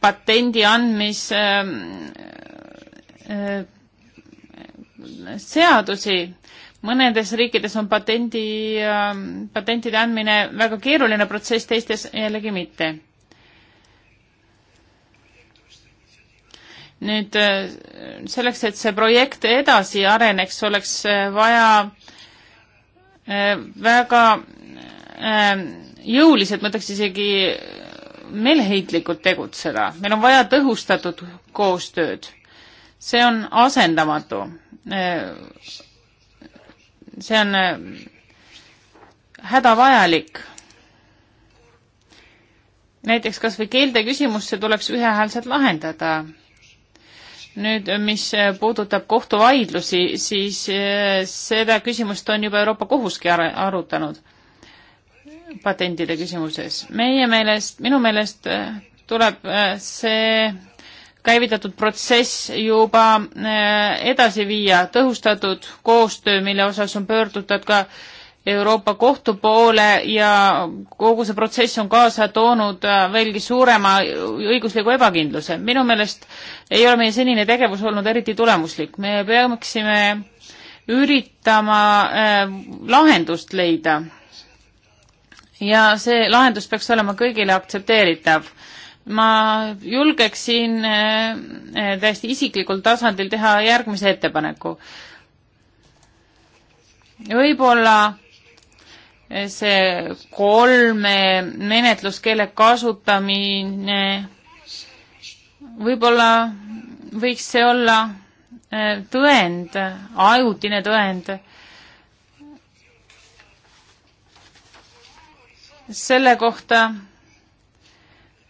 patendi andmis ähm, seadusi. mõnedes riikides on patendi, ähm, patentide andmine väga keeruline protsess, teistes jällegi mitte nüüd äh, selleks, et see projekt edasi areneks, oleks äh, vaja äh, väga jõuliselt, ma ütleks isegi meeleheitlikult tegutseda, meil on vaja tõhustatud koostööd. see on asendamatu. see on hädavajalik. näiteks kas või keelte küsimus, see tuleks ühehäälselt lahendada nüüd, mis puudutab kohtuvaidlusi, siis eh, seda küsimust on juba Euroopa Kohuski ar arutanud patentide küsimuses. meie meelest, minu meelest eh, tuleb eh, see käivitatud protsess juba edasi viia, tõhustatud koostöö, mille osas on pöördutud ka äh, Euroopa Kohtu poole ja kogu see protsess on kaasa toonud äh, veelgi suurema õigusliku ebakindluse. minu meelest ei ole meie senine tegevus olnud eriti tulemuslik, me peaksime üritama äh, lahendust leida. ja see lahendus peaks olema kõigile aktsepteeritav. ma julgeksin äh, täiesti isiklikul tasandil teha järgmise ettepaneku. võib-olla see kolme menetluskeele kasutamine, võib-olla võiks see olla äh, tõend, ajutine tõend selle kohta,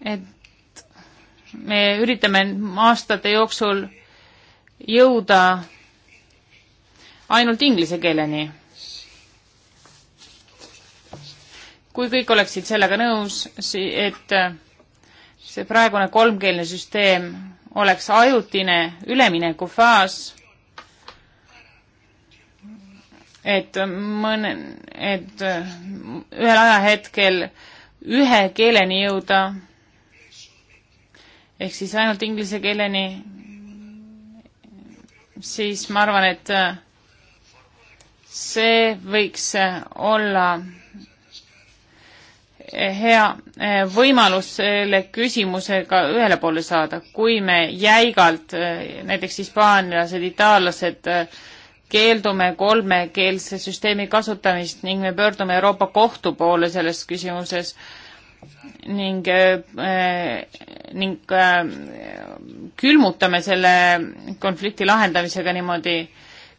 et me üritame aastate jooksul jõuda ainult inglise keeleni kui kõik oleksid sellega nõus, et see praegune kolmkeelne süsteem oleks ajutine üleminekufaas, et mõne, et ühel ajahetkel ühe keeleni jõuda, ehk siis ainult inglise keeleni, siis ma arvan, et see võiks olla hea eh, võimalus selle küsimusega ühele poole saada, kui me jäigalt, eh, näiteks hispaanlased, itaallased, eh, keeldume kolmekeelse süsteemi kasutamist ning me pöördume Euroopa Kohtu poole selles küsimuses ning äh,, ning äh, külmutame selle konflikti lahendamisega niimoodi äh,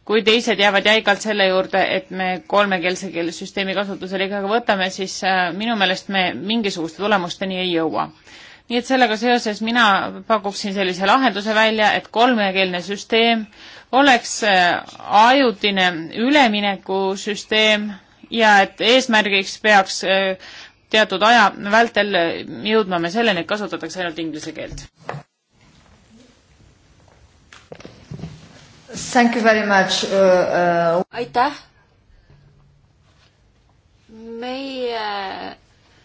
kui teised jäävad jäigalt selle juurde, et me kolmekeelse keelesüsteemi kasutusele ikkagi võtame, siis äh, minu meelest me mingisuguste tulemusteni ei jõua. nii et sellega seoses mina pakuksin sellise lahenduse välja, et kolmekeelne süsteem oleks äh, ajutine üleminekusüsteem ja et eesmärgiks peaks äh, teatud aja vältel jõudma me selleni, et kasutatakse ainult inglise keelt. Thank you very much uh,. Uh... aitäh. meie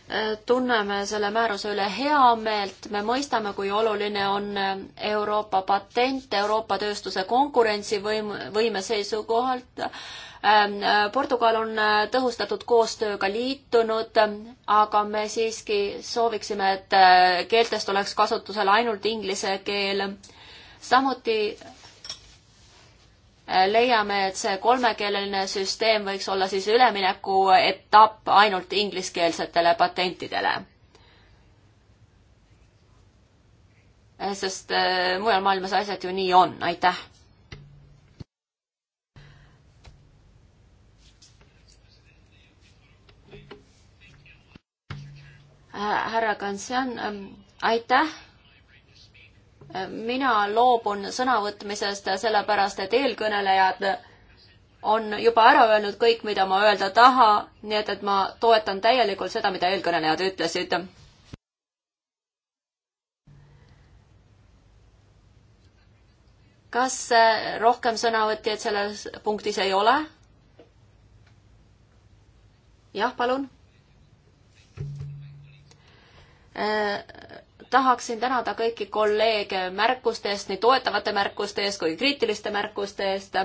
äh, tunneme selle määruse üle heameelt, me mõistame, kui oluline on äh, Euroopa patent Euroopa tööstuse konkurentsivõime seisukohalt. Ähm, äh, Portugal on tõhustatud koostööga liitunud, aga me siiski sooviksime, et keeltest oleks kasutusel ainult inglise keel. samuti leiame, et see kolmekeeleline süsteem võiks olla siis ülemineku etapp ainult ingliskeelsetele patentidele. sest äh, mujal maailmas asjad ju nii on, aitäh. Äh, härra Kansian, ähm, aitäh mina loobun sõnavõtmisest sellepärast, et eelkõnelejad on juba ära öelnud kõik, mida ma öelda taha, nii et, et ma toetan täielikult seda, mida eelkõnelejad ütlesid. kas rohkem sõnavõtjaid selles punktis ei ole? jah, palun tahaksin tänada kõiki kolleege märkuste eest, nii toetavate märkuste eest kui kriitiliste märkuste eest.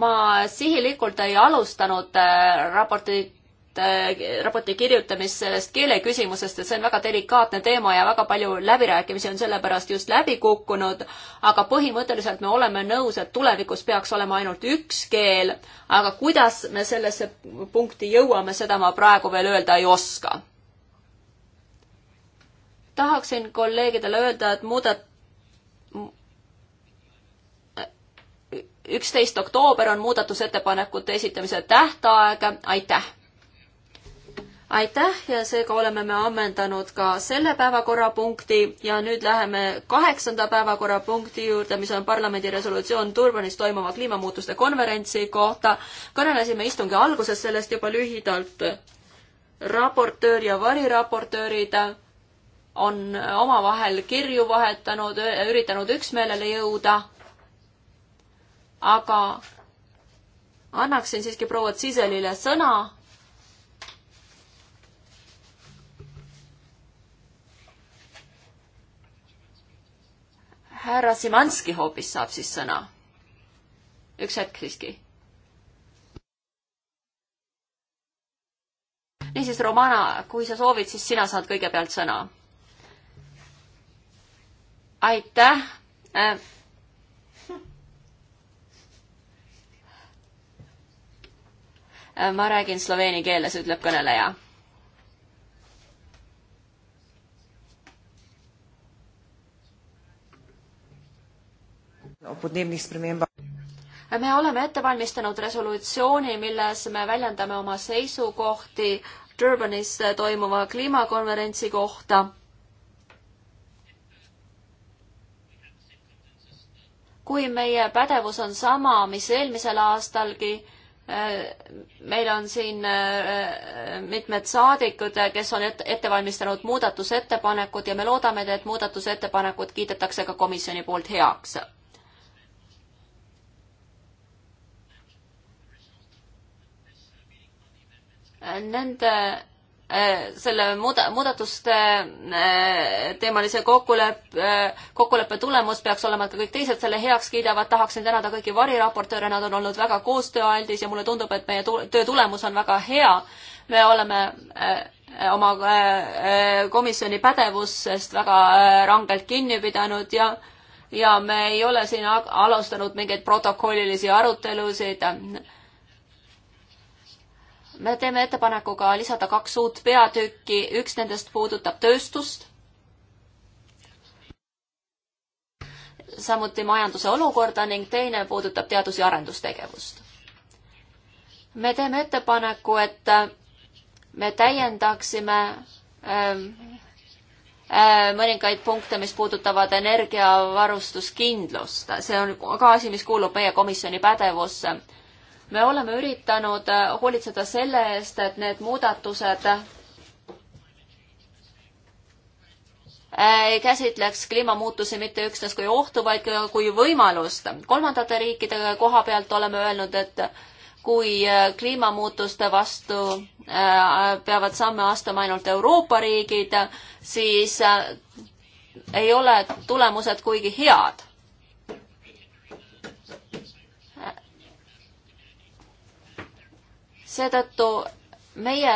ma sihilikult ei alustanud äh, raportit äh, raporti kirjutamist sellest keeleküsimusest, et see on väga delikaatne teema ja väga palju läbirääkimisi on selle pärast just läbi kukkunud, aga põhimõtteliselt me oleme nõus, et tulevikus peaks olema ainult üks keel, aga kuidas me sellesse punkti jõuame, seda ma praegu veel öelda ei oska tahaksin kolleegidele öelda, et muudat-, üksteist oktoober on muudatusettepanekute esitamise tähtaeg, aitäh! aitäh ja seega oleme me ammendanud ka selle päevakorrapunkti ja nüüd läheme kaheksanda päevakorrapunkti juurde, mis on parlamendi resolutsioon Durbanis toimuva kliimamuutuste konverentsi kohta. kõnelesime istungi alguses sellest juba lühidalt. raportöör ja variraportöörid on omavahel kirju vahetanud, üritanud üksmeelele jõuda. aga annaksin siiski proua Tsiselile sõna. härra Simanski hoopis saab siis sõna. üks hetk siiski niisiis, Romana, kui sa soovid, siis sina saad kõigepealt sõna aitäh äh. äh.. ma räägin sloveeni keeles, ütleb kõneleja. Äh, me oleme ette valmistanud resolutsiooni, milles me väljendame oma seisukohti Durbanis toimuva kliimakonverentsi kohta kui meie pädevus on sama, mis eelmisel aastalgi, äh, meil on siin äh, mitmed saadikud, äh, kes on ette valmistanud muudatusettepanekud ja me loodame, et muudatusettepanekud kiidetakse ka komisjoni poolt heaks. Nende Äh, selle muuda-, muudatuste äh, teemalise kokkuleppe, äh, kokkuleppe tulemus peaks olema, et ka kõik teised selle heaks kiidavad, tahaksin tänada kõiki variraportööre, nad on olnud väga koostööaldis ja mulle tundub, et meie töö tulemus on väga hea. me oleme oma komisjoni pädevusest väga rangelt kinni pidanud ja ja me ei ole siin alustanud mingeid protokollilisi arutelusid me teeme ettepaneku ka lisada kaks uut peatükki, üks nendest puudutab tööstust, samuti majanduse olukorda ning teine puudutab teadus- ja arendustegevust. me teeme ettepaneku, et me täiendaksime ähm, äh, mõningaid punkte, mis puudutavad energiavarustuskindlust. see on ka asi, mis kuulub meie komisjoni pädevusse me oleme üritanud äh, hoolitseda selle eest, et need muudatused äh, ei käsitleks kliimamuutusi mitte üksnes kui ohtu, vaid kui võimalust. kolmandate riikide koha pealt oleme öelnud, et kui äh, kliimamuutuste vastu peavad samme astuma ainult Euroopa riigid, siis ei ole tulemused kuigi head seetõttu meie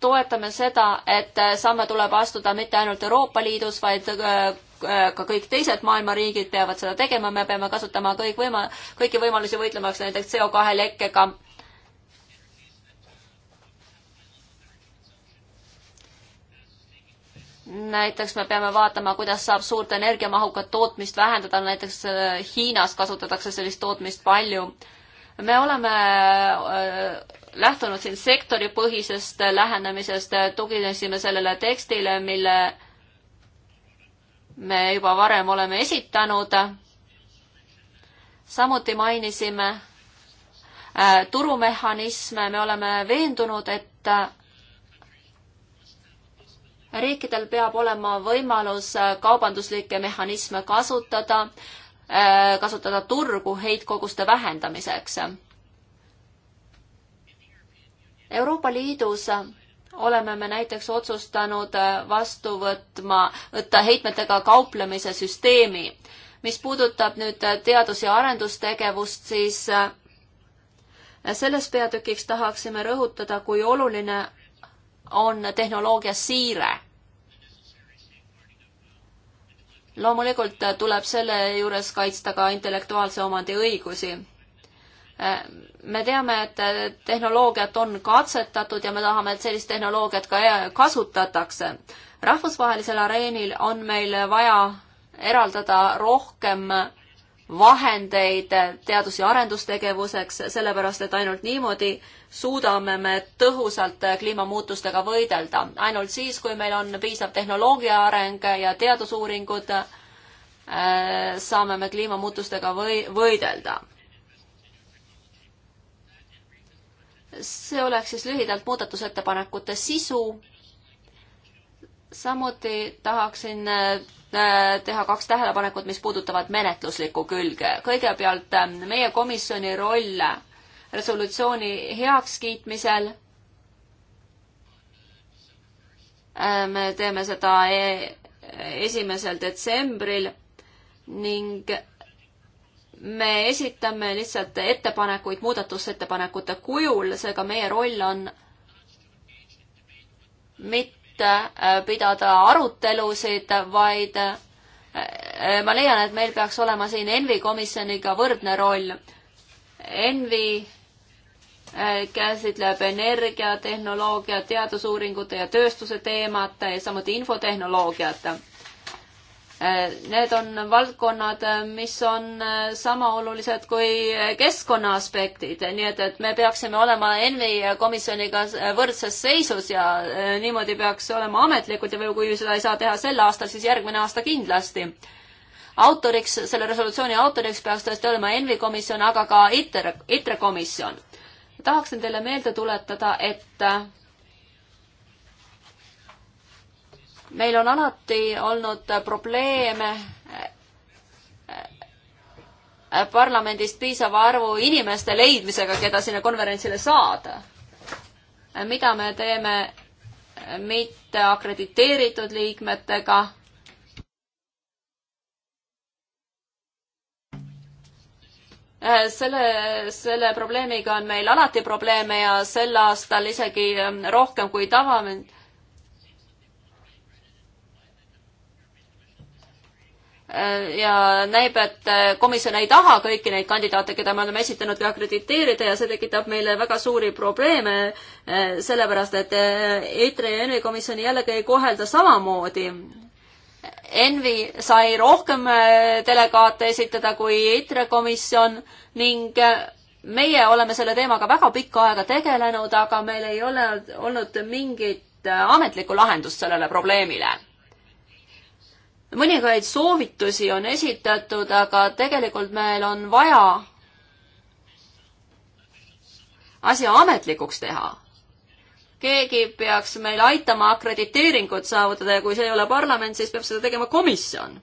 toetame seda, et samme tuleb astuda mitte ainult Euroopa Liidus, vaid äh, äh, ka kõik teised maailma riigid peavad seda tegema, me peame kasutama kõik võima-, kõiki võimalusi võitlemaks näiteks CO2 lekkega. näiteks me peame vaatama, kuidas saab suurt energiamahukat tootmist vähendada, näiteks äh, Hiinas kasutatakse sellist tootmist palju me oleme äh, lähtunud siin sektoripõhisest lähenemisest, tuginesime sellele tekstile, mille me juba varem oleme esitanud. samuti mainisime äh, turumehhanisme, me oleme veendunud, et äh, riikidel peab olema võimalus kaubanduslikke mehhanisme kasutada Äh, kasutada turgu heitkoguste vähendamiseks. Euroopa Liidus oleme me näiteks otsustanud äh, vastu võtma, võtta heitmetega kauplemise süsteemi. mis puudutab nüüd äh, teadus- ja arendustegevust, siis selles peatükiks tahaksime rõhutada, kui oluline on tehnoloogia siire loomulikult tuleb selle juures kaitsta ka intellektuaalse omandi õigusi. me teame, et tehnoloogiat on katsetatud ja me tahame, et sellist tehnoloogiat ka eh, kasutatakse. rahvusvahelisel areenil on meil vaja eraldada rohkem vahendeid teadus- ja arendustegevuseks, sellepärast et ainult niimoodi suudame me tõhusalt kliimamuutustega võidelda. ainult siis, kui meil on piisav tehnoloogia areng ja teadusuuringud, äh, saame me kliimamuutustega või-, võidelda. see oleks siis lühidalt muudatusettepanekute sisu. samuti tahaksin Äh, teha kaks tähelepanekut, mis puudutavad menetluslikku külge. kõigepealt ähm, meie komisjoni roll resolutsiooni heakskiitmisel. Äh, me teeme seda e, esimesel detsembril ning me esitame lihtsalt ettepanekuid muudatusettepanekute kujul, seega meie roll on mitte mitte äh, pidada arutelusid, vaid äh, ma leian, et meil peaks olema siin Envi komisjoniga võrdne roll. Envi äh, käsitleb energia, tehnoloogia, teadusuuringute ja tööstuse teemat, samuti infotehnoloogiat Need on valdkonnad, mis on äh, sama olulised kui keskkonna aspektid, nii et, et me peaksime olema ENVI komisjoniga äh, võrdses seisus ja äh, niimoodi peaks olema ametlikult ja kui seda ei saa teha sel aastal, siis järgmine aasta kindlasti. autoriks, selle resolutsiooni autoriks peaks tõesti olema ENVI komisjon, aga ka ITRE, ITRE komisjon. tahaksin teile meelde tuletada, et meil on alati olnud probleeme äh, parlamendist piisava arvu inimeste leidmisega, keda sinna konverentsile saada. mida me teeme mitte akrediteeritud liikmetega äh, selle, selle probleemiga on meil alati probleeme ja sel aastal isegi äh, rohkem kui tava. Äh, ja näib, et äh, komisjon ei taha kõiki neid kandidaate, keda me oleme esitanud, ka akrediteerida ja see tekitab meile väga suuri probleeme, äh, sellepärast et EITRE ja ENVI komisjoni jällegi ei kohelda samamoodi. ENVI sai rohkem delegaate esitada kui EITRE komisjon ning meie oleme selle teemaga väga pikka aega tegelenud, aga meil ei ole olnud mingit ametlikku lahendust sellele probleemile mõningaid soovitusi on esitatud, aga tegelikult meil on vaja asja ametlikuks teha. keegi peaks meil aitama akrediteeringut saavutada ja kui see ei ole parlament, siis peab seda tegema komisjon.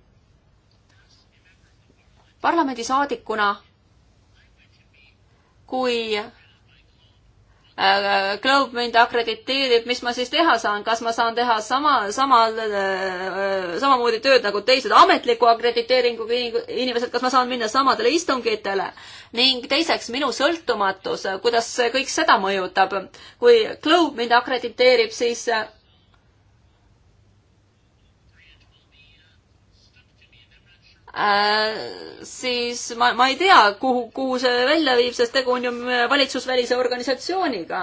parlamendisaadikuna, kui Globe mind akrediteerib, mis ma siis teha saan, kas ma saan teha sama, samal, äh, äh, samamoodi tööd nagu teised ametliku akrediteeringuga inimesed, kas ma saan minna samadele istungitele? ning teiseks, minu sõltumatus, kuidas kõik seda mõjutab. kui Globe mind akrediteerib, siis äh, Äh, siis ma, ma ei tea, kuhu, kuhu see välja viib, sest tegu on ju äh, valitsusvälise organisatsiooniga.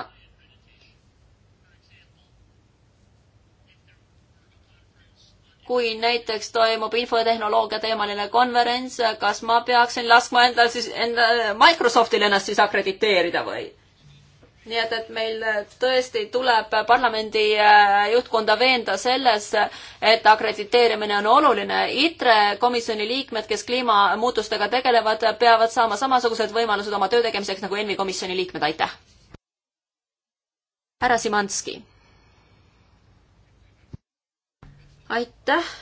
kui näiteks toimub infotehnoloogia teemaline konverents, kas ma peaksin laskma endal siis, enda Microsoftil ennast siis akrediteerida või? nii et, et meil tõesti tuleb parlamendi äh, juhtkonda veenda selles, et akrediteerimine on oluline. ITRE komisjoni liikmed, kes kliimamuutustega tegelevad, peavad saama samasugused võimalused oma töö tegemiseks nagu ENVI komisjoni liikmed, aitäh! härra Simanski. aitäh!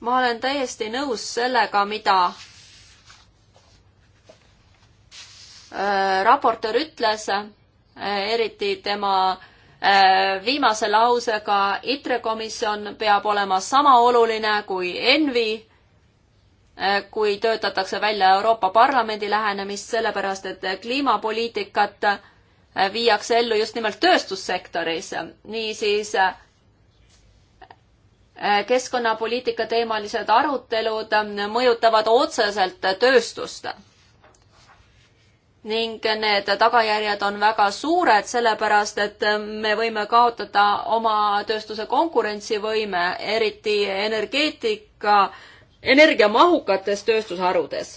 ma olen täiesti nõus sellega, mida Äh, raportöör ütles, äh, eriti tema äh, viimase lausega, ITRE komisjon peab olema sama oluline kui ENVI, kui töötatakse välja Euroopa Parlamendi lähenemist, sellepärast et kliimapoliitikat viiakse ellu just nimelt tööstussektoris. niisiis keskkonnapoliitika teemalised arutelud mõjutavad otseselt tööstust ning need tagajärjed on väga suured, sellepärast et me võime kaotada oma tööstuse konkurentsivõime, eriti energeetika, energiamahukates tööstusharudes.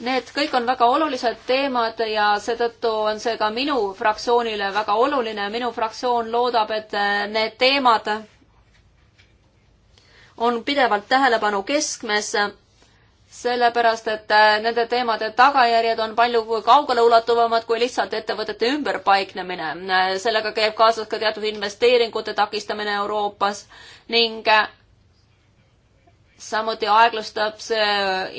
Need kõik on väga olulised teemad ja seetõttu on see ka minu fraktsioonile väga oluline. minu fraktsioon loodab, et need teemad on pidevalt tähelepanu keskmes sellepärast et äh, nende teemade tagajärjed on palju kaugeleulatuvamad kui lihtsalt ettevõtete ümberpaiknemine. Äh, sellega käib kaasas ka teatud investeeringute takistamine Euroopas ning äh, samuti aeglustab see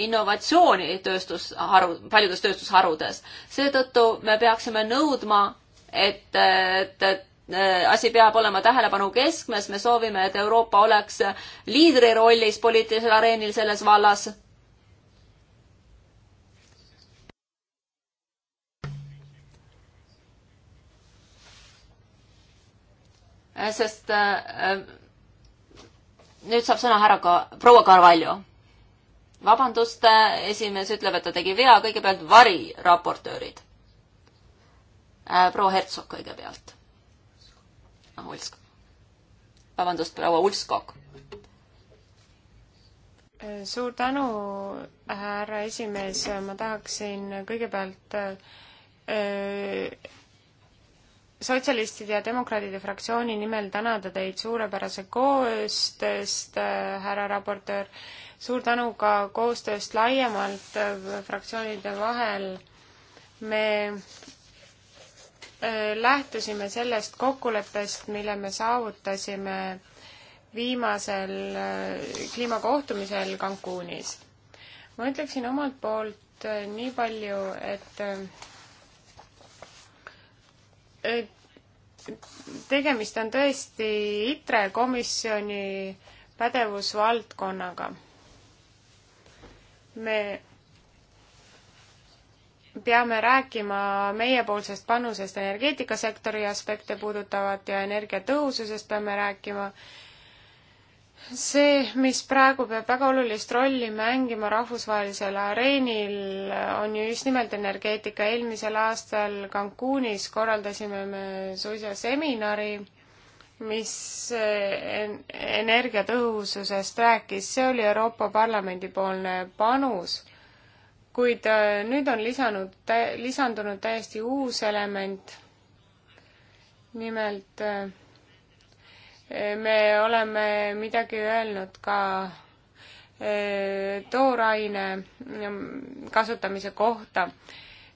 innovatsiooni tööstusharu, paljudes tööstusharudes. seetõttu me peaksime nõudma, et, et, et asi peab olema tähelepanu keskmes, me soovime, et Euroopa oleks liidrirollis poliitilisel areenil selles vallas Äh, sest äh, äh, nüüd saab sõna härra ka proua Carvalho. vabandust, esimees ütleb, et ta tegi vea, kõigepealt variraportöörid. proua Hertsog kõigepealt. Ah, Ulsk. vabandust, proua Ulskog. suur tänu, härra esimees, ma tahaksin kõigepealt öö, sotsialistide ja demokraatide fraktsiooni nimel tänada teid suurepärase koostööst, äh, härra raportöör. suur tänu ka koostööst laiemalt äh, fraktsioonide vahel. me äh, lähtusime sellest kokkuleppest, mille me saavutasime viimasel kliimakohtumisel Cancunis. ma ütleksin omalt poolt nii palju, et tegemist on tõesti ITRE komisjoni pädevusvaldkonnaga. me peame rääkima meiepoolsest panusest energeetikasektori aspekte puudutavat ja energiatõhususest peame rääkima see, mis praegu peab väga olulist rolli mängima rahvusvahelisel areenil, on ju just nimelt energeetika. eelmisel aastal Cancunis korraldasime me suisa seminari, mis eh, energiatõhususest rääkis, see oli Euroopa Parlamendi poolne panus. kuid eh, nüüd on lisanud, lisandunud täiesti uus element, nimelt eh, me oleme midagi öelnud ka e, tooraine kasutamise kohta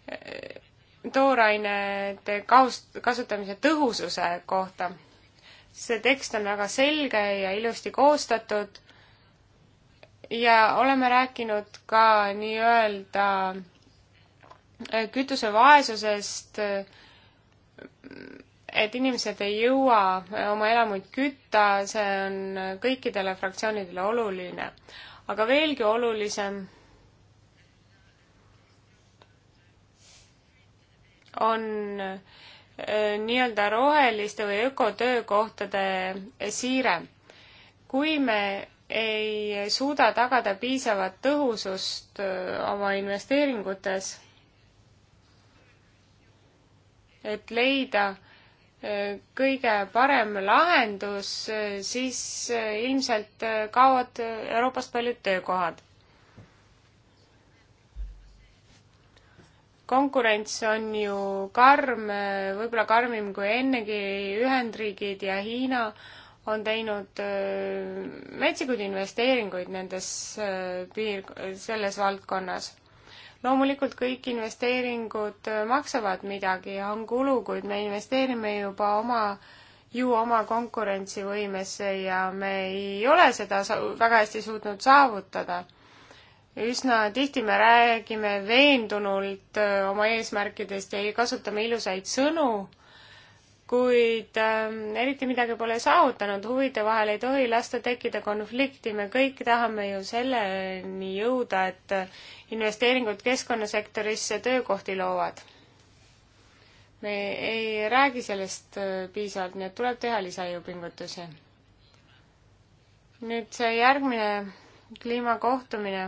e, toorainete kaust-, kasutamise tõhususe kohta. see tekst on väga selge ja ilusti koostatud ja oleme rääkinud ka nii-öelda e, kütusevaesusest, et inimesed ei jõua oma elamuid kütta, see on kõikidele fraktsioonidele oluline. aga veelgi olulisem on äh, nii-öelda roheliste või ökotöökohtade siire. kui me ei suuda tagada piisavat tõhusust äh, oma investeeringutes, et leida äh, kõige parem lahendus, siis ilmselt kaovad Euroopast paljud töökohad. konkurents on ju karm, võib-olla karmim kui ennegi, Ühendriigid ja Hiina on teinud äh, metsikuid investeeringuid nendes äh, piir-, selles valdkonnas loomulikult kõik investeeringud maksavad midagi ja on kulu, kuid me investeerime juba oma, ju oma konkurentsivõimesse ja me ei ole seda väga hästi suutnud saavutada. üsna tihti me räägime veendunult äh, oma eesmärkidest ja kasutame ilusaid sõnu kuid äh, eriti midagi pole saavutanud, huvide vahel ei tohi lasta tekkida konflikti, me kõik tahame ju selleni jõuda, et investeeringud keskkonnasektorisse töökohti loovad. me ei räägi sellest äh, piisavalt, nii et tuleb teha lisajõupingutusi. nüüd see järgmine kliimakohtumine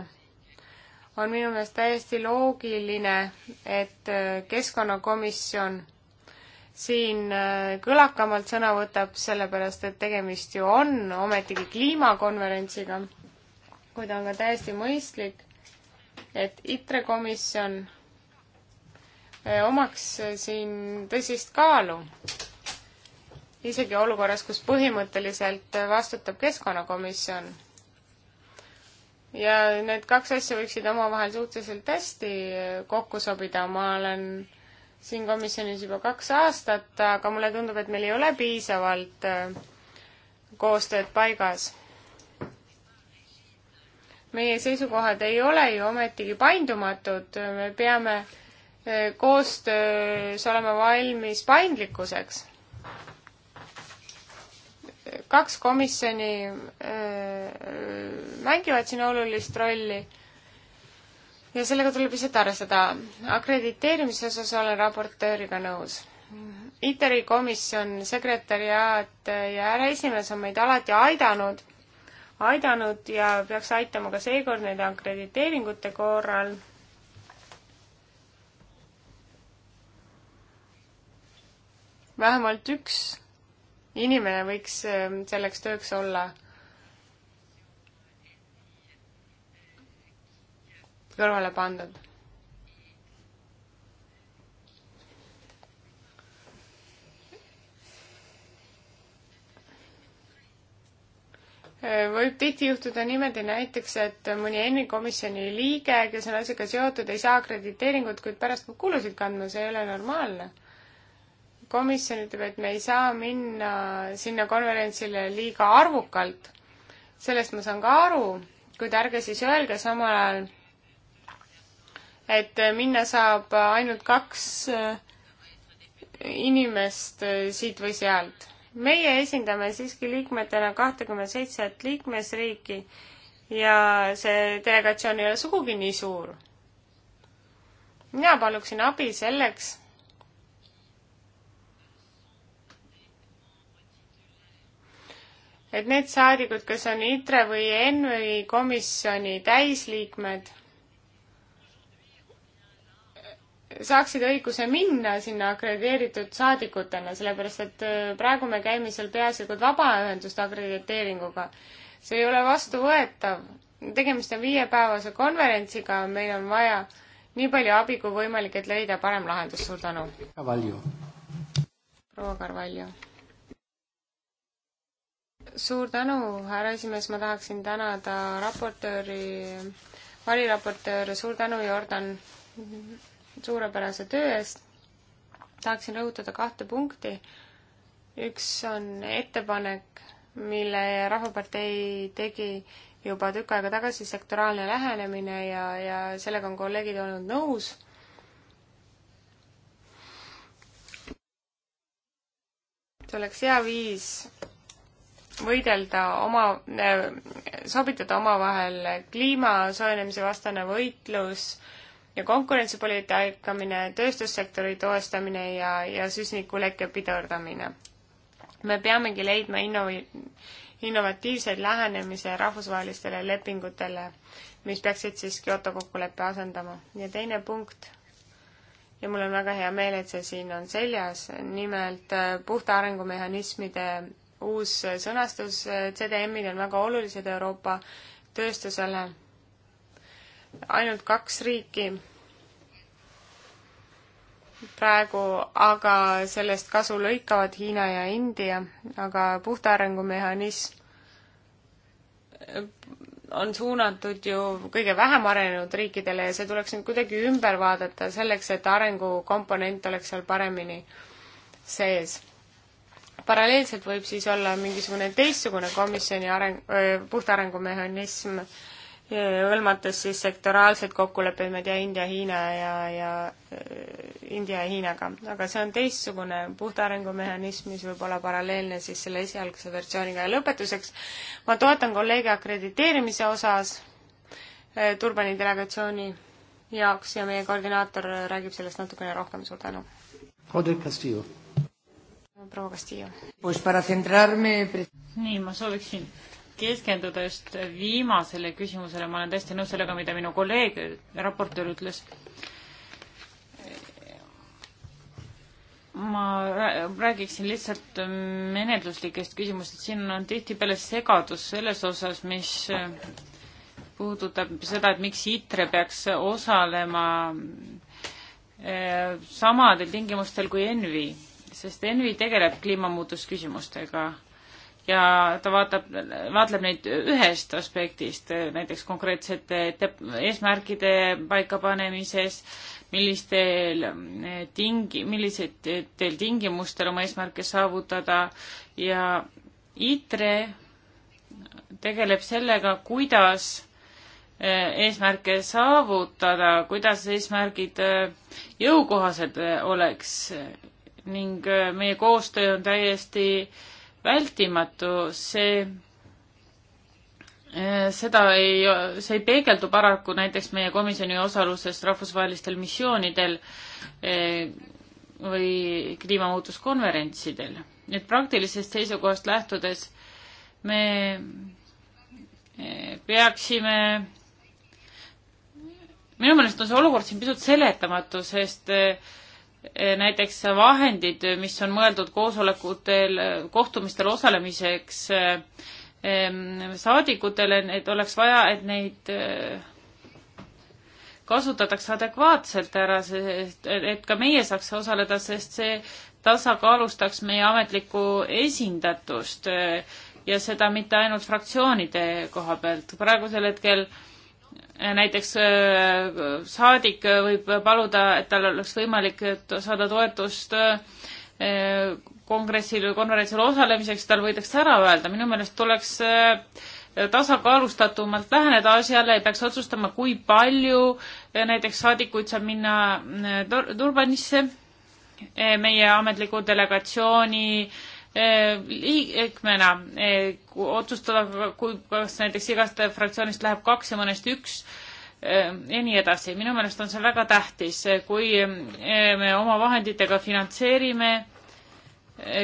on minu meelest täiesti loogiline, et äh, keskkonnakomisjon siin äh, kõlakamalt sõna võtab, sellepärast et tegemist ju on ometigi kliimakonverentsiga, kuid on ka täiesti mõistlik, et ITRE komisjon äh, omaks äh, siin tõsist kaalu. isegi olukorras, kus põhimõtteliselt vastutab Keskkonnakomisjon. ja need kaks asja võiksid omavahel suhteliselt hästi kokku sobida, ma olen äh, siin komisjonis juba kaks aastat, aga mulle tundub, et meil ei ole piisavalt äh, koostööd paigas. meie seisukohad ei ole ju ometigi paindumatud, me peame äh, koostöös olema valmis paindlikkuseks. kaks komisjoni äh, mängivad siin olulist rolli ja sellega tuleb lihtsalt arvestada. akrediteerimise osas olen raportööriga nõus. ITER-i komisjon, sekretäriaat ja äraesimees on meid alati aidanud, aidanud ja peaks aitama ka seekord nende akrediteeringute korral vähemalt üks inimene võiks eh, selleks tööks olla kõrvale pandud. võib tihti juhtuda niimoodi näiteks, et mõni ENMi komisjoni liige, kes on asjaga seotud, ei saa akrediteeringut, kuid pärast peab kulusid kandma, see ei ole normaalne. komisjon ütleb, et me ei saa minna sinna konverentsile liiga arvukalt. sellest ma saan ka aru, kuid ärge siis öelge samal ajal et minna saab ainult kaks äh, inimest äh, siit või sealt. meie esindame siiski liikmetena kahtekümmet seitset liikmesriiki ja see delegatsioon ei ole sugugi nii suur. mina paluksin abi selleks, et need saadikud, kes on ITRE või ENVI komisjoni täisliikmed saaksid õiguse minna sinna akrediteeritud saadikutena, sellepärast et äh, praegu me käime seal peaasjalikult vabaühenduste akrediteeringuga. see ei ole vastuvõetav. tegemist on viiepäevase konverentsiga, meil on vaja nii palju abi kui võimalik, et leida parem lahendus. suur tänu. proua Carvalho. suur tänu, härra esimees, ma tahaksin tänada raportööri, variraportööre, suur tänu, Jordan suurepärase töö eest. tahaksin rõhutada kahte punkti. üks on ettepanek, mille Rahvapartei tegi juba tükk aega tagasi, sektoraalne lähenemine ja, ja sellega on kolleegid olnud nõus see oleks hea viis võidelda oma, äh, sobitada omavahel kliima soojenemise vastane võitlus ja konkurentsipoliitika tööstussektori toestamine ja, ja süsinikulekke pidurdamine. me peamegi leidma innovi-, innovatiivseid lähenemisi rahvusvahelistele lepingutele, mis peaksid siis Kyoto kokkuleppe asendama. ja teine punkt, ja mul on väga hea meel, et see siin on seljas, nimelt äh, puhta arengumehhanismide uus sõnastus, äh, CDM-id on väga olulised Euroopa tööstusele ainult kaks riiki praegu, aga sellest kasu lõikavad Hiina ja India, aga puhta arengumehhanism on suunatud ju kõige vähem arenenud riikidele ja see tuleks nüüd kuidagi ümber vaadata selleks, et arengukomponent oleks seal paremini sees. paralleelselt võib siis olla mingisugune teistsugune komisjoni areng, puhta arengumehhanism äh, hõlmates siis sektoraalsed kokkulepped, ma ei tea, India-Hiina ja, ja äh, India ja Hiinaga. aga see on teistsugune puhtarengumehhanism, mis võib olla paralleelne siis selle esialgse versiooniga ja lõpetuseks ma toetan kolleege akrediteerimise osas äh, Turbani delegatsiooni jaoks ja meie koordinaator räägib sellest natukene rohkem, suur tänu. Rodel Castillo. proua Castillo. nii, ma sooviksin keskendudes viimasele küsimusele, ma olen täiesti nõus sellega, mida minu kolleeg, raportöör ütles. ma räägiksin lihtsalt menetluslikest küsimustest, siin on tihtipeale segadus selles osas, mis puudutab seda, et miks ITRE peaks osalema eh, samadel tingimustel kui ENVI, sest ENVI tegeleb kliimamuutus küsimustega ja ta vaatab, vaatleb neid ühest aspektist, näiteks konkreetsete eesmärkide paikapanemises, millistel eh, tingi-, millistel tingimustel oma eesmärke saavutada ja ITRE tegeleb sellega, kuidas eh, eesmärke saavutada, kuidas eesmärgid eh, jõukohased oleks ning meie koostöö on täiesti äh, vältimatu, see, eh, seda ei, see ei peegeldu paraku näiteks meie komisjoni osalusest rahvusvahelistel missioonidel eh, või kliimamuutuskonverentsidel. nii et praktilisest seisukohast lähtudes me eh, peaksime, minu meelest on see olukord siin pisut seletamatu, sest äh, näiteks vahendid, mis on mõeldud koosolekutel, kohtumistel osalemiseks ehm, saadikutele, et oleks vaja, et neid eh, kasutatakse adekvaatselt ära, sest et ka meie saaks osaleda, sest see tasakaalustaks meie ametlikku esindatust eh, ja seda mitte ainult fraktsioonide koha pealt. praegusel hetkel äh, näiteks äh, saadik võib paluda, et tal oleks võimalik saada toetust äh, kongressil või konverentsil osalemiseks, tal võidakse ära öelda, minu meelest tuleks äh, tasakaalustatumalt läheneda asjale, ei peaks otsustama, kui palju näiteks saadikuid saab minna Turbanisse, meie ametliku delegatsiooni äh, liikmena eh, otsustada, kui kas näiteks igast fraktsioonist läheb kaks ja mõnest üks eh, ja nii edasi. minu meelest on see väga tähtis, eh, kui me oma vahenditega finantseerime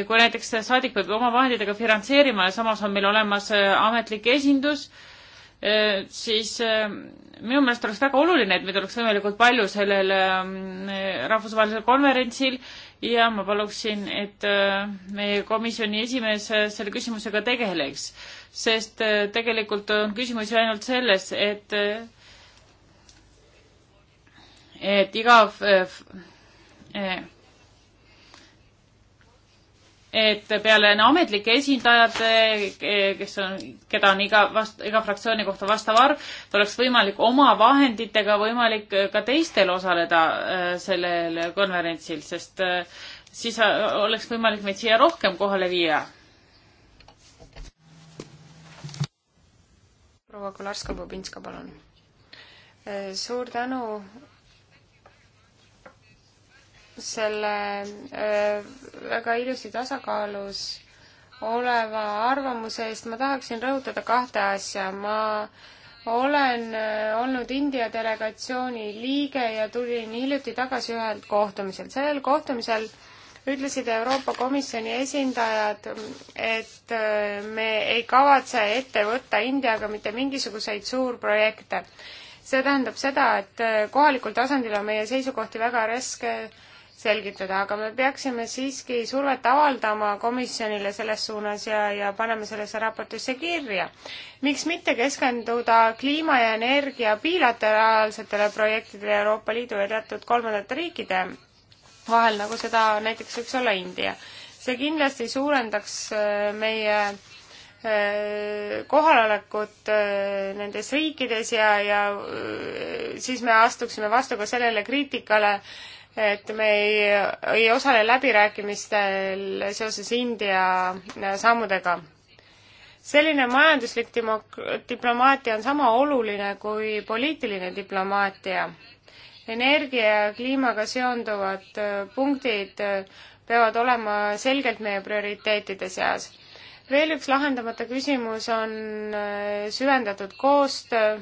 kui näiteks saadik peab oma vahenditega finantseerima ja samas on meil olemas ametlik esindus, siis minu meelest oleks väga oluline, et meid oleks võimalikult palju sellel rahvusvahelisel konverentsil ja ma paluksin, et äh, meie komisjoni esimees äh, selle küsimusega tegeleks, sest äh, tegelikult on küsimus ju ainult selles, et et iga et peale ametlike esindajate, eh, kes on, keda on iga vast-, iga fraktsiooni kohta vastav arv, oleks võimalik oma vahenditega võimalik eh, ka teistel osaleda eh, sellel konverentsil, sest siis oleks võimalik meid siia rohkem kohale viia. proua Kolarska-Bobinska, palun. suur tänu selle äh, väga ilusti tasakaalus oleva arvamuse eest. ma tahaksin rõhutada kahte asja. ma olen äh, olnud India delegatsiooni liige ja tulin hiljuti tagasi ühelt kohtumiselt. sellel kohtumisel ütlesid Euroopa Komisjoni esindajad, et äh, me ei kavatse ette võtta Indiaga mitte mingisuguseid suurprojekte. see tähendab seda, et kohalikul tasandil on meie seisukohti väga raske selgitada, aga me peaksime siiski survet avaldama komisjonile selles suunas ja, ja paneme sellesse raportisse kirja. miks mitte keskenduda kliima ja energia bilateraalsetele projektidele Euroopa Liidu ja teatud kolmandate riikide vahel, nagu seda näiteks võiks olla India. see kindlasti suurendaks äh, meie äh, kohalolekut äh, nendes riikides ja, ja siis me astuksime vastu ka sellele kriitikale, et me ei, ei osale läbirääkimistel seoses India sammudega. selline majanduslik demok-, diplomaatia on sama oluline kui poliitiline diplomaatia. energia ja kliimaga seonduvad äh, punktid äh, peavad olema selgelt meie prioriteetide seas. veel üks lahendamata küsimus on äh, süvendatud koostöö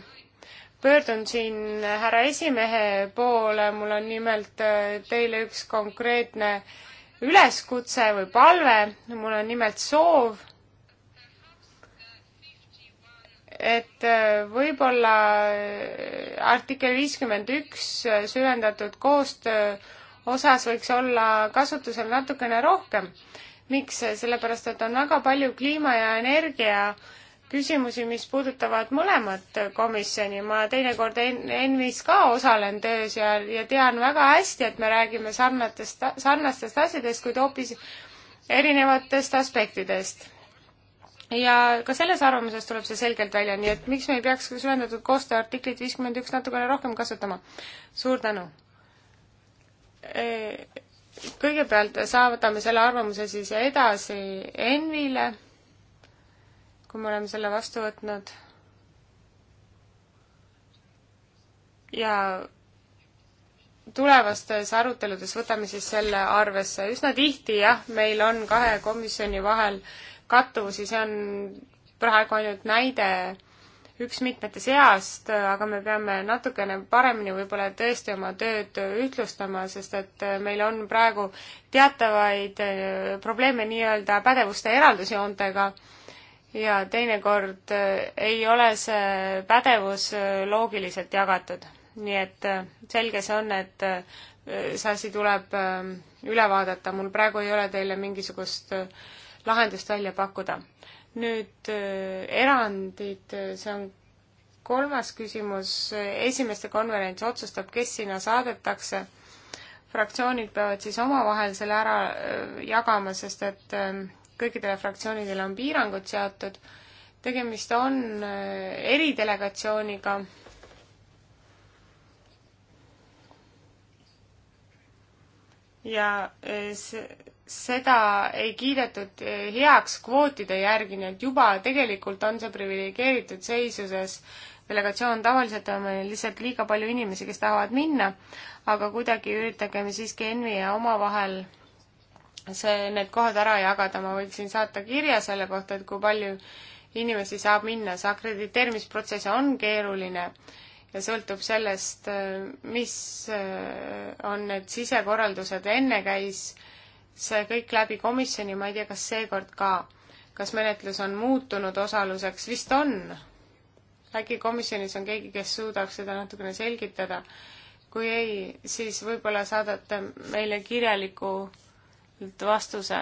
pöördun siin härra esimehe poole, mul on nimelt äh, teile üks konkreetne üleskutse või palve, mul on nimelt soov, et äh, võib-olla äh, artikkel viiskümmend üks süvendatud koostöö osas võiks olla kasutusel natukene rohkem. miks? sellepärast, et on väga palju kliima ja energia äh, küsimusi, mis puudutavad mõlemat komisjoni, ma teinekord ENMis ka osalen töös ja, ja tean väga hästi, et me räägime sarnatest, sarnastest asjadest, kuid hoopis erinevatest aspektidest. ja ka selles arvamuses tuleb see selgelt välja, nii et miks me ei peaks süvendatud koostöö artiklit viiskümmend üks natukene rohkem kasutama. suur tänu! E, kõigepealt saadame selle arvamuse siis edasi ENVile kui me oleme selle vastu võtnud ja tulevastes aruteludes võtame siis selle arvesse. üsna tihti jah, meil on kahe komisjoni vahel kattuvusi, see on praegu ainult näide üks mitmete seast, aga me peame natukene paremini võib-olla tõesti oma tööd ühtlustama, sest et meil on praegu teatavaid probleeme nii-öelda pädevuste eraldusjoontega ja teinekord äh, ei ole see pädevus äh, loogiliselt jagatud. nii et äh, selge see on, et see asi tuleb üle vaadata, mul praegu ei ole teile mingisugust lahendust välja pakkuda. nüüd erandid, see on kolmas küsimus, esimeste konverents otsustab, kes sinna saadetakse. fraktsioonid peavad siis omavahel selle ära jagama, sest et kõikidele fraktsioonidele on piirangud seatud, tegemist on äh, eridelegatsiooniga, ja äh, seda ei kiidetud äh, heaks kvootide järgi, nii et juba tegelikult on see priviligeeritud seisuses delegatsioon, tavaliselt on meil lihtsalt liiga palju inimesi, kes tahavad minna, aga kuidagi üritagem siiski ENVI ja omavahel see, need kohad ära jagada, ma võiksin saata kirja selle kohta, et kui palju inimesi saab minna, see akrediteerimisprotsess on keeruline ja sõltub sellest, mis äh, on need sisekorraldused, enne käis see kõik läbi komisjoni, ma ei tea, kas seekord ka. kas menetlus on muutunud osaluseks, vist on. äkki komisjonis on keegi, kes suudaks seda natukene selgitada. kui ei, siis võib-olla saadate meile kirjaliku vastuse,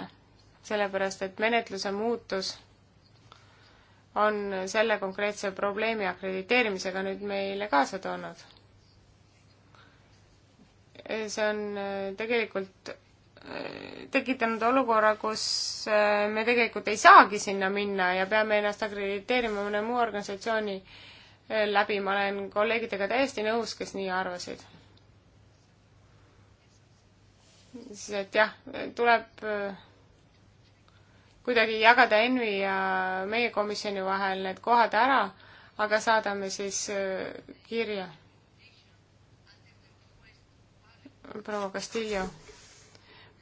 sellepärast et menetluse muutus on selle konkreetse probleemi akrediteerimisega nüüd meile kaasa toonud. see on äh, tegelikult äh, tekitanud olukorra, kus äh, me tegelikult ei saagi sinna minna ja peame ennast akrediteerima mõne muu organisatsiooni läbi, ma olen kolleegidega täiesti nõus, kes nii arvasid siis, et jah, tuleb äh, kuidagi jagada ENVi ja meie komisjoni vahel need kohad ära, aga saadame siis äh, kirja. proua Castillo.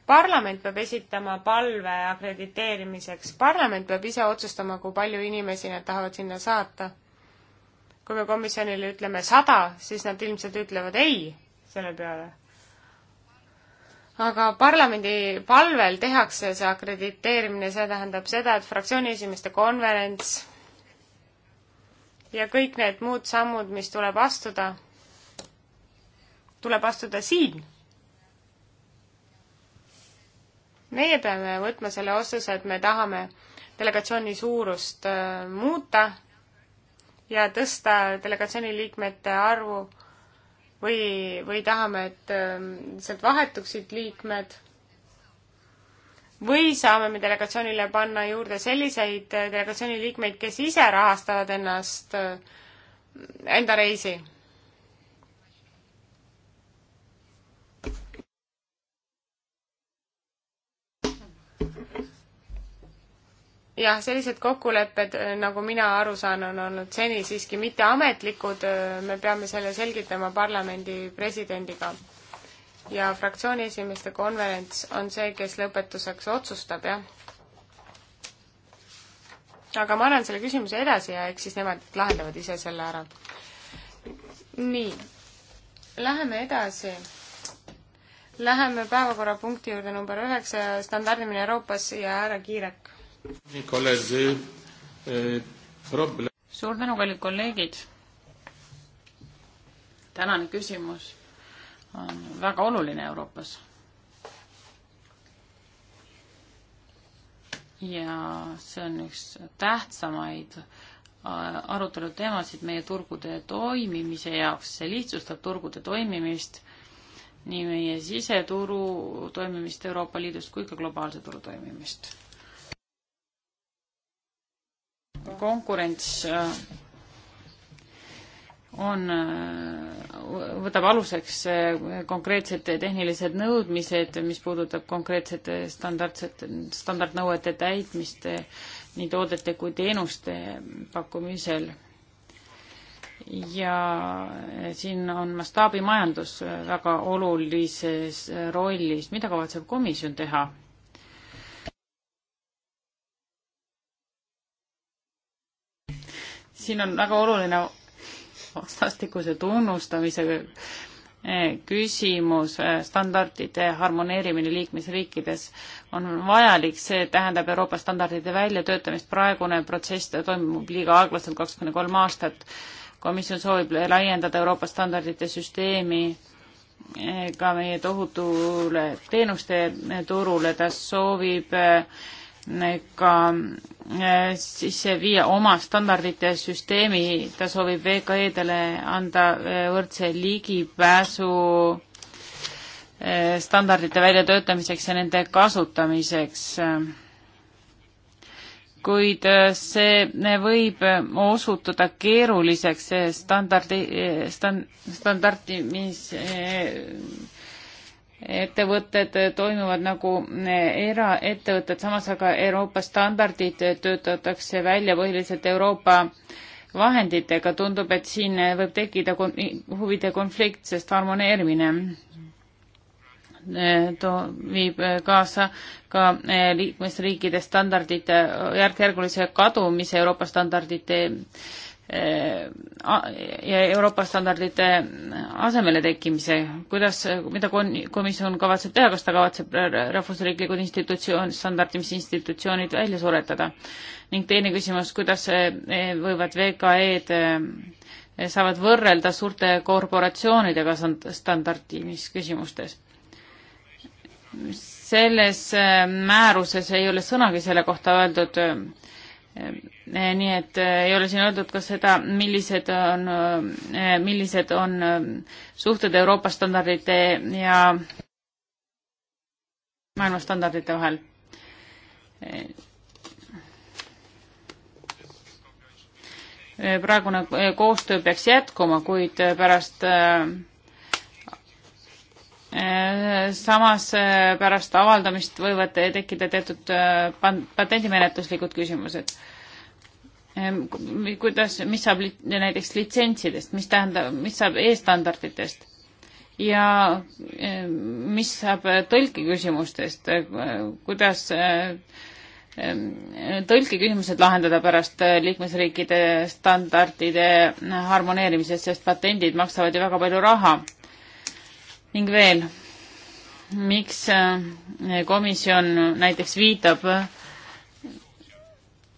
parlament peab esitama palve akrediteerimiseks, parlament peab ise otsustama, kui palju inimesi nad tahavad sinna saata. kui me komisjonile ütleme sada, siis nad ilmselt ütlevad ei selle peale aga parlamendi palvel tehakse see akrediteerimine, see tähendab seda, et fraktsiooni esimeeste konverents ja kõik need muud sammud, mis tuleb astuda, tuleb astuda siin. meie peame võtma selle otsuse, et me tahame delegatsiooni suurust äh, muuta ja tõsta delegatsiooni liikmete arvu või, või tahame, et ähm, sealt vahetuksid liikmed. või saame me delegatsioonile panna juurde selliseid äh, delegatsiooni liikmeid, kes ise rahastavad ennast, äh, enda reisi jah, sellised kokkulepped, äh, nagu mina aru saan, on olnud seni siiski mitteametlikud, äh, me peame selle selgitama parlamendi presidendiga. ja fraktsiooni esimeeste konverents on see, kes lõpetuseks otsustab, jah. aga ma annan selle küsimuse edasi ja eks siis nemad lahendavad ise selle ära. nii, läheme edasi Läheme päevakorrapunkti juurde number üheksa, standardimine Euroopas ja härra Kiirek suur tänu, kallid kolleegid. tänane küsimus on väga oluline Euroopas. ja see on üks tähtsamaid äh, aruteluteemasid meie turgude toimimise jaoks, see lihtsustab turgude toimimist, nii meie siseturu toimimist Euroopa Liidus kui ka globaalse turu toimimist konkurents äh, on, äh, võtab aluseks äh, konkreetsed tehnilised nõudmised, mis puudutab konkreetsete standardsete, standardnõuete täitmist nii toodete kui teenuste pakkumisel. ja siin on mastaabimajandus väga olulises rollis. mida kavatseb komisjon teha? siin on väga oluline vastastikuse tunnustamise eh, küsimus, eh, standardite harmoneerimine liikmesriikides on vajalik, see tähendab Euroopa standardite väljatöötamist, praegune protsess toimub liiga aeglaselt, kakskümmend kolm aastat. komisjon soovib laiendada Euroopa standardite süsteemi eh, ka meie tohutule teenuste turule, ta soovib äh, ka eh, sisse viia oma standardite süsteemi, ta soovib VKE-dele anda eh, võrdse ligipääsu eh, standardite väljatöötamiseks ja nende kasutamiseks. kuid see võib osutuda keeruliseks, see standardi, stand-, standardi, mis ettevõtted toimuvad nagu eh, eraettevõtted, samas aga Euroopa standardid töötatakse välja põhiliselt Euroopa vahenditega, tundub, et siin võib tekkida kon-, huvide konflikt, sest harmoneerimine eh, too viib kaasa ka eh, liikmesriikide standardite järk-järgulise kadumise Euroopa standardite Äh, ja Euroopa standardite asemele tekkimise, kuidas, mida komisjon kavatseb teha, kas ta kavatseb rahvusriiklikud institutsioon, standardimise institutsioonid välja suretada? ning teine küsimus, kuidas äh, võivad VKE-d, äh, saavad võrrelda suurte korporatsioonidega standardimisküsimustes? selles määruses ei ole sõnagi selle kohta öeldud Eh, nii et eh, ei ole siin öeldud ka seda, millised on, eh, millised on suhted Euroopa standardite ja maailma standardite vahel. praegune koostöö peaks jätkuma, kuid pärast Äh, samas äh, pärast avaldamist võivad tekkida teatud äh, patendimenetluslikud küsimused. Ehm, kuidas, mis saab näiteks litsentsidest, mis tähendab, mis saab e-standarditest ja ehm, mis saab tõlkeküsimustest, kuidas ehm, tõlkeküsimused lahendada pärast liikmesriikide standardide harmoneerimisest, sest patendid maksavad ju väga palju raha ning veel, miks äh, komisjon näiteks viitab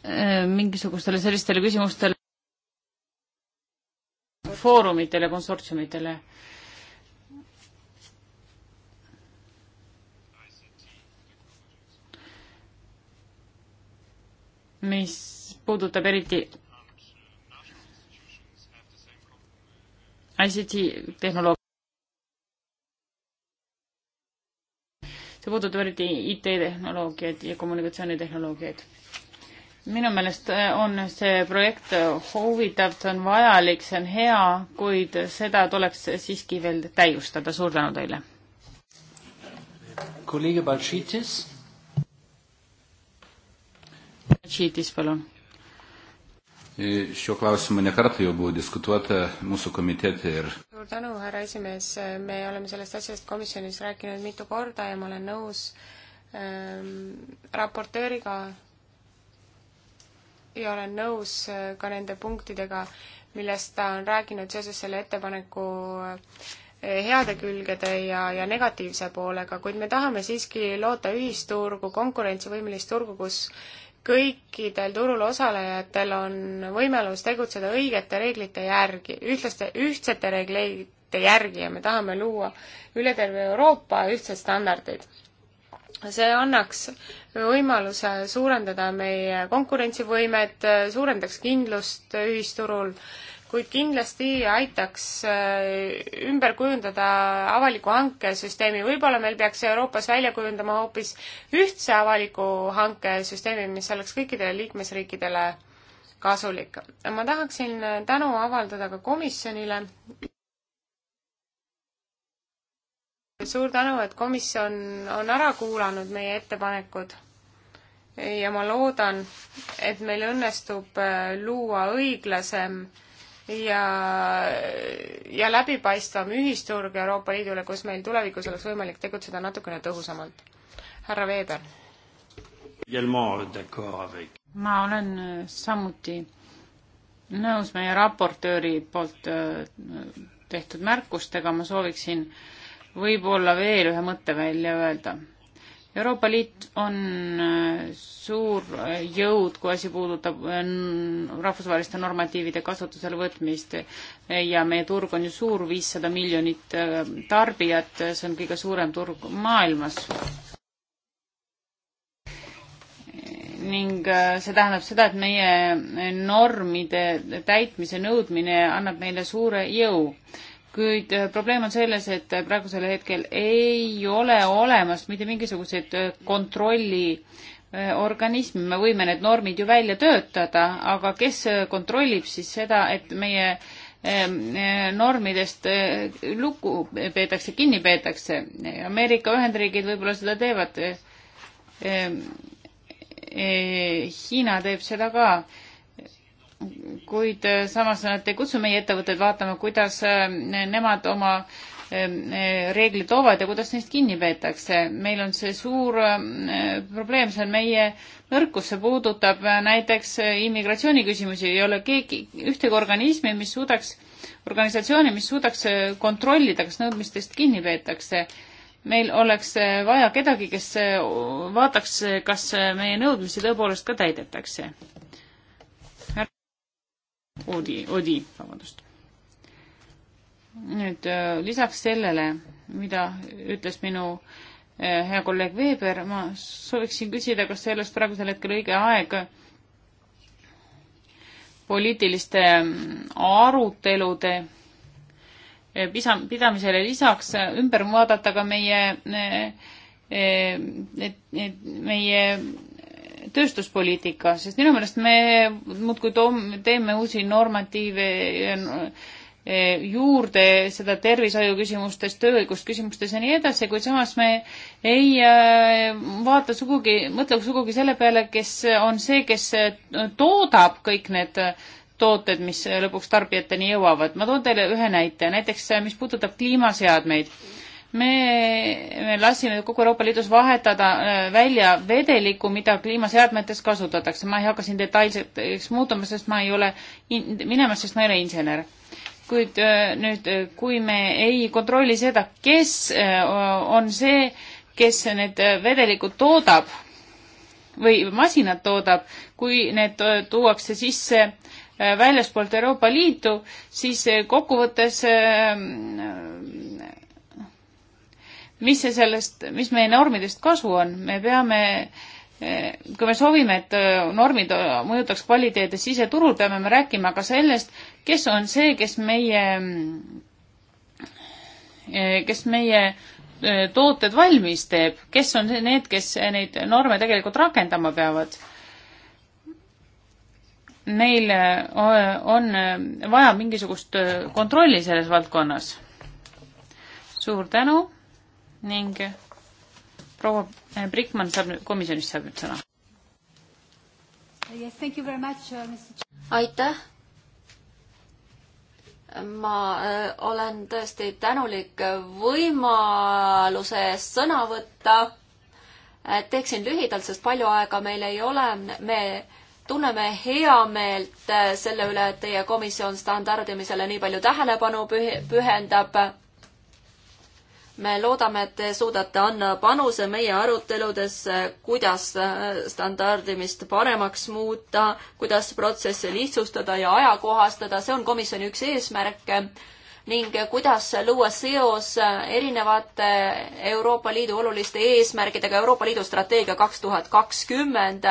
äh, mingisugustele sellistele küsimustele foorumitele, konsortsiumitele. mis puudutab eriti ICT tehnoloogia see puudutab eriti IT-tehnoloogiaid ja kommunikatsioonitehnoloogiaid. minu meelest äh, on see projekt huvitav, see on vajalik, see on hea, kuid seda tuleks siiski veel täiustada. suur tänu teile. kolleeg Baltšiitis. Baltšiitis, palun E, šiuo klausimu nekartą jau buvo diskutuota mūsų komitete ir suur tänu, härra esimees, me oleme sellest asjast komisjonis rääkinud mitu korda ja ma olen nõus ähm, raportööriga ja olen nõus äh, ka nende punktidega, millest ta on rääkinud seoses selle ettepaneku äh, heade külgede ja, ja negatiivse poolega, kuid me tahame siiski loota ühisturgu, konkurentsivõimelist turgu, kus äh, kõikidel turul osalejatel on võimalus tegutseda õigete reeglite järgi, ühtlaste, ühtsete reeglite järgi ja me tahame luua üle terve Euroopa ühtsed standardid. see annaks võimaluse suurendada meie konkurentsivõimet, suurendaks kindlust ühisturul äh, kuid kindlasti aitaks äh, ümber kujundada avaliku hankesüsteemi. võib-olla meil peaks Euroopas välja kujundama hoopis ühtse avaliku hankesüsteemi, mis oleks kõikidele liikmesriikidele kasulik. ma tahaksin tänu avaldada ka komisjonile. suur tänu, et komisjon on ära kuulanud meie ettepanekud ja ma loodan, et meil õnnestub äh, luua õiglasem ja, ja läbipaistvam ühisturg Euroopa Liidule, kus meil tulevikus oleks võimalik tegutseda natukene tõhusamalt. härra Veeber. ma olen äh, samuti nõus meie raportööri poolt äh, tehtud märkustega, ma sooviksin võib-olla veel ühe mõtte välja öelda Euroopa Liit on äh, suur äh, jõud, kui asi puudutab äh, rahvusvaheliste normatiivide kasutusele võtmist ja meie turg on ju suur, viissada miljonit tarbijat, see on kõige suurem turg maailmas. ning see tähendab seda, et meie normide täitmise nõudmine annab meile suure jõu kuid äh, probleem on selles, et äh, praegusel hetkel ei ole olemas mitte mingisuguseid äh, kontrolli organismi, me võime need normid ju välja töötada, aga kes kontrollib siis seda, et meie ähm, normidest lugu peetakse, kinni peetakse. Ameerika Ühendriigid võib-olla seda teevad. Ähm, Hiina teeb seda ka kuid äh, samas nad ei kutsu meie ettevõtteid vaatama, kuidas äh, nemad oma äh, reeglid loovad ja kuidas neist kinni peetakse. meil on see suur probleem, see on meie nõrkus, see puudutab näiteks immigratsiooniküsimusi, ei ole keegi, ühtegi organismi, mis suudaks, organisatsiooni, mis suudaks kontrollida, kas nõudmistest kinni peetakse. meil oleks vaja kedagi, kes vaataks, kas meie nõudmisi tõepoolest ka täidetakse Odi, Odi, vabandust. nüüd äh, lisaks sellele, mida ütles minu äh, hea kolleeg Veeber, ma sooviksin küsida, kas ei oleks praegusel hetkel õige aeg poliitiliste mm, arutelude äh, pisa-, pidamisele lisaks ümber vaadata ka meie, meie tööstuspoliitika, sest minu meelest me muudkui toome, teeme uusi normatiive eh, eh, juurde seda tervishoiu küsimustes, tööõigust küsimustes ja nii edasi, kuid samas me ei eh, vaata sugugi, mõtle sugugi selle peale, kes on see, kes toodab kõik need tooted, mis lõpuks tarbijateni jõuavad. ma toon teile ühe näite, näiteks mis puudutab kliimaseadmeid me, me lasime kogu Euroopa Liidus vahetada äh, välja vedelikku, mida kliimaseadmetes kasutatakse. ma ei hakka siin detailseteks muutuma, sest ma ei ole in-, minemas, sest ma ei ole insener. kuid äh, nüüd, äh, kui me ei kontrolli seda, kes on see, kes need vedelikud toodab või masinad toodab, kui need tuuakse sisse väljaspoolt Euroopa Liitu, siis kokkuvõttes mis see sellest, mis meie normidest kasu on, me peame eh, kui me soovime, et eh, normid eh, mõjutaks kvaliteedi siseturul, peame me rääkima ka sellest, kes on see, kes meie, mm, kes meie tooted valmis teeb, kes on need, kes neid norme tegelikult rakendama peavad. Neil on vaja mingisugust kontrolli selles valdkonnas. suur tänu ning proua äh, Brickmann saab nüüd, komisjonist saab nüüd sõna. Uh, aitäh. ma äh, olen tõesti tänulik võimaluse eest sõna võtta. Äh, teeksin lühidalt, sest palju aega meil ei ole. me tunneme heameelt selle üle, et teie komisjon standardimisele nii palju tähelepanu pühendab me loodame, et te suudate anda panuse meie aruteludesse, kuidas äh, standardimist paremaks muuta, kuidas protsesse lihtsustada ja ajakohastada, see on komisjoni üks eesmärke, ning kuidas luua seos äh, erinevate Euroopa Liidu oluliste eesmärkidega, Euroopa Liidu strateegia kaks tuhat kakskümmend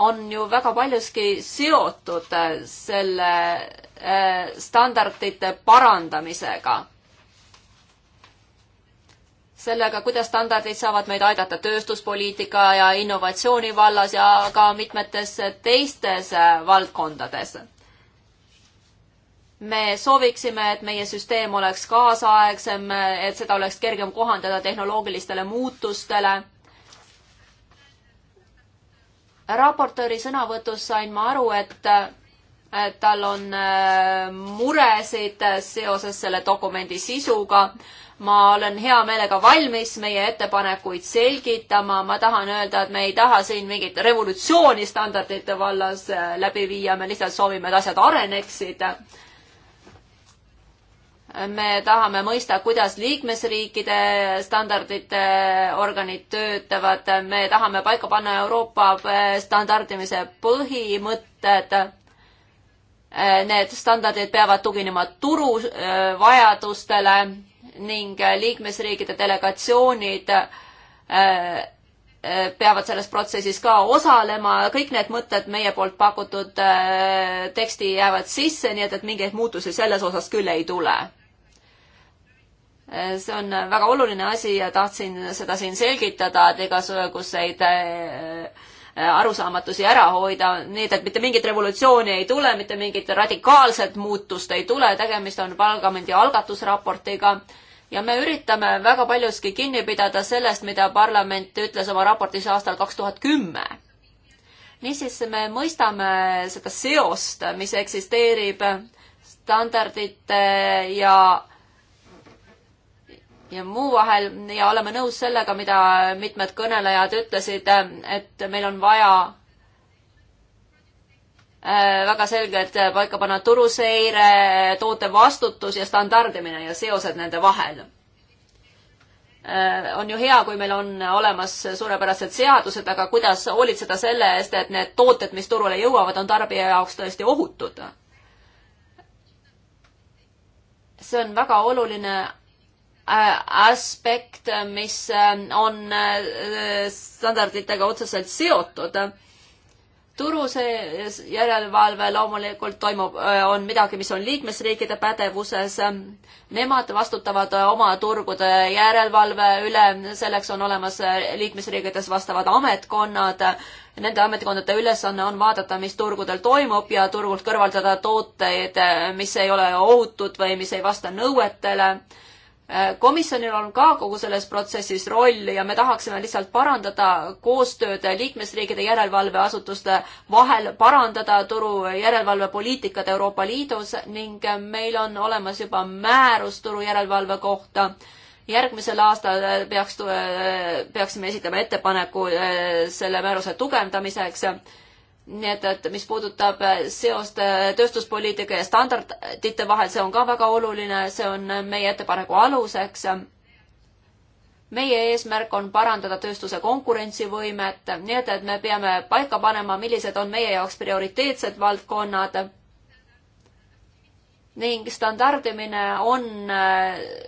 on ju väga paljuski seotud äh, selle standardite parandamisega sellega, kuidas standardid saavad meid aidata tööstuspoliitika ja innovatsiooni vallas ja ka mitmetes teistes äh, valdkondades. me sooviksime, et meie süsteem oleks kaasaegsem, et seda oleks kergem kohandada tehnoloogilistele muutustele. raportööri sõnavõtus sain ma aru, et tal on äh, muresid seoses selle dokumendi sisuga ma olen hea meelega valmis meie ettepanekuid selgitama, ma tahan öelda, et me ei taha siin mingit revolutsiooni standardite vallas äh, läbi viia, me lihtsalt soovime, et asjad areneksid. me tahame mõista, kuidas liikmesriikide standardite organid töötavad, me tahame paika panna Euroopa äh, standardimise põhimõtted äh, need standardid peavad tuginema turu vajadustele ning äh, liikmesriikide delegatsioonid äh, äh, peavad selles protsessis ka osalema, kõik need mõtted meie poolt pakutud teksti jäävad sisse, nii et, et mingeid muutusi selles osas küll ei tule. see on väga oluline asi ja tahtsin seda siin selgitada, et igasuguseid arusaamatusi ära hoida, nii et, et mitte mingit revolutsiooni ei tule, mitte mingit radikaalset muutust ei tule, tegemist on parlamendi algatusraportiga ja me üritame väga paljuski kinni pidada sellest, mida parlament ütles oma raportis aastal kaks tuhat kümme. niisiis me mõistame seda seost, mis eksisteerib standardite ja ja muu vahel ja oleme nõus sellega, mida mitmed kõnelejad ütlesid, et meil on vaja Äh, väga selgelt paika panna turuseire, toote vastutus ja standardimine ja seosed nende vahel. Äh, on ju hea, kui meil on olemas suurepärased seadused, aga kuidas hoolitseda selle eest, et need tooted, mis turule jõuavad, on tarbija jaoks tõesti ohutud? see on väga oluline äh, aspekt, mis on standarditega otseselt seotud turu järelevalve loomulikult toimub, on midagi, mis on liikmesriikide pädevuses. Nemad vastutavad oma turgude järelevalve üle, selleks on olemas liikmesriikides vastavad ametkonnad. Nende ametkondade ülesanne on vaadata, mis turgudel toimub ja turgult kõrvaldada tooteid, mis ei ole ohutud või mis ei vasta nõuetele Äh, komisjonil on ka kogu selles protsessis roll ja me tahaksime lihtsalt parandada koostööd liikmesriikide järelevalveasutuste vahel, parandada turu järelevalvepoliitikat Euroopa Liidus ning meil on olemas juba määrus turu järelevalve kohta. järgmisel aastal peaks, peaksime esitama ettepaneku äh, selle määruse tugevdamiseks nii et, et mis puudutab äh, seost äh, tööstuspoliitika ja standardite vahel, see on ka väga oluline, see on äh, meie ettepaneku aluseks. meie eesmärk on parandada tööstuse konkurentsivõimet, nii et, et me peame paika panema, millised on meie jaoks prioriteetsed valdkonnad. ning standardimine on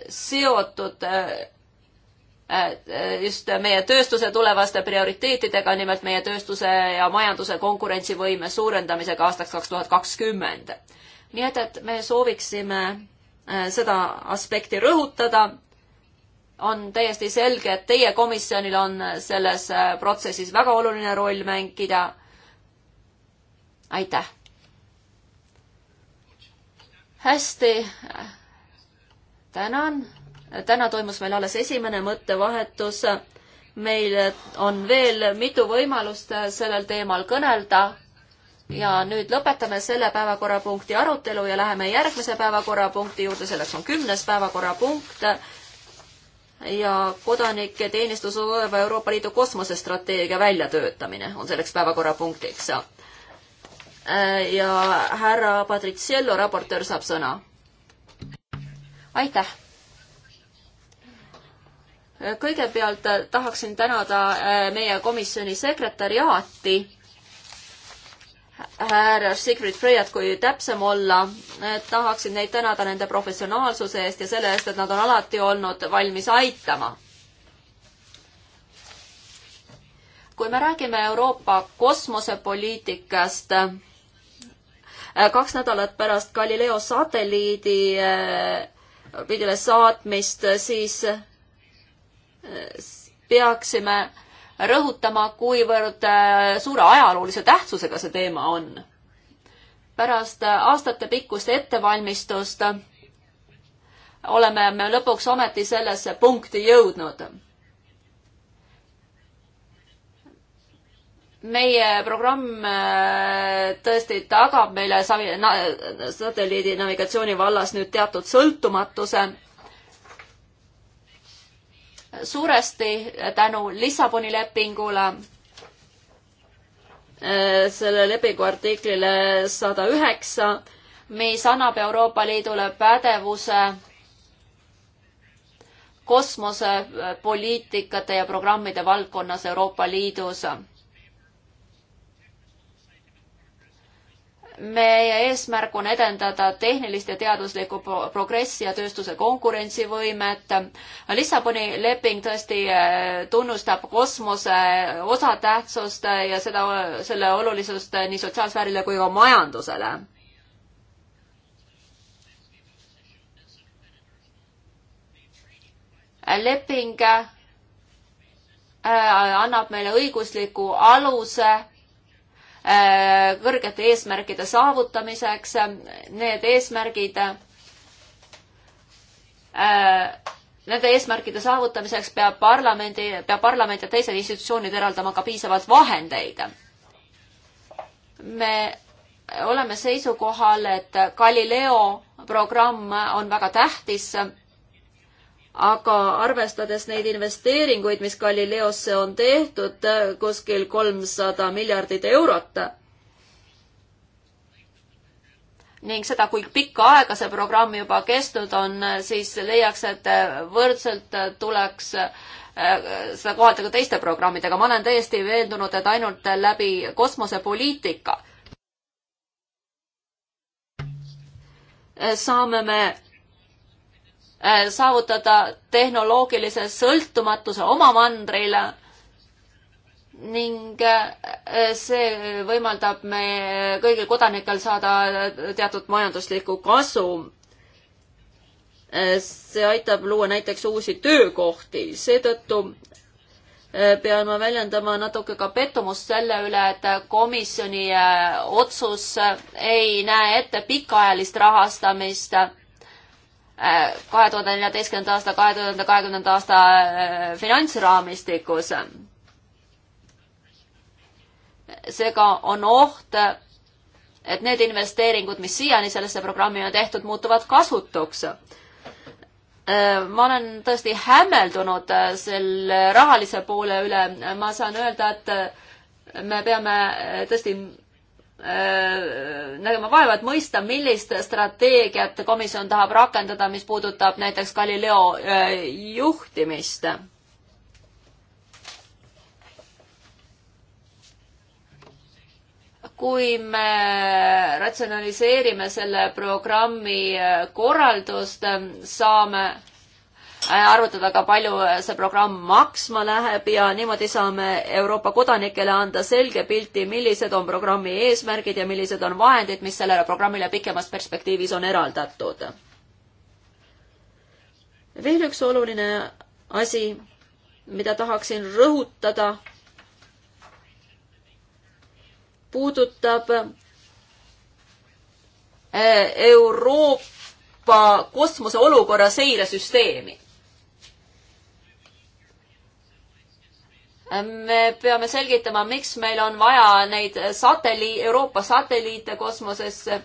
seotud Äh, just meie tööstuse tulevaste prioriteetidega, nimelt meie tööstuse ja majanduse konkurentsivõime suurendamisega aastaks kaks tuhat kakskümmend. nii et, et me sooviksime äh, seda aspekti rõhutada. on täiesti selge, et teie komisjonil on selles äh, protsessis väga oluline roll mängida. aitäh! hästi, tänan täna toimus meil alles esimene mõttevahetus. meil on veel mitu võimalust sellel teemal kõnelda. ja nüüd lõpetame selle päevakorrapunkti arutelu ja läheme järgmise päevakorrapunkti juurde, selleks on kümnes päevakorrapunkt ja kodanike teenistus oleva Euroopa Liidu kosmosestrateegia väljatöötamine on selleks päevakorrapunktiks. ja härra Patriziello, raportöör, saab sõna. aitäh kõigepealt äh, tahaksin tänada äh, meie komisjoni sekretäriaati, äh, härra Sigrid Freiat, kui täpsem olla, tahaksin neid tänada nende professionaalsuse eest ja selle eest, et nad on alati olnud valmis aitama. kui me räägime Euroopa kosmosepoliitikast, kaks nädalat pärast Galileo satelliidi pidile saatmist, siis peaksime rõhutama, kuivõrd äh, suure ajaloolise tähtsusega see teema on. pärast äh, aastatepikkust ettevalmistust oleme me lõpuks ometi sellesse punkti jõudnud. meie programm äh, tõesti tagab meile satelliidi navigatsiooni vallas nüüd teatud sõltumatuse suuresti tänu Lissaboni lepingule, äh, selle lepingu artiklile sada üheksa, mis annab Euroopa Liidule pädevuse kosmosepoliitikate ja programmide valdkonnas Euroopa Liidus meie eesmärk on edendada tehnilist ja teaduslikku progressi ja tööstuse konkurentsivõimet. Lissaboni leping tõesti äh, tunnustab kosmose äh, osatähtsust ja seda, selle olulisust nii sotsiaalsfäärile kui ka majandusele. leping äh, annab meile õigusliku aluse Äh, kõrgete eesmärkide saavutamiseks. Need eesmärgid, äh, nende eesmärkide saavutamiseks peab parlamendi, peab parlament ja teised institutsioonid eraldama ka piisavalt vahendeid. me oleme seisukohal, et Galileo programm on väga tähtis aga arvestades neid investeeringuid, mis Galileosse on tehtud, äh, kuskil kolmsada miljardit eurot, ning seda, kui pikka aega see programm juba kestnud on, äh, siis leiaks, et äh, võrdselt tuleks seda kohaldada ka teiste programmidega. ma olen täiesti veendunud, et ainult läbi kosmosepoliitika saame me Äh, saavutada tehnoloogilise sõltumatuse oma mandrile ning äh, see võimaldab me kõigil kodanikel saada teatud majanduslikku kasu. Äh, see aitab luua näiteks uusi töökohti, seetõttu pean ma väljendama natuke ka pettumust selle üle, et komisjoni otsus ei näe ette pikaajalist rahastamist kahe tuhande neljateistkümnenda aasta, kahe tuhande kahekümnenda aasta äh, finantsraamistikus. seega on oht, et need investeeringud, mis siiani sellesse programmi on tehtud, muutuvad kasutuks. Äh, ma olen tõesti hämmeldunud äh, selle rahalise poole üle, ma saan öelda, et me peame tõesti Äh, nägema nagu vaeva, et mõista, millist strateegiat komisjon tahab rakendada, mis puudutab näiteks Galileo äh, juhtimist. kui me ratsionaliseerime selle programmi äh, korraldust, saame Äh, arvutada ka palju äh, see programm maksma läheb ja niimoodi saame Euroopa kodanikele anda selge pilti, millised on programmi eesmärgid ja millised on vahendid, mis sellele programmile pikemas perspektiivis on eraldatud. veel üks oluline asi, mida tahaksin rõhutada, puudutab äh, Euroopa kosmose olukorra seiresüsteemi. me peame selgitama, miks meil on vaja neid satelli-, Euroopa satelliite kosmosesse.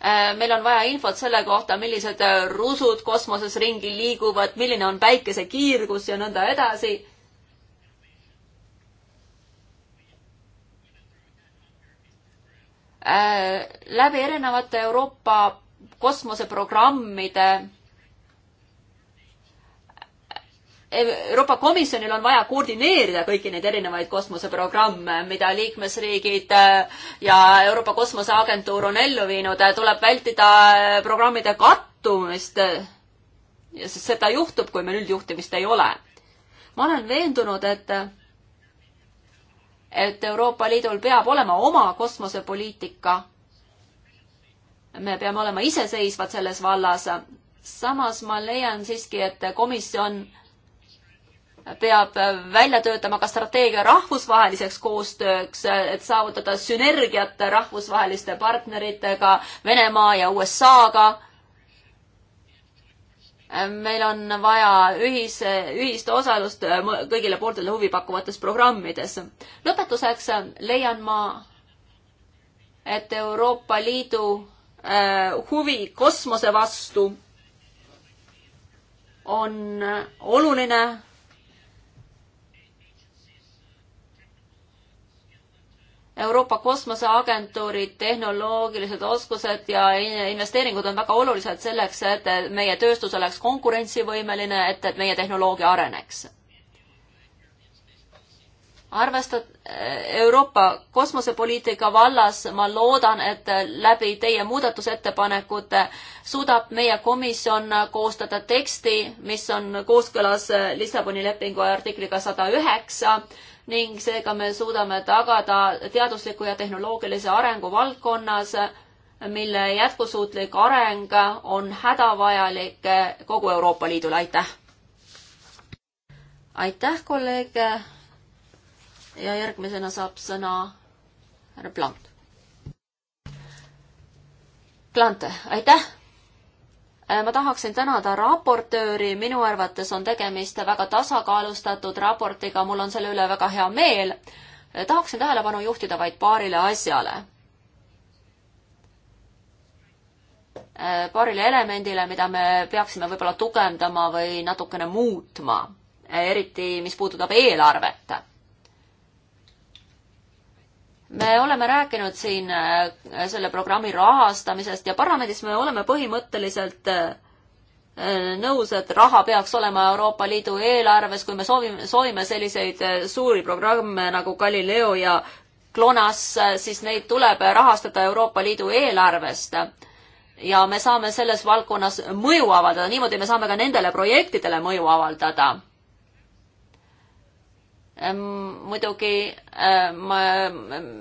Äh, meil on vaja infot selle kohta, millised rusud kosmoses ringi liiguvad, milline on päikese kiirgus ja nõnda edasi äh, läbi erinevate Euroopa kosmoseprogrammide Euroopa Komisjonil on vaja koordineerida kõiki neid erinevaid kosmoseprogramme, mida liikmesriigid äh, ja Euroopa Kosmoseagentuur on ellu viinud, tuleb vältida äh, programmide kattumist. sest seda juhtub, kui meil üldjuhtimist ei ole. ma olen veendunud, et et Euroopa Liidul peab olema oma kosmosepoliitika me peame olema iseseisvad selles vallas. samas ma leian siiski, et komisjon peab välja töötama ka strateegia rahvusvaheliseks koostööks, et saavutada sünergiat rahvusvaheliste partneritega, Venemaa ja USA-ga. meil on vaja ühise, ühist osalust kõigile pooltele huvi pakkuvates programmides. lõpetuseks leian ma, et Euroopa Liidu Äh, huvi kosmose vastu on oluline. Euroopa Kosmoseagentuuri tehnoloogilised oskused ja investeeringud on väga olulised selleks, et meie tööstus oleks konkurentsivõimeline, et, et meie tehnoloogia areneks arvestat-, Euroopa kosmosepoliitika vallas ma loodan, et läbi teie muudatusettepanekute suudab meie komisjon koostada teksti, mis on kooskõlas Lissaboni lepingu artikliga sada üheksa ning seega me suudame tagada teadusliku ja tehnoloogilise arengu valdkonnas, mille jätkusuutlik areng on hädavajalik kogu Euroopa Liidule, aitäh! aitäh, kolleeg ja järgmisena saab sõna härra Plant. Plante, aitäh! Äh, ma tahaksin tänada raportööri, minu arvates on tegemist väga tasakaalustatud raportiga, mul on selle üle väga hea meel. Äh, tahaksin tähelepanu juhtida vaid paarile asjale. Äh, paarile elemendile, mida me peaksime võib-olla tugevdama või natukene muutma, eriti mis puudutab eelarvet me oleme rääkinud siin äh, selle programmi rahastamisest ja parlamendis me oleme põhimõtteliselt äh, nõus, et raha peaks olema Euroopa Liidu eelarves, kui me soovime, soovime selliseid äh, suuri programme nagu Galileo ja Klonas, siis neid tuleb rahastada Euroopa Liidu eelarvest. ja me saame selles valdkonnas mõju avaldada, niimoodi me saame ka nendele projektidele mõju avaldada muidugi ma,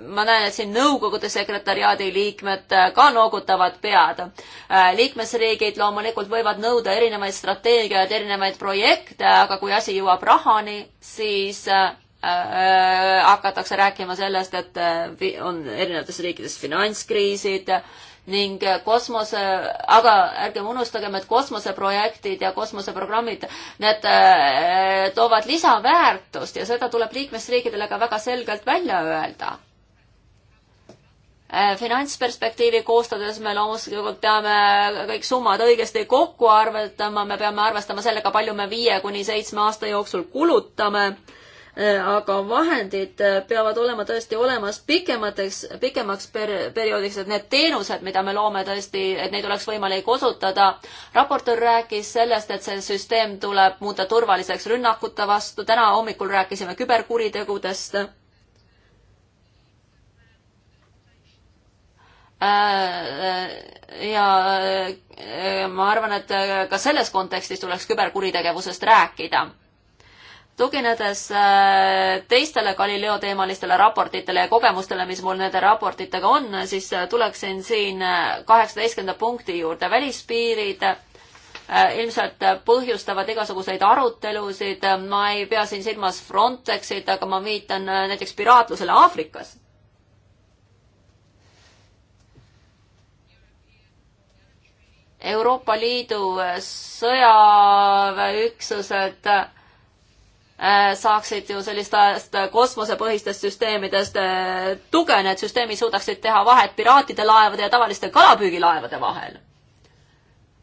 ma näen, et siin nõukogude sekretariaadi liikmed äh, ka noogutavad pead. Äh, liikmesriigid loomulikult võivad nõuda erinevaid strateegiaid, erinevaid projekte, aga kui asi jõuab rahani, siis äh, hakatakse rääkima sellest, et on erinevates riikides finantskriisid, ning äh, kosmose, aga ärgem unustagem, et kosmoseprojektid ja kosmoseprogrammid, need äh, toovad lisaväärtust ja seda tuleb liikmesriikidele ka väga selgelt välja öelda äh, finantsperspektiivi koostades me loomulikult peame kõik summad õigesti kokku arvetama, me peame arvestama sellega, palju me viie kuni seitsme aasta jooksul kulutame Äh, aga vahendid äh, peavad olema tõesti olemas pikemateks, pikemaks per-, perioodiks, et need teenused, mida me loome tõesti, et neid oleks võimalik osutada. raportöör rääkis sellest, et see süsteem tuleb muuta turvaliseks rünnakute vastu, täna hommikul rääkisime küberkuritegudest äh, ja ma arvan, et ka selles kontekstis tuleks küberkuritegevusest rääkida tuginedes äh, teistele Galileo teemalistele raportitele ja kogemustele, mis mul nende raportitega on, siis äh, tuleksin siin äh, kaheksateistkümnenda punkti juurde, välispiirid ilmselt põhjustavad igasuguseid arutelusid, ma ei pea siin silmas Frontexit, aga ma viitan näiteks piraatlusele Aafrikas. Euroopa Liidu sõjaväeüksused Äh, saaksid ju sellistest kosmosepõhistest süsteemidest äh, tuge, need süsteemid suudaksid teha vahet piraatide laevade ja tavaliste kalapüügilaevade vahel.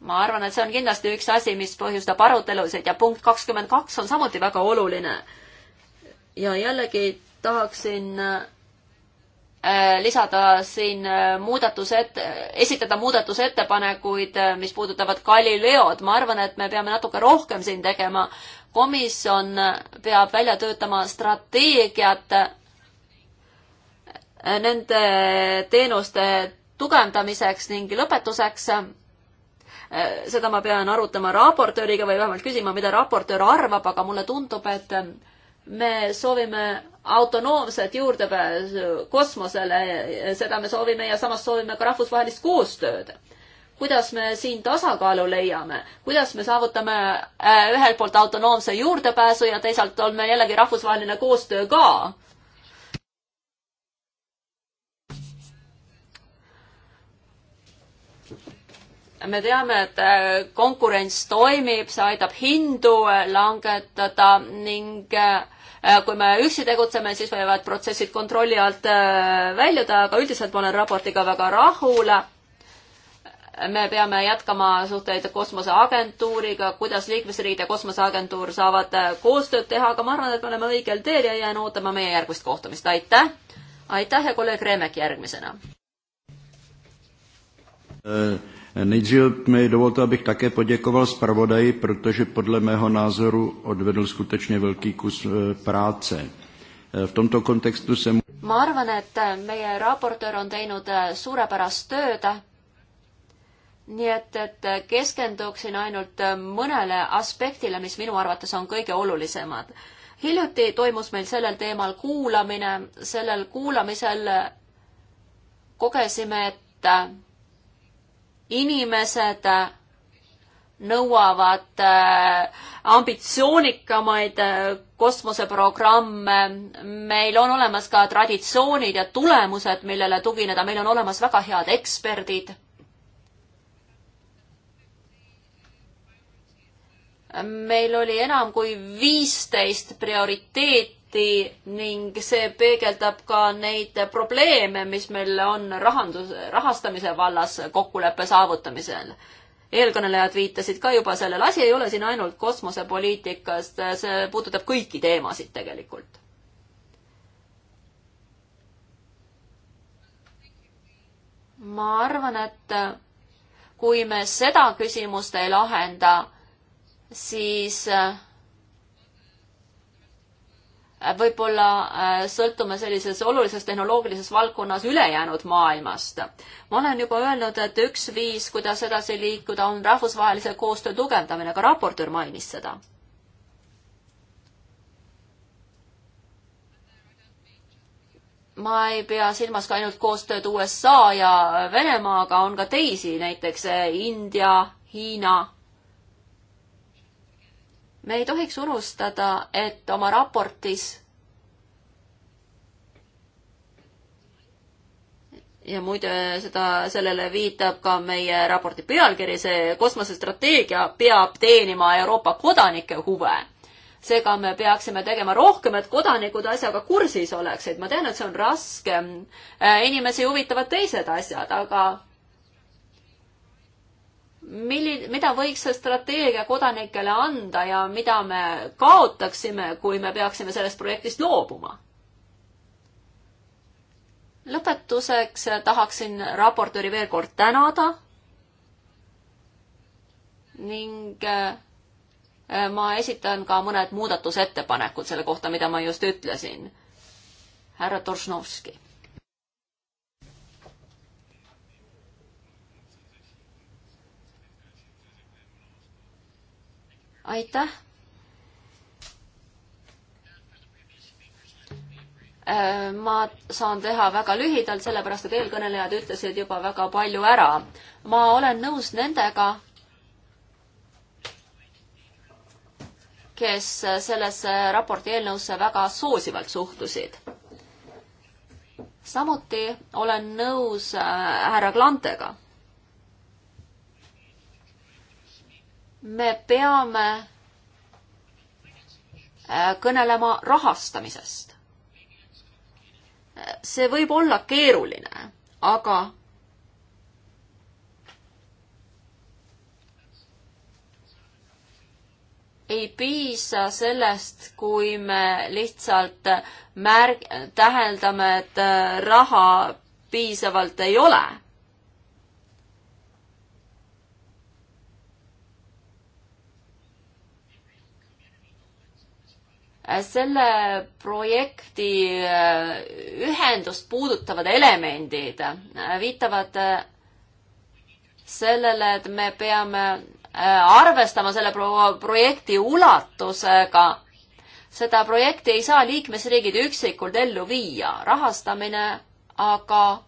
ma arvan, et see on kindlasti üks asi, mis põhjustab arutelusid ja punkt kakskümmend kaks on samuti väga oluline. ja jällegi tahaksin äh, lisada siin muudatused, esitada muudatusettepanekuid, mis puudutavad Galileod. ma arvan, et me peame natuke rohkem siin tegema komisjon peab välja töötama strateegiat eh, nende teenuste tugevdamiseks ning lõpetuseks eh, seda ma pean arutama raportööriga või vähemalt küsima, mida raportöör arvab, aga mulle tundub, et eh, me soovime autonoomset juurdepääsu kosmosele, seda me soovime ja samas soovime ka rahvusvahelist koostööd kuidas me siin tasakaalu leiame, kuidas me saavutame äh, ühelt poolt autonoomse juurdepääsu ja teisalt on meil jällegi rahvusvaheline koostöö ka. me teame, et äh, konkurents toimib, see aitab hindu äh, langetada ning kui me üksi tegutseme, siis võivad protsessid kontrolli alt väljuda, aga üldiselt ma olen raportiga väga rahul me peame jätkama suhteid kosmoseagentuuriga, kuidas liikmesriigid ja kosmoseagentuur saavad äh, koostööd teha, aga ma arvan, et me oleme õigel teel ja jään ootama meie järgmist kohtumist, aitäh! aitäh ja kolleeg Remek järgmisena uh,! Nejdřív mi dovolte, abych také poděkoval zpravodaji, protože podle mého názoru odvedl skutečně velký kus äh, práce. V tomto kontextu jsem... Ma arvan, et meie raportöör on teinud suurepärast tööd nii et, et keskenduksin ainult mõnele aspektile, mis minu arvates on kõige olulisemad. hiljuti toimus meil sellel teemal kuulamine, sellel kuulamisel kogesime, et inimesed nõuavad äh, ambitsioonikamaid äh, kosmoseprogramme, meil on olemas ka traditsioonid ja tulemused, millele tugineda, meil on olemas väga head eksperdid meil oli enam kui viisteist prioriteeti ning see peegeldab ka neid probleeme, mis meil on rahandus, rahastamise vallas kokkuleppe saavutamisel. eelkõnelejad viitasid ka juba sellele, asi ei ole siin ainult kosmosepoliitikast, see puudutab kõiki teemasid tegelikult. ma arvan, et kui me seda küsimust ei lahenda, siis äh, võib-olla äh, sõltume sellises olulises tehnoloogilises valdkonnas ülejäänud maailmast. ma olen juba öelnud, et üks viis, kuidas edasi liikuda, on rahvusvahelise koostöö tugevdamine, ka raportöör mainis seda. ma ei pea silmas ka ainult koostööd USA ja Venemaaga, on ka teisi, näiteks äh, India, Hiina me ei tohiks unustada, et oma raportis ja muide, seda, sellele viitab ka meie raporti pealkiri, see kosmosestrateegia peab teenima Euroopa kodanike huve. seega me peaksime tegema rohkem, et kodanikud asjaga kursis oleksid. ma tean, et see on raske. Äh, inimesi huvitavad teised asjad, aga milli-, mida võiks see strateegia kodanikele anda ja mida me kaotaksime, kui me peaksime sellest projektist loobuma? lõpetuseks tahaksin raportööri veel kord tänada ning äh, ma esitan ka mõned muudatusettepanekud selle kohta, mida ma just ütlesin. härra Tošnovski aitäh. Äh, ma saan teha väga lühidalt, sellepärast et eelkõnelejad ütlesid juba väga palju ära. ma olen nõus nendega, kes sellesse raporti eelnõusse väga soosivalt suhtusid. samuti olen nõus äh, härra Klantega me peame äh, kõnelema rahastamisest. see võib olla keeruline, aga ei piisa sellest, kui me lihtsalt märg-, täheldame, et äh, raha piisavalt ei ole. selle projekti äh, ühendust puudutavad elemendid äh, viitavad äh, sellele, et me peame arvestama selle pro projekti ulatusega. seda projekti ei saa liikmesriigid üksikult ellu viia, rahastamine aga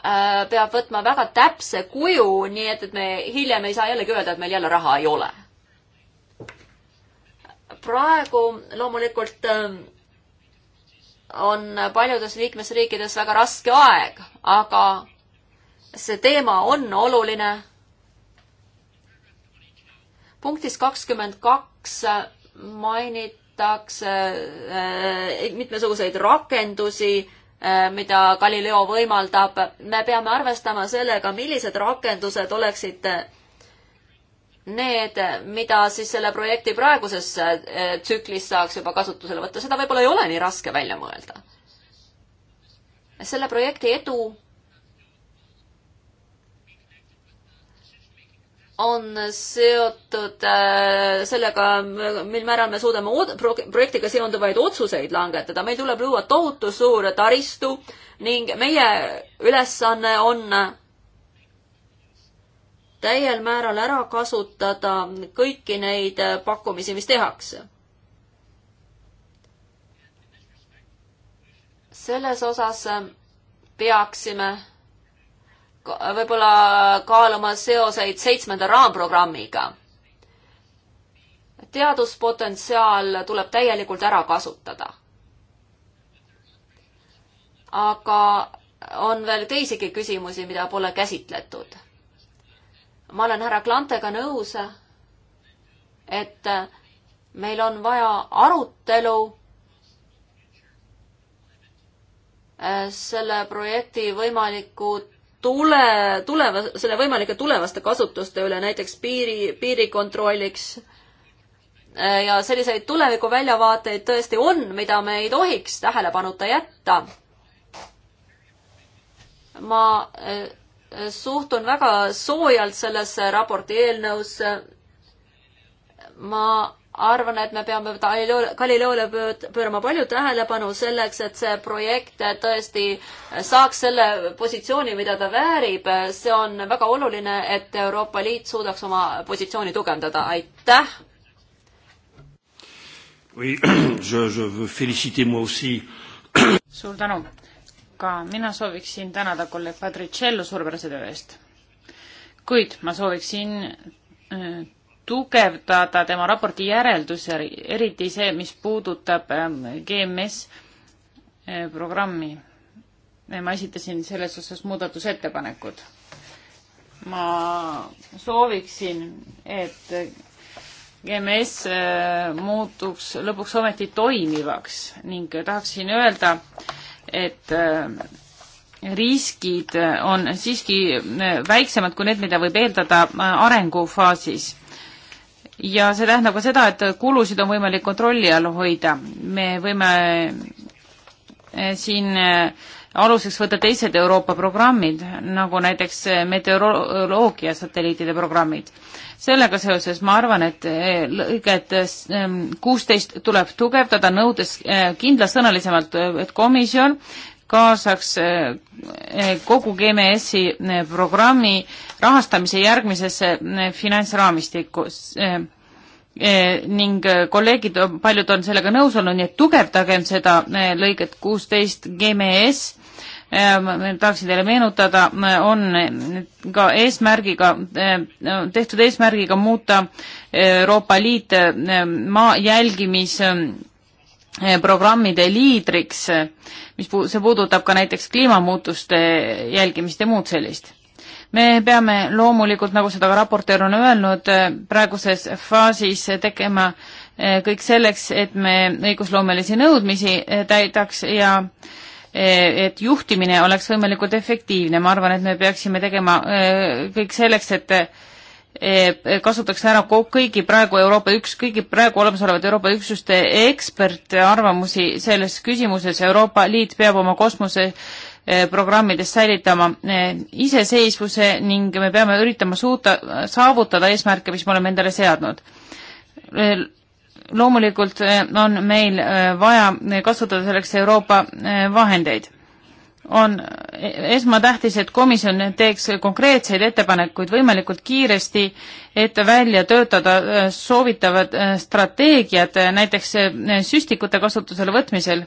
Äh, peab võtma väga täpse kuju, nii et, et me hiljem ei saa jällegi öelda, et meil jälle raha ei ole. praegu loomulikult ähm, on paljudes liikmesriikides väga raske aeg, aga see teema on oluline. punktis kakskümmend kaks mainitakse äh, mitmesuguseid rakendusi Äh, mida Galileo võimaldab, me peame arvestama sellega, millised rakendused oleksid äh, need, mida siis selle projekti praeguses äh, tsüklis saaks juba kasutusele võtta, seda võib-olla ei ole nii raske välja mõelda. selle projekti edu on seotud äh, sellega, mil määral me suudame projektiga seonduvaid otsuseid langetada. meil tuleb luua tohutu suur taristu ning meie ülesanne on täiel määral ära kasutada kõiki neid pakkumisi, mis tehakse. selles osas peaksime võib-olla kaaluma seoseid seitsmenda raamprogrammiga. teaduspotentsiaal tuleb täielikult ära kasutada. aga on veel teisigi küsimusi, mida pole käsitletud. ma olen härra Klantega nõus, et meil on vaja arutelu äh, selle projekti võimalikud tule, tuleva, selle võimalike tulevaste kasutuste üle, näiteks piiri, piirikontrolliks. Äh, ja selliseid tuleviku väljavaateid tõesti on, mida me ei tohiks tähelepanuta jätta. ma äh, suhtun väga soojalt sellesse raporti eelnõusse. ma arvan, et me peame Galileole pöörama palju tähelepanu selleks, et see projekt tõesti saaks selle positsiooni, mida ta väärib. see on väga oluline, et Euroopa Liit suudaks oma positsiooni tugevdada. aitäh! suur tänu! ka mina sooviksin tänada kolleeg Patricello suurepärase töö eest. kuid ma sooviksin äh, tugevdada tema raporti järeldusi, eriti see, mis puudutab ähm, GMS äh, programmi. Äh, ma esitasin selles osas muudatusettepanekud. ma sooviksin, et GMS äh, muutuks lõpuks ometi toimivaks ning tahaksin öelda, et riskid on siiski väiksemad kui need, mida võib eeldada arengufaasis ja see tähendab ka seda, et kulusid on võimalik kontrolli all hoida. me võime eh, siin eh, aluseks võtta teised Euroopa programmid, nagu näiteks eh, meteoroloogia satelliitide programmid. sellega seoses ma arvan, et lõiget kuusteist tuleb tugevdada, nõudes kindlasõnalisemalt, et komisjon kaasaks eh, eh, kogu GMS-i eh, programmi rahastamise järgmisesse finantsraamistikku ning kolleegid, paljud on sellega nõus olnud, nii et tugevdagem seda lõiget kuusteist GMS. tahaksin teile meenutada, on ka eesmärgiga, tehtud eesmärgiga muuta Euroopa Liit maa jälgimis Eh, programmide liidriks, eh, mis puu-, see puudutab ka näiteks kliimamuutuste jälgimist ja muud sellist. me peame loomulikult, nagu seda ka raportöör on öelnud, eh, praeguses faasis tegema kõik selleks, et me õigusloomelisi nõudmisi täidaks ja et juhtimine oleks võimalikult efektiivne, ma arvan, et me peaksime tegema kõik selleks, et Eh, kasutatakse ära kõigi praegu Euroopa üks, kõigi praegu olemasolevate Euroopa üksuste ekspertarvamusi selles küsimuses, Euroopa Liit peab oma kosmose eh, programmides säilitama eh, iseseisvuse ning me peame üritama suuta, saavutada eesmärke, mis me oleme endale seadnud. loomulikult on meil vaja kasutada selleks Euroopa vahendeid on esmatähtis, et komisjon teeks konkreetseid ettepanekuid võimalikult kiiresti, et välja töötada äh, soovitavad äh, strateegiad äh, näiteks süstikute kasutusele võtmisel.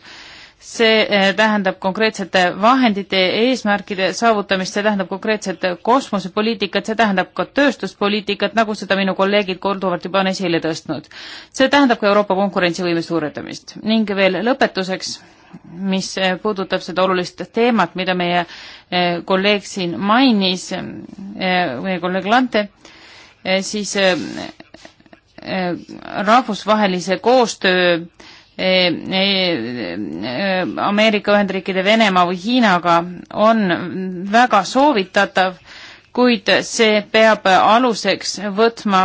see tähendab konkreetsete vahendite eesmärkide saavutamist, see tähendab konkreetset kosmosepoliitikat, see tähendab ka tööstuspoliitikat, nagu seda minu kolleegid korduvalt juba on esile tõstnud. see tähendab ka Euroopa konkurentsivõime suurendamist ning veel lõpetuseks mis eh, puudutab seda olulist teemat, mida meie eh, kolleeg siin mainis, eh, meie kolleeg Lante, siis rahvusvahelise koostöö Ameerika Ühendriikide, Venemaa või Hiinaga on väga soovitatav, kuid see peab aluseks võtma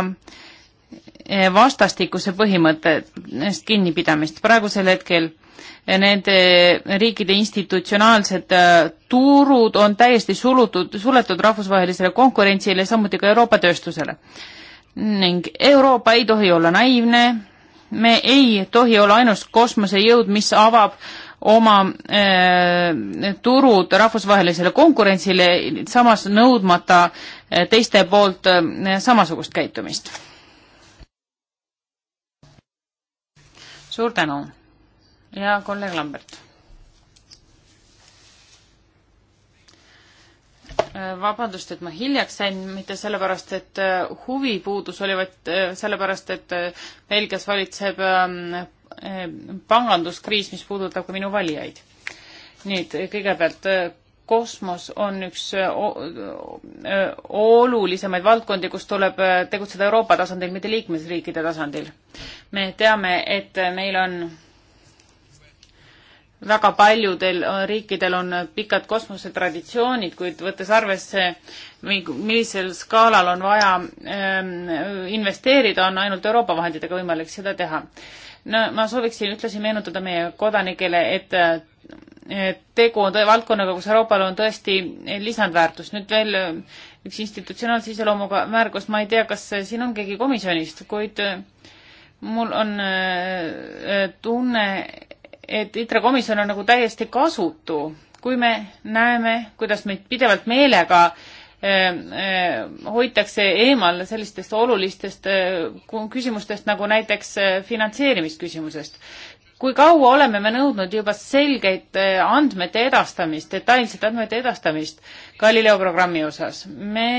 vastastikuse põhimõttest kinnipidamist. praegusel hetkel nende riikide institutsionaalsed äh, turud on täiesti sulutud, suletud rahvusvahelisele konkurentsile, samuti ka Euroopa tööstusele. ning Euroopa ei tohi olla naiivne, me ei tohi olla ainus kosmosejõud, mis avab oma äh, turud rahvusvahelisele konkurentsile, samas nõudmata äh, teiste poolt äh, samasugust käitumist. suur tänu! ja kolleeg Lambert. Äh, vabandust, et ma hiljaks jäin, mitte sellepärast, et äh, huvi puudus oli, vaid äh, sellepärast, et Belgias valitseb ähm, panganduskriis, mis puudutab ka minu valijaid. nüüd kõigepealt kosmos on üks olulisemaid valdkondi, kus tuleb tegutseda Euroopa tasandil, mitte liikmesriikide tasandil. me teame, et meil on väga paljudel riikidel on pikad kosmosetraditsioonid, kuid võttes arvesse, millisel skaalal on vaja ehm, investeerida, on ainult Euroopa vahenditega võimalik seda teha. no ma sooviksin ühtlasi meenutada meie kodanikele, et tegu on valdkonnaga, kus Euroopal on tõesti lisandväärtus. nüüd veel eh, üks institutsionaalse iseloomuga märgus, ma ei tea, kas siin on keegi komisjonist, kuid mul on eh, tunne, et ITRA komisjon on nagu täiesti kasutu, kui me näeme, kuidas meid pidevalt meelega hoitakse eemal sellistest olulistest küsimustest nagu näiteks finantseerimisküsimusest. kui kaua oleme me nõudnud juba selgeid andmete edastamist, detailset andmete edastamist Galileo programmi osas? me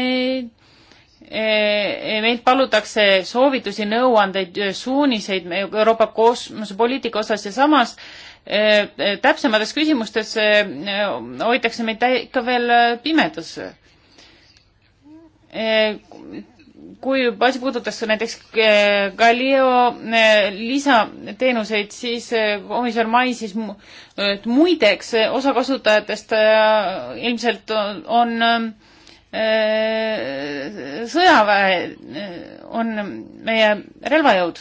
E, e, meilt palutakse soovitusi, nõuandeid, e, suuniseid Euroopa kosmosepoliitika osas ja samas täpsemates küsimustes hoitakse meid ikka veel pimedus. kui asi puudutas näiteks Galileo lisateenuseid, siis komisjon mainis, et muideks osa kasutajatest ilmselt on, on Äh, sõjaväe äh, on meie relvajõud.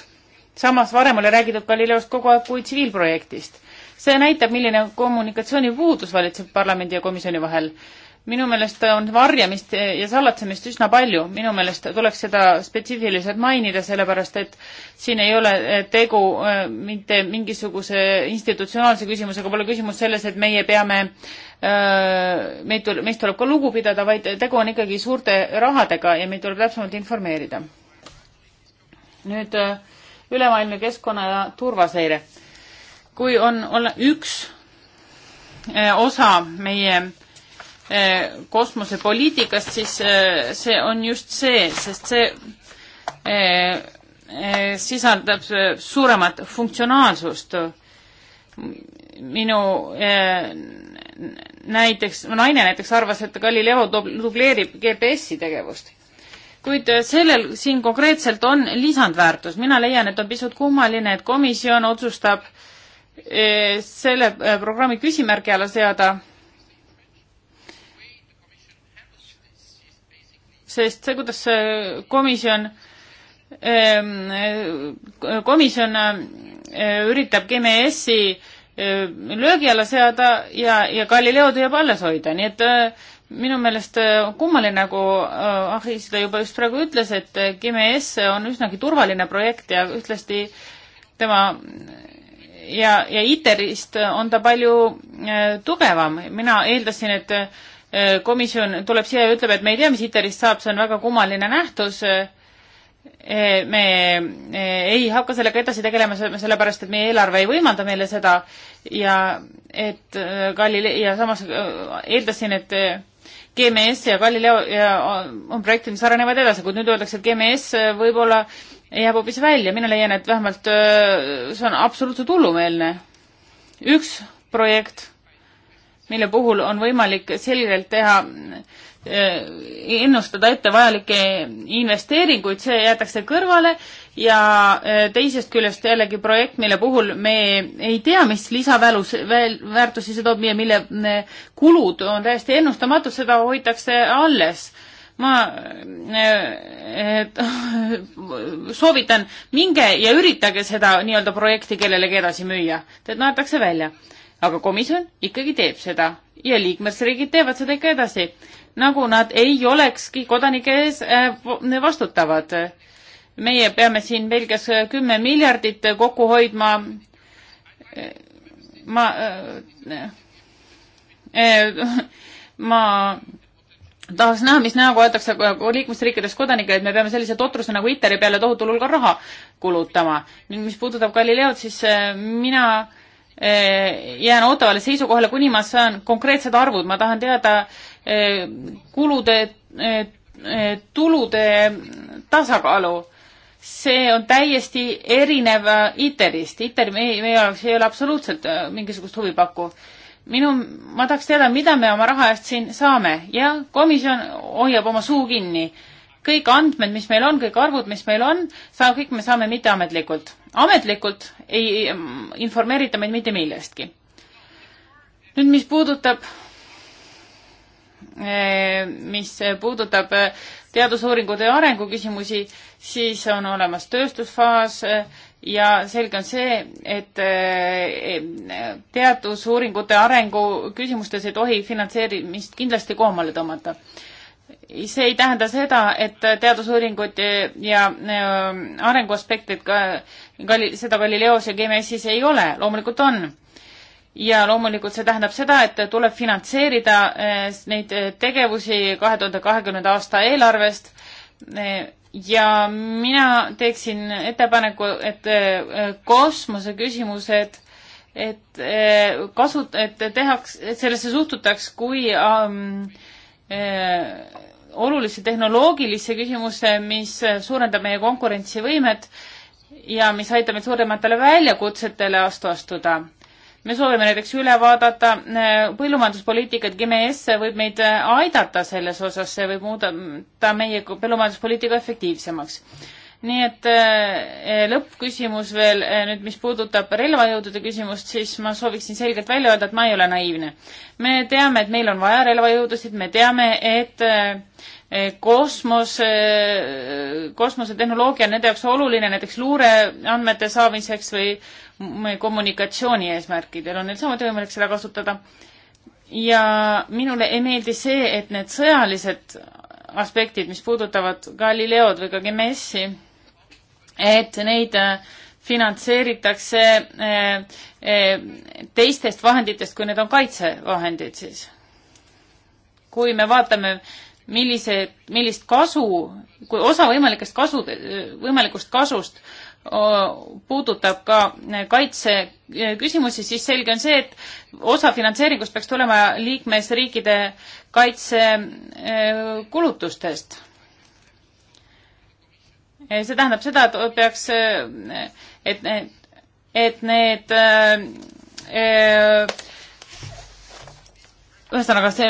samas varem oli räägitud Galileost kogu aeg kui tsiviilprojektist. see näitab, milline kommunikatsioonipuudus valitseb parlamendi ja komisjoni vahel minu meelest on varjamist ja salatsemist üsna palju, minu meelest tuleks seda spetsiifiliselt mainida, sellepärast et siin ei ole eh, tegu eh, mitte mingisuguse institutsionaalse küsimusega, pole küsimus selles, et meie peame, eh, meid tuleb, meist tuleb ka lugu pidada, vaid tegu on ikkagi suurte rahadega ja meid tuleb täpsemalt informeerida. nüüd ülemaailmne keskkonna ja turvaseire. kui on, on üks osa meie Eh, kosmosepoliitikast, siis eh, see on just see, sest see eh, sisaldab suuremat funktsionaalsust. minu näiteks, naine näiteks arvas, et Galileo dubleerib GPS-i tegevust. kuid sellel siin konkreetselt on lisandväärtus, mina leian, et on pisut kummaline, et komisjon otsustab selle programmi küsimärgi alla seada sest see, kuidas see komisjon ehm, komisjon ehm, üritab GMS-i e ehm, löögi alla seada ja, ja Galileo tuleb alles hoida, nii et minu meelest kummaline, nagu Ahri seda juba just praegu ütles, et GMS e on üsnagi turvaline projekt ja ühtlasti tema ja, ja ITER-ist on ta palju tugevam. mina eeldasin, et Äh, komisjon tuleb siia ja ütleb, et me ei tea, mis ITER-ist saab, see on väga kummaline nähtus. Äh, me äh, ei hakka sellega edasi tegelema, sellepärast et meie eelarve ei võimalda meile seda ja et Galilei ja samas eeldasin, et GMS ja Galileo ja on projektid, mis arenevad edasi, kuid nüüd öeldakse, et GMS võib-olla jääb hoopis välja, mina leian, et vähemalt see on absoluutselt hullumeelne. üks projekt mille puhul on võimalik selgelt teha, eh, ennustada ette vajalikke investeeringuid, see jäetakse kõrvale ja eh, teisest küljest jällegi projekt, mille puhul me ei tea, mis lisavälus, väärtusi see toob ja mille eh, kulud on täiesti ennustamatud, seda hoitakse alles ma et, soovitan, minge ja üritage seda nii-öelda projekti kellelegi edasi müüa, teid naetakse välja aga komisjon ikkagi teeb seda ja liikmesriigid teevad seda ikka edasi, nagu nad ei olekski kodanike ees äh, vastutavad. meie peame siin Belgias kümme miljardit kokku hoidma. Äh, ma äh, äh,, ma tahaks näha, mis näoga öeldakse liikmesriikides kodanikele, et me peame sellise totruse nagu ITER-i peale tohutul hulgal raha kulutama. ning mis puudutab Galileod, siis mina äh, Äh, jään ootavale seisukohale, kuni ma saan konkreetsed arvud, ma tahan teada äh, kulude, äh, tulude tasakaalu. see on täiesti erinev ITER-ist, ITER meie, meie jaoks ei ole absoluutselt mingisugust huvi pakkuv minu, ma tahaks teada, mida me oma raha eest siin saame ja komisjon hoiab oma suu kinni. kõik andmed, mis meil on, kõik arvud, mis meil on, saab, kõik me saame mitteametlikult ametlikult ei informeerita meid mitte millestki. nüüd, mis puudutab, eh, mis puudutab eh, teadusuuringute ja arengu küsimusi, siis on olemas tööstusfaas eh, ja selge on see, et teadusuuringute arengu küsimustes ei tohi finantseerimist kindlasti koomale tõmmata see ei tähenda seda, et teadusuuringud ja arenguaspektid ka Gali-, seda Galileos ja GMS-is ei ole, loomulikult on. ja loomulikult see tähendab seda, et tuleb finantseerida eh, neid eh, tegevusi kahe tuhande kahekümnenda aasta eelarvest eh, ja mina teeksin ettepaneku, et kosmose küsimused et kasut-, et tehaks, et sellesse suhtutaks kui ähm, äh, olulisse tehnoloogilisse küsimusse, mis suurendab meie konkurentsivõimet ja mis aitab meid suurematele väljakutsetele vastu astuda. me soovime näiteks üle vaadata äh, põllumajanduspoliitikat, GMS e võib meid äh, aidata selles osas, see võib muuta meie põllumajanduspoliitika efektiivsemaks. nii et äh, lõppküsimus veel nüüd, mis puudutab relvajõudude küsimust, siis ma sooviksin selgelt välja öelda, et ma ei ole naiivne. me teame, et meil on vaja relvajõudusid, me teame, et Eh, kosmose, eh, kosmosetehnoloogia on nende jaoks oluline näiteks luureandmete saamiseks või kommunikatsiooni eesmärkidel on neil samuti võimalik seda kasutada. ja minule ei meeldi see, et need sõjalised aspektid, mis puudutavad Galileod või ka GMS-i, et neid eh, finantseeritakse teistest vahenditest, kui need on kaitsevahendid siis. kui me vaatame, millised, millist kasu, kui osa võimalikest kasu, võimalikust kasust puudutab ka kaitseküsimusi, e, siis selge on see, et osa finantseeringust peaks tulema liikmesriikide kaitsekulutustest. E, e, see tähendab seda, et peaks, et, et need, et need ühesõnaga, see,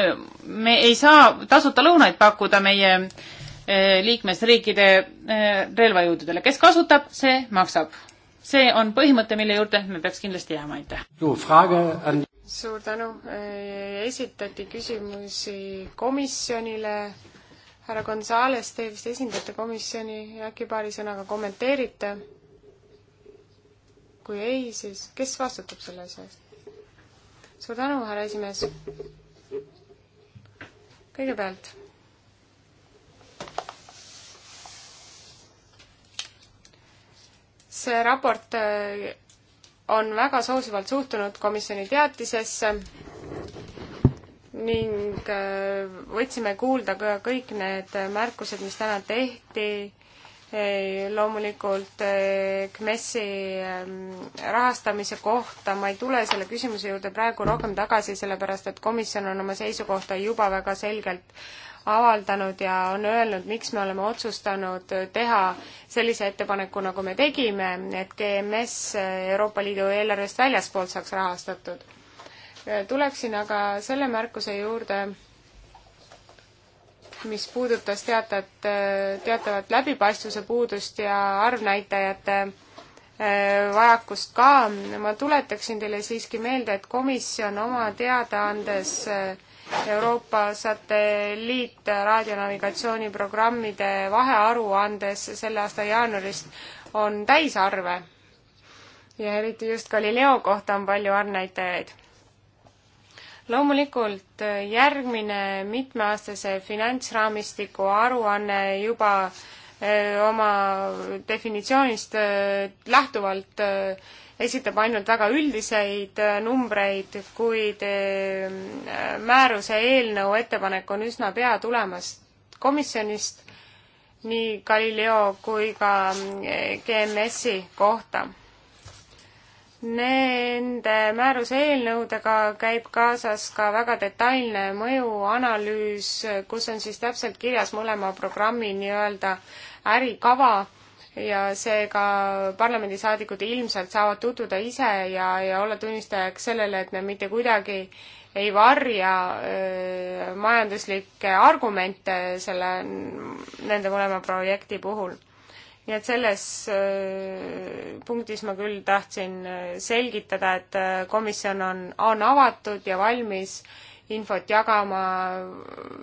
me ei saa tasuta lõunaid pakkuda meie eh, liikmesriikide eh, relvajõududele, kes kasutab, see maksab. see on põhimõte, mille juurde me peaks kindlasti jääma, aitäh. suur tänu, e, esitati küsimusi komisjonile, härra Gonzales, te vist esindate komisjoni, äkki paari sõnaga kommenteerite? kui ei, siis kes vastutab selle asja eest? suur tänu, härra esimees kõigepealt see raport äh, on väga soosivalt suhtunud komisjoni teatisesse ning äh, võtsime kuulda ka kõik need märkused, mis täna tehti loomulikult eh, KMES-i ehm, rahastamise kohta ma ei tule selle küsimuse juurde praegu rohkem tagasi, sellepärast et komisjon on oma seisukohta juba väga selgelt avaldanud ja on öelnud, miks me oleme otsustanud teha sellise ettepaneku, nagu me tegime, et GMS eh, Euroopa Liidu eelarvest väljaspoolt saaks rahastatud. tuleksin aga selle märkuse juurde, mis puudutas teatat, teatavat läbipaistvuse puudust ja arvnäitajate eh, vajakust ka. ma tuletaksin teile siiski meelde, et komisjon oma teadaandes eh, Euroopa satelliitraadionavigatsiooni programmide vahearuandes selle aasta jaanuarist on täisarve. ja eriti just Galileo kohta on palju arvnäitajaid loomulikult äh, järgmine mitmeaastase finantsraamistiku aruanne juba äh, oma definitsioonist äh, lähtuvalt esitab ainult väga üldiseid numbreid, kuid määruse eelnõu ettepanek on üsna pea tulemas komisjonist nii Galileo kui ka GMS-i kohta Nende määruse eelnõudega käib kaasas ka väga detailne mõjuanalüüs, kus on siis täpselt kirjas mõlema programmi nii-öelda ärikava ja seega parlamendisaadikud ilmselt saavad tutvuda ise ja, ja olla tunnistajaks sellele, et me mitte kuidagi ei varja öö, äh, majanduslikke argumente selle, nende mõlema projekti puhul nii et selles äh, punktis ma küll tahtsin äh, selgitada, et äh, komisjon on, on avatud ja valmis infot jagama,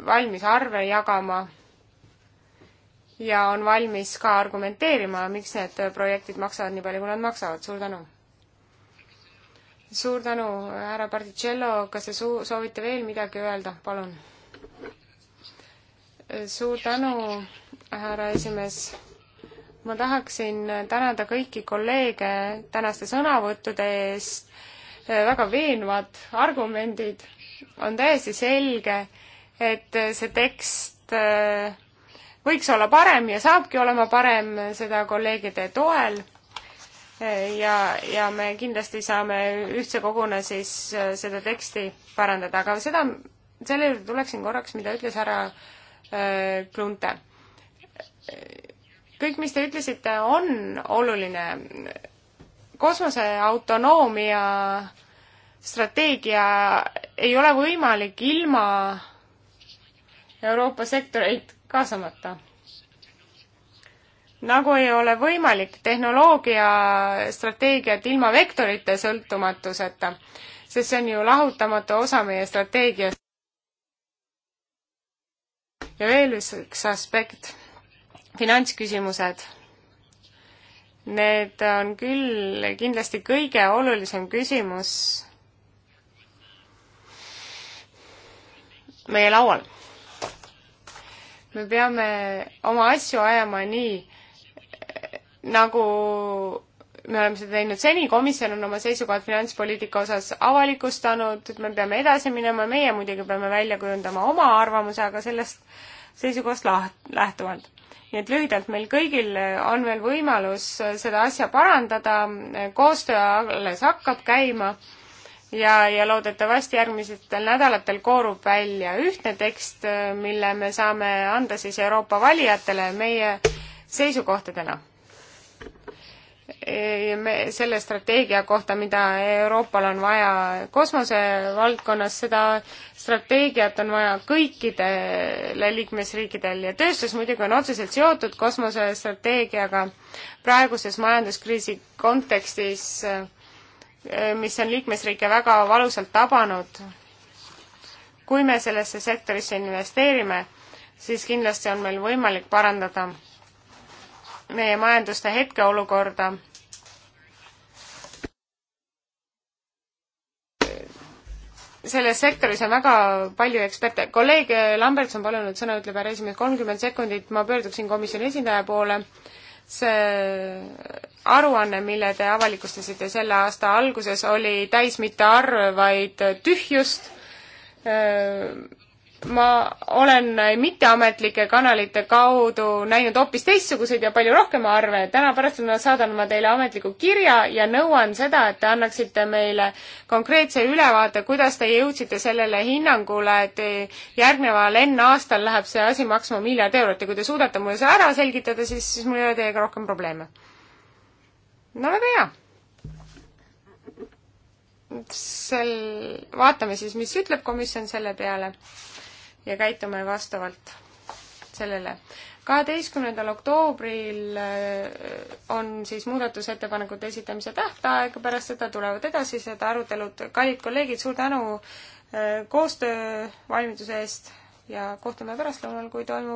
valmis arve jagama ja on valmis ka argumenteerima, miks need projektid maksavad nii palju, kui nad maksavad. suur tänu! suur tänu, härra Particello, kas te soo-, soovite veel midagi öelda, palun? suur tänu, härra esimees ma tahaksin tänada kõiki kolleege tänaste sõnavõttude eest, väga veenvad argumendid, on täiesti selge, et see tekst äh, võiks olla parem ja saabki olema parem seda kolleegide toel äh, ja, ja me kindlasti saame ühtse koguna siis äh, seda teksti parandada, aga seda, selle juurde tuleksin korraks, mida ütles härra äh, Klunte kõik, mis te ütlesite, on oluline. kosmoseautonoomia strateegia ei ole võimalik ilma Euroopa sektoreid kaasamata. nagu ei ole võimalik tehnoloogiastrateegiat ilma vektorite sõltumatuseta, sest see on ju lahutamatu osa meie strateegiast. ja veel üks aspekt finantsküsimused. Need on küll kindlasti kõige olulisem küsimus meie laual. me peame oma asju ajama nii, nagu me oleme seda teinud seni, komisjon on oma seisukohad finantspoliitika osas avalikustanud, et me peame edasi minema, meie muidugi peame välja kujundama oma arvamuse, aga sellest seisukohast laht-, lähtuvalt nii et lühidalt meil kõigil on veel võimalus seda asja parandada, koostöö alles hakkab käima ja, ja loodetavasti järgmistel nädalatel koorub välja ühtne tekst, mille me saame anda siis Euroopa valijatele meie seisukohtadena selle strateegia kohta, mida Euroopal on vaja kosmosevaldkonnas, seda strateegiat on vaja kõikidele liikmesriikidel ja tööstus muidugi on otseselt seotud kosmosestrateegiaga praeguses majanduskriisi kontekstis, eh, mis on liikmesriike väga valusalt tabanud. kui me sellesse sektorisse investeerime, siis kindlasti on meil võimalik parandada meie majanduste hetkeolukorda. selles sektoris on väga palju eksperte, kolleeg Lamberts on palunud sõna, ütleb härra esimees, kolmkümmend sekundit, ma pöörduksin komisjoni esindaja poole see aruanne, mille te avalikustasite selle aasta alguses, oli täis mitte arve, vaid tühjust ma olen mitteametlike kanalite kaudu näinud hoopis teistsuguseid ja palju rohkem arve. täna pärastlõunal saadan ma teile ametliku kirja ja nõuan seda, et te annaksite meile konkreetse ülevaate, kuidas te jõudsite sellele hinnangule, et järgneval N-aastal läheb see asi maksma miljard eurot ja kui te suudate mulle see ära selgitada, siis, siis mul ei ole teiega rohkem probleeme. no väga hea. sel, vaatame siis, mis ütleb komisjon selle peale ja käitume vastavalt sellele. kaheteistkümnendal oktoobril äh, on siis muudatusettepanekute esitamise tähtaeg, pärast seda tulevad edasised arutelud. kallid kolleegid, suur tänu äh, koostöövalmiduse eest ja kohtume pärastlõunal, kui toimub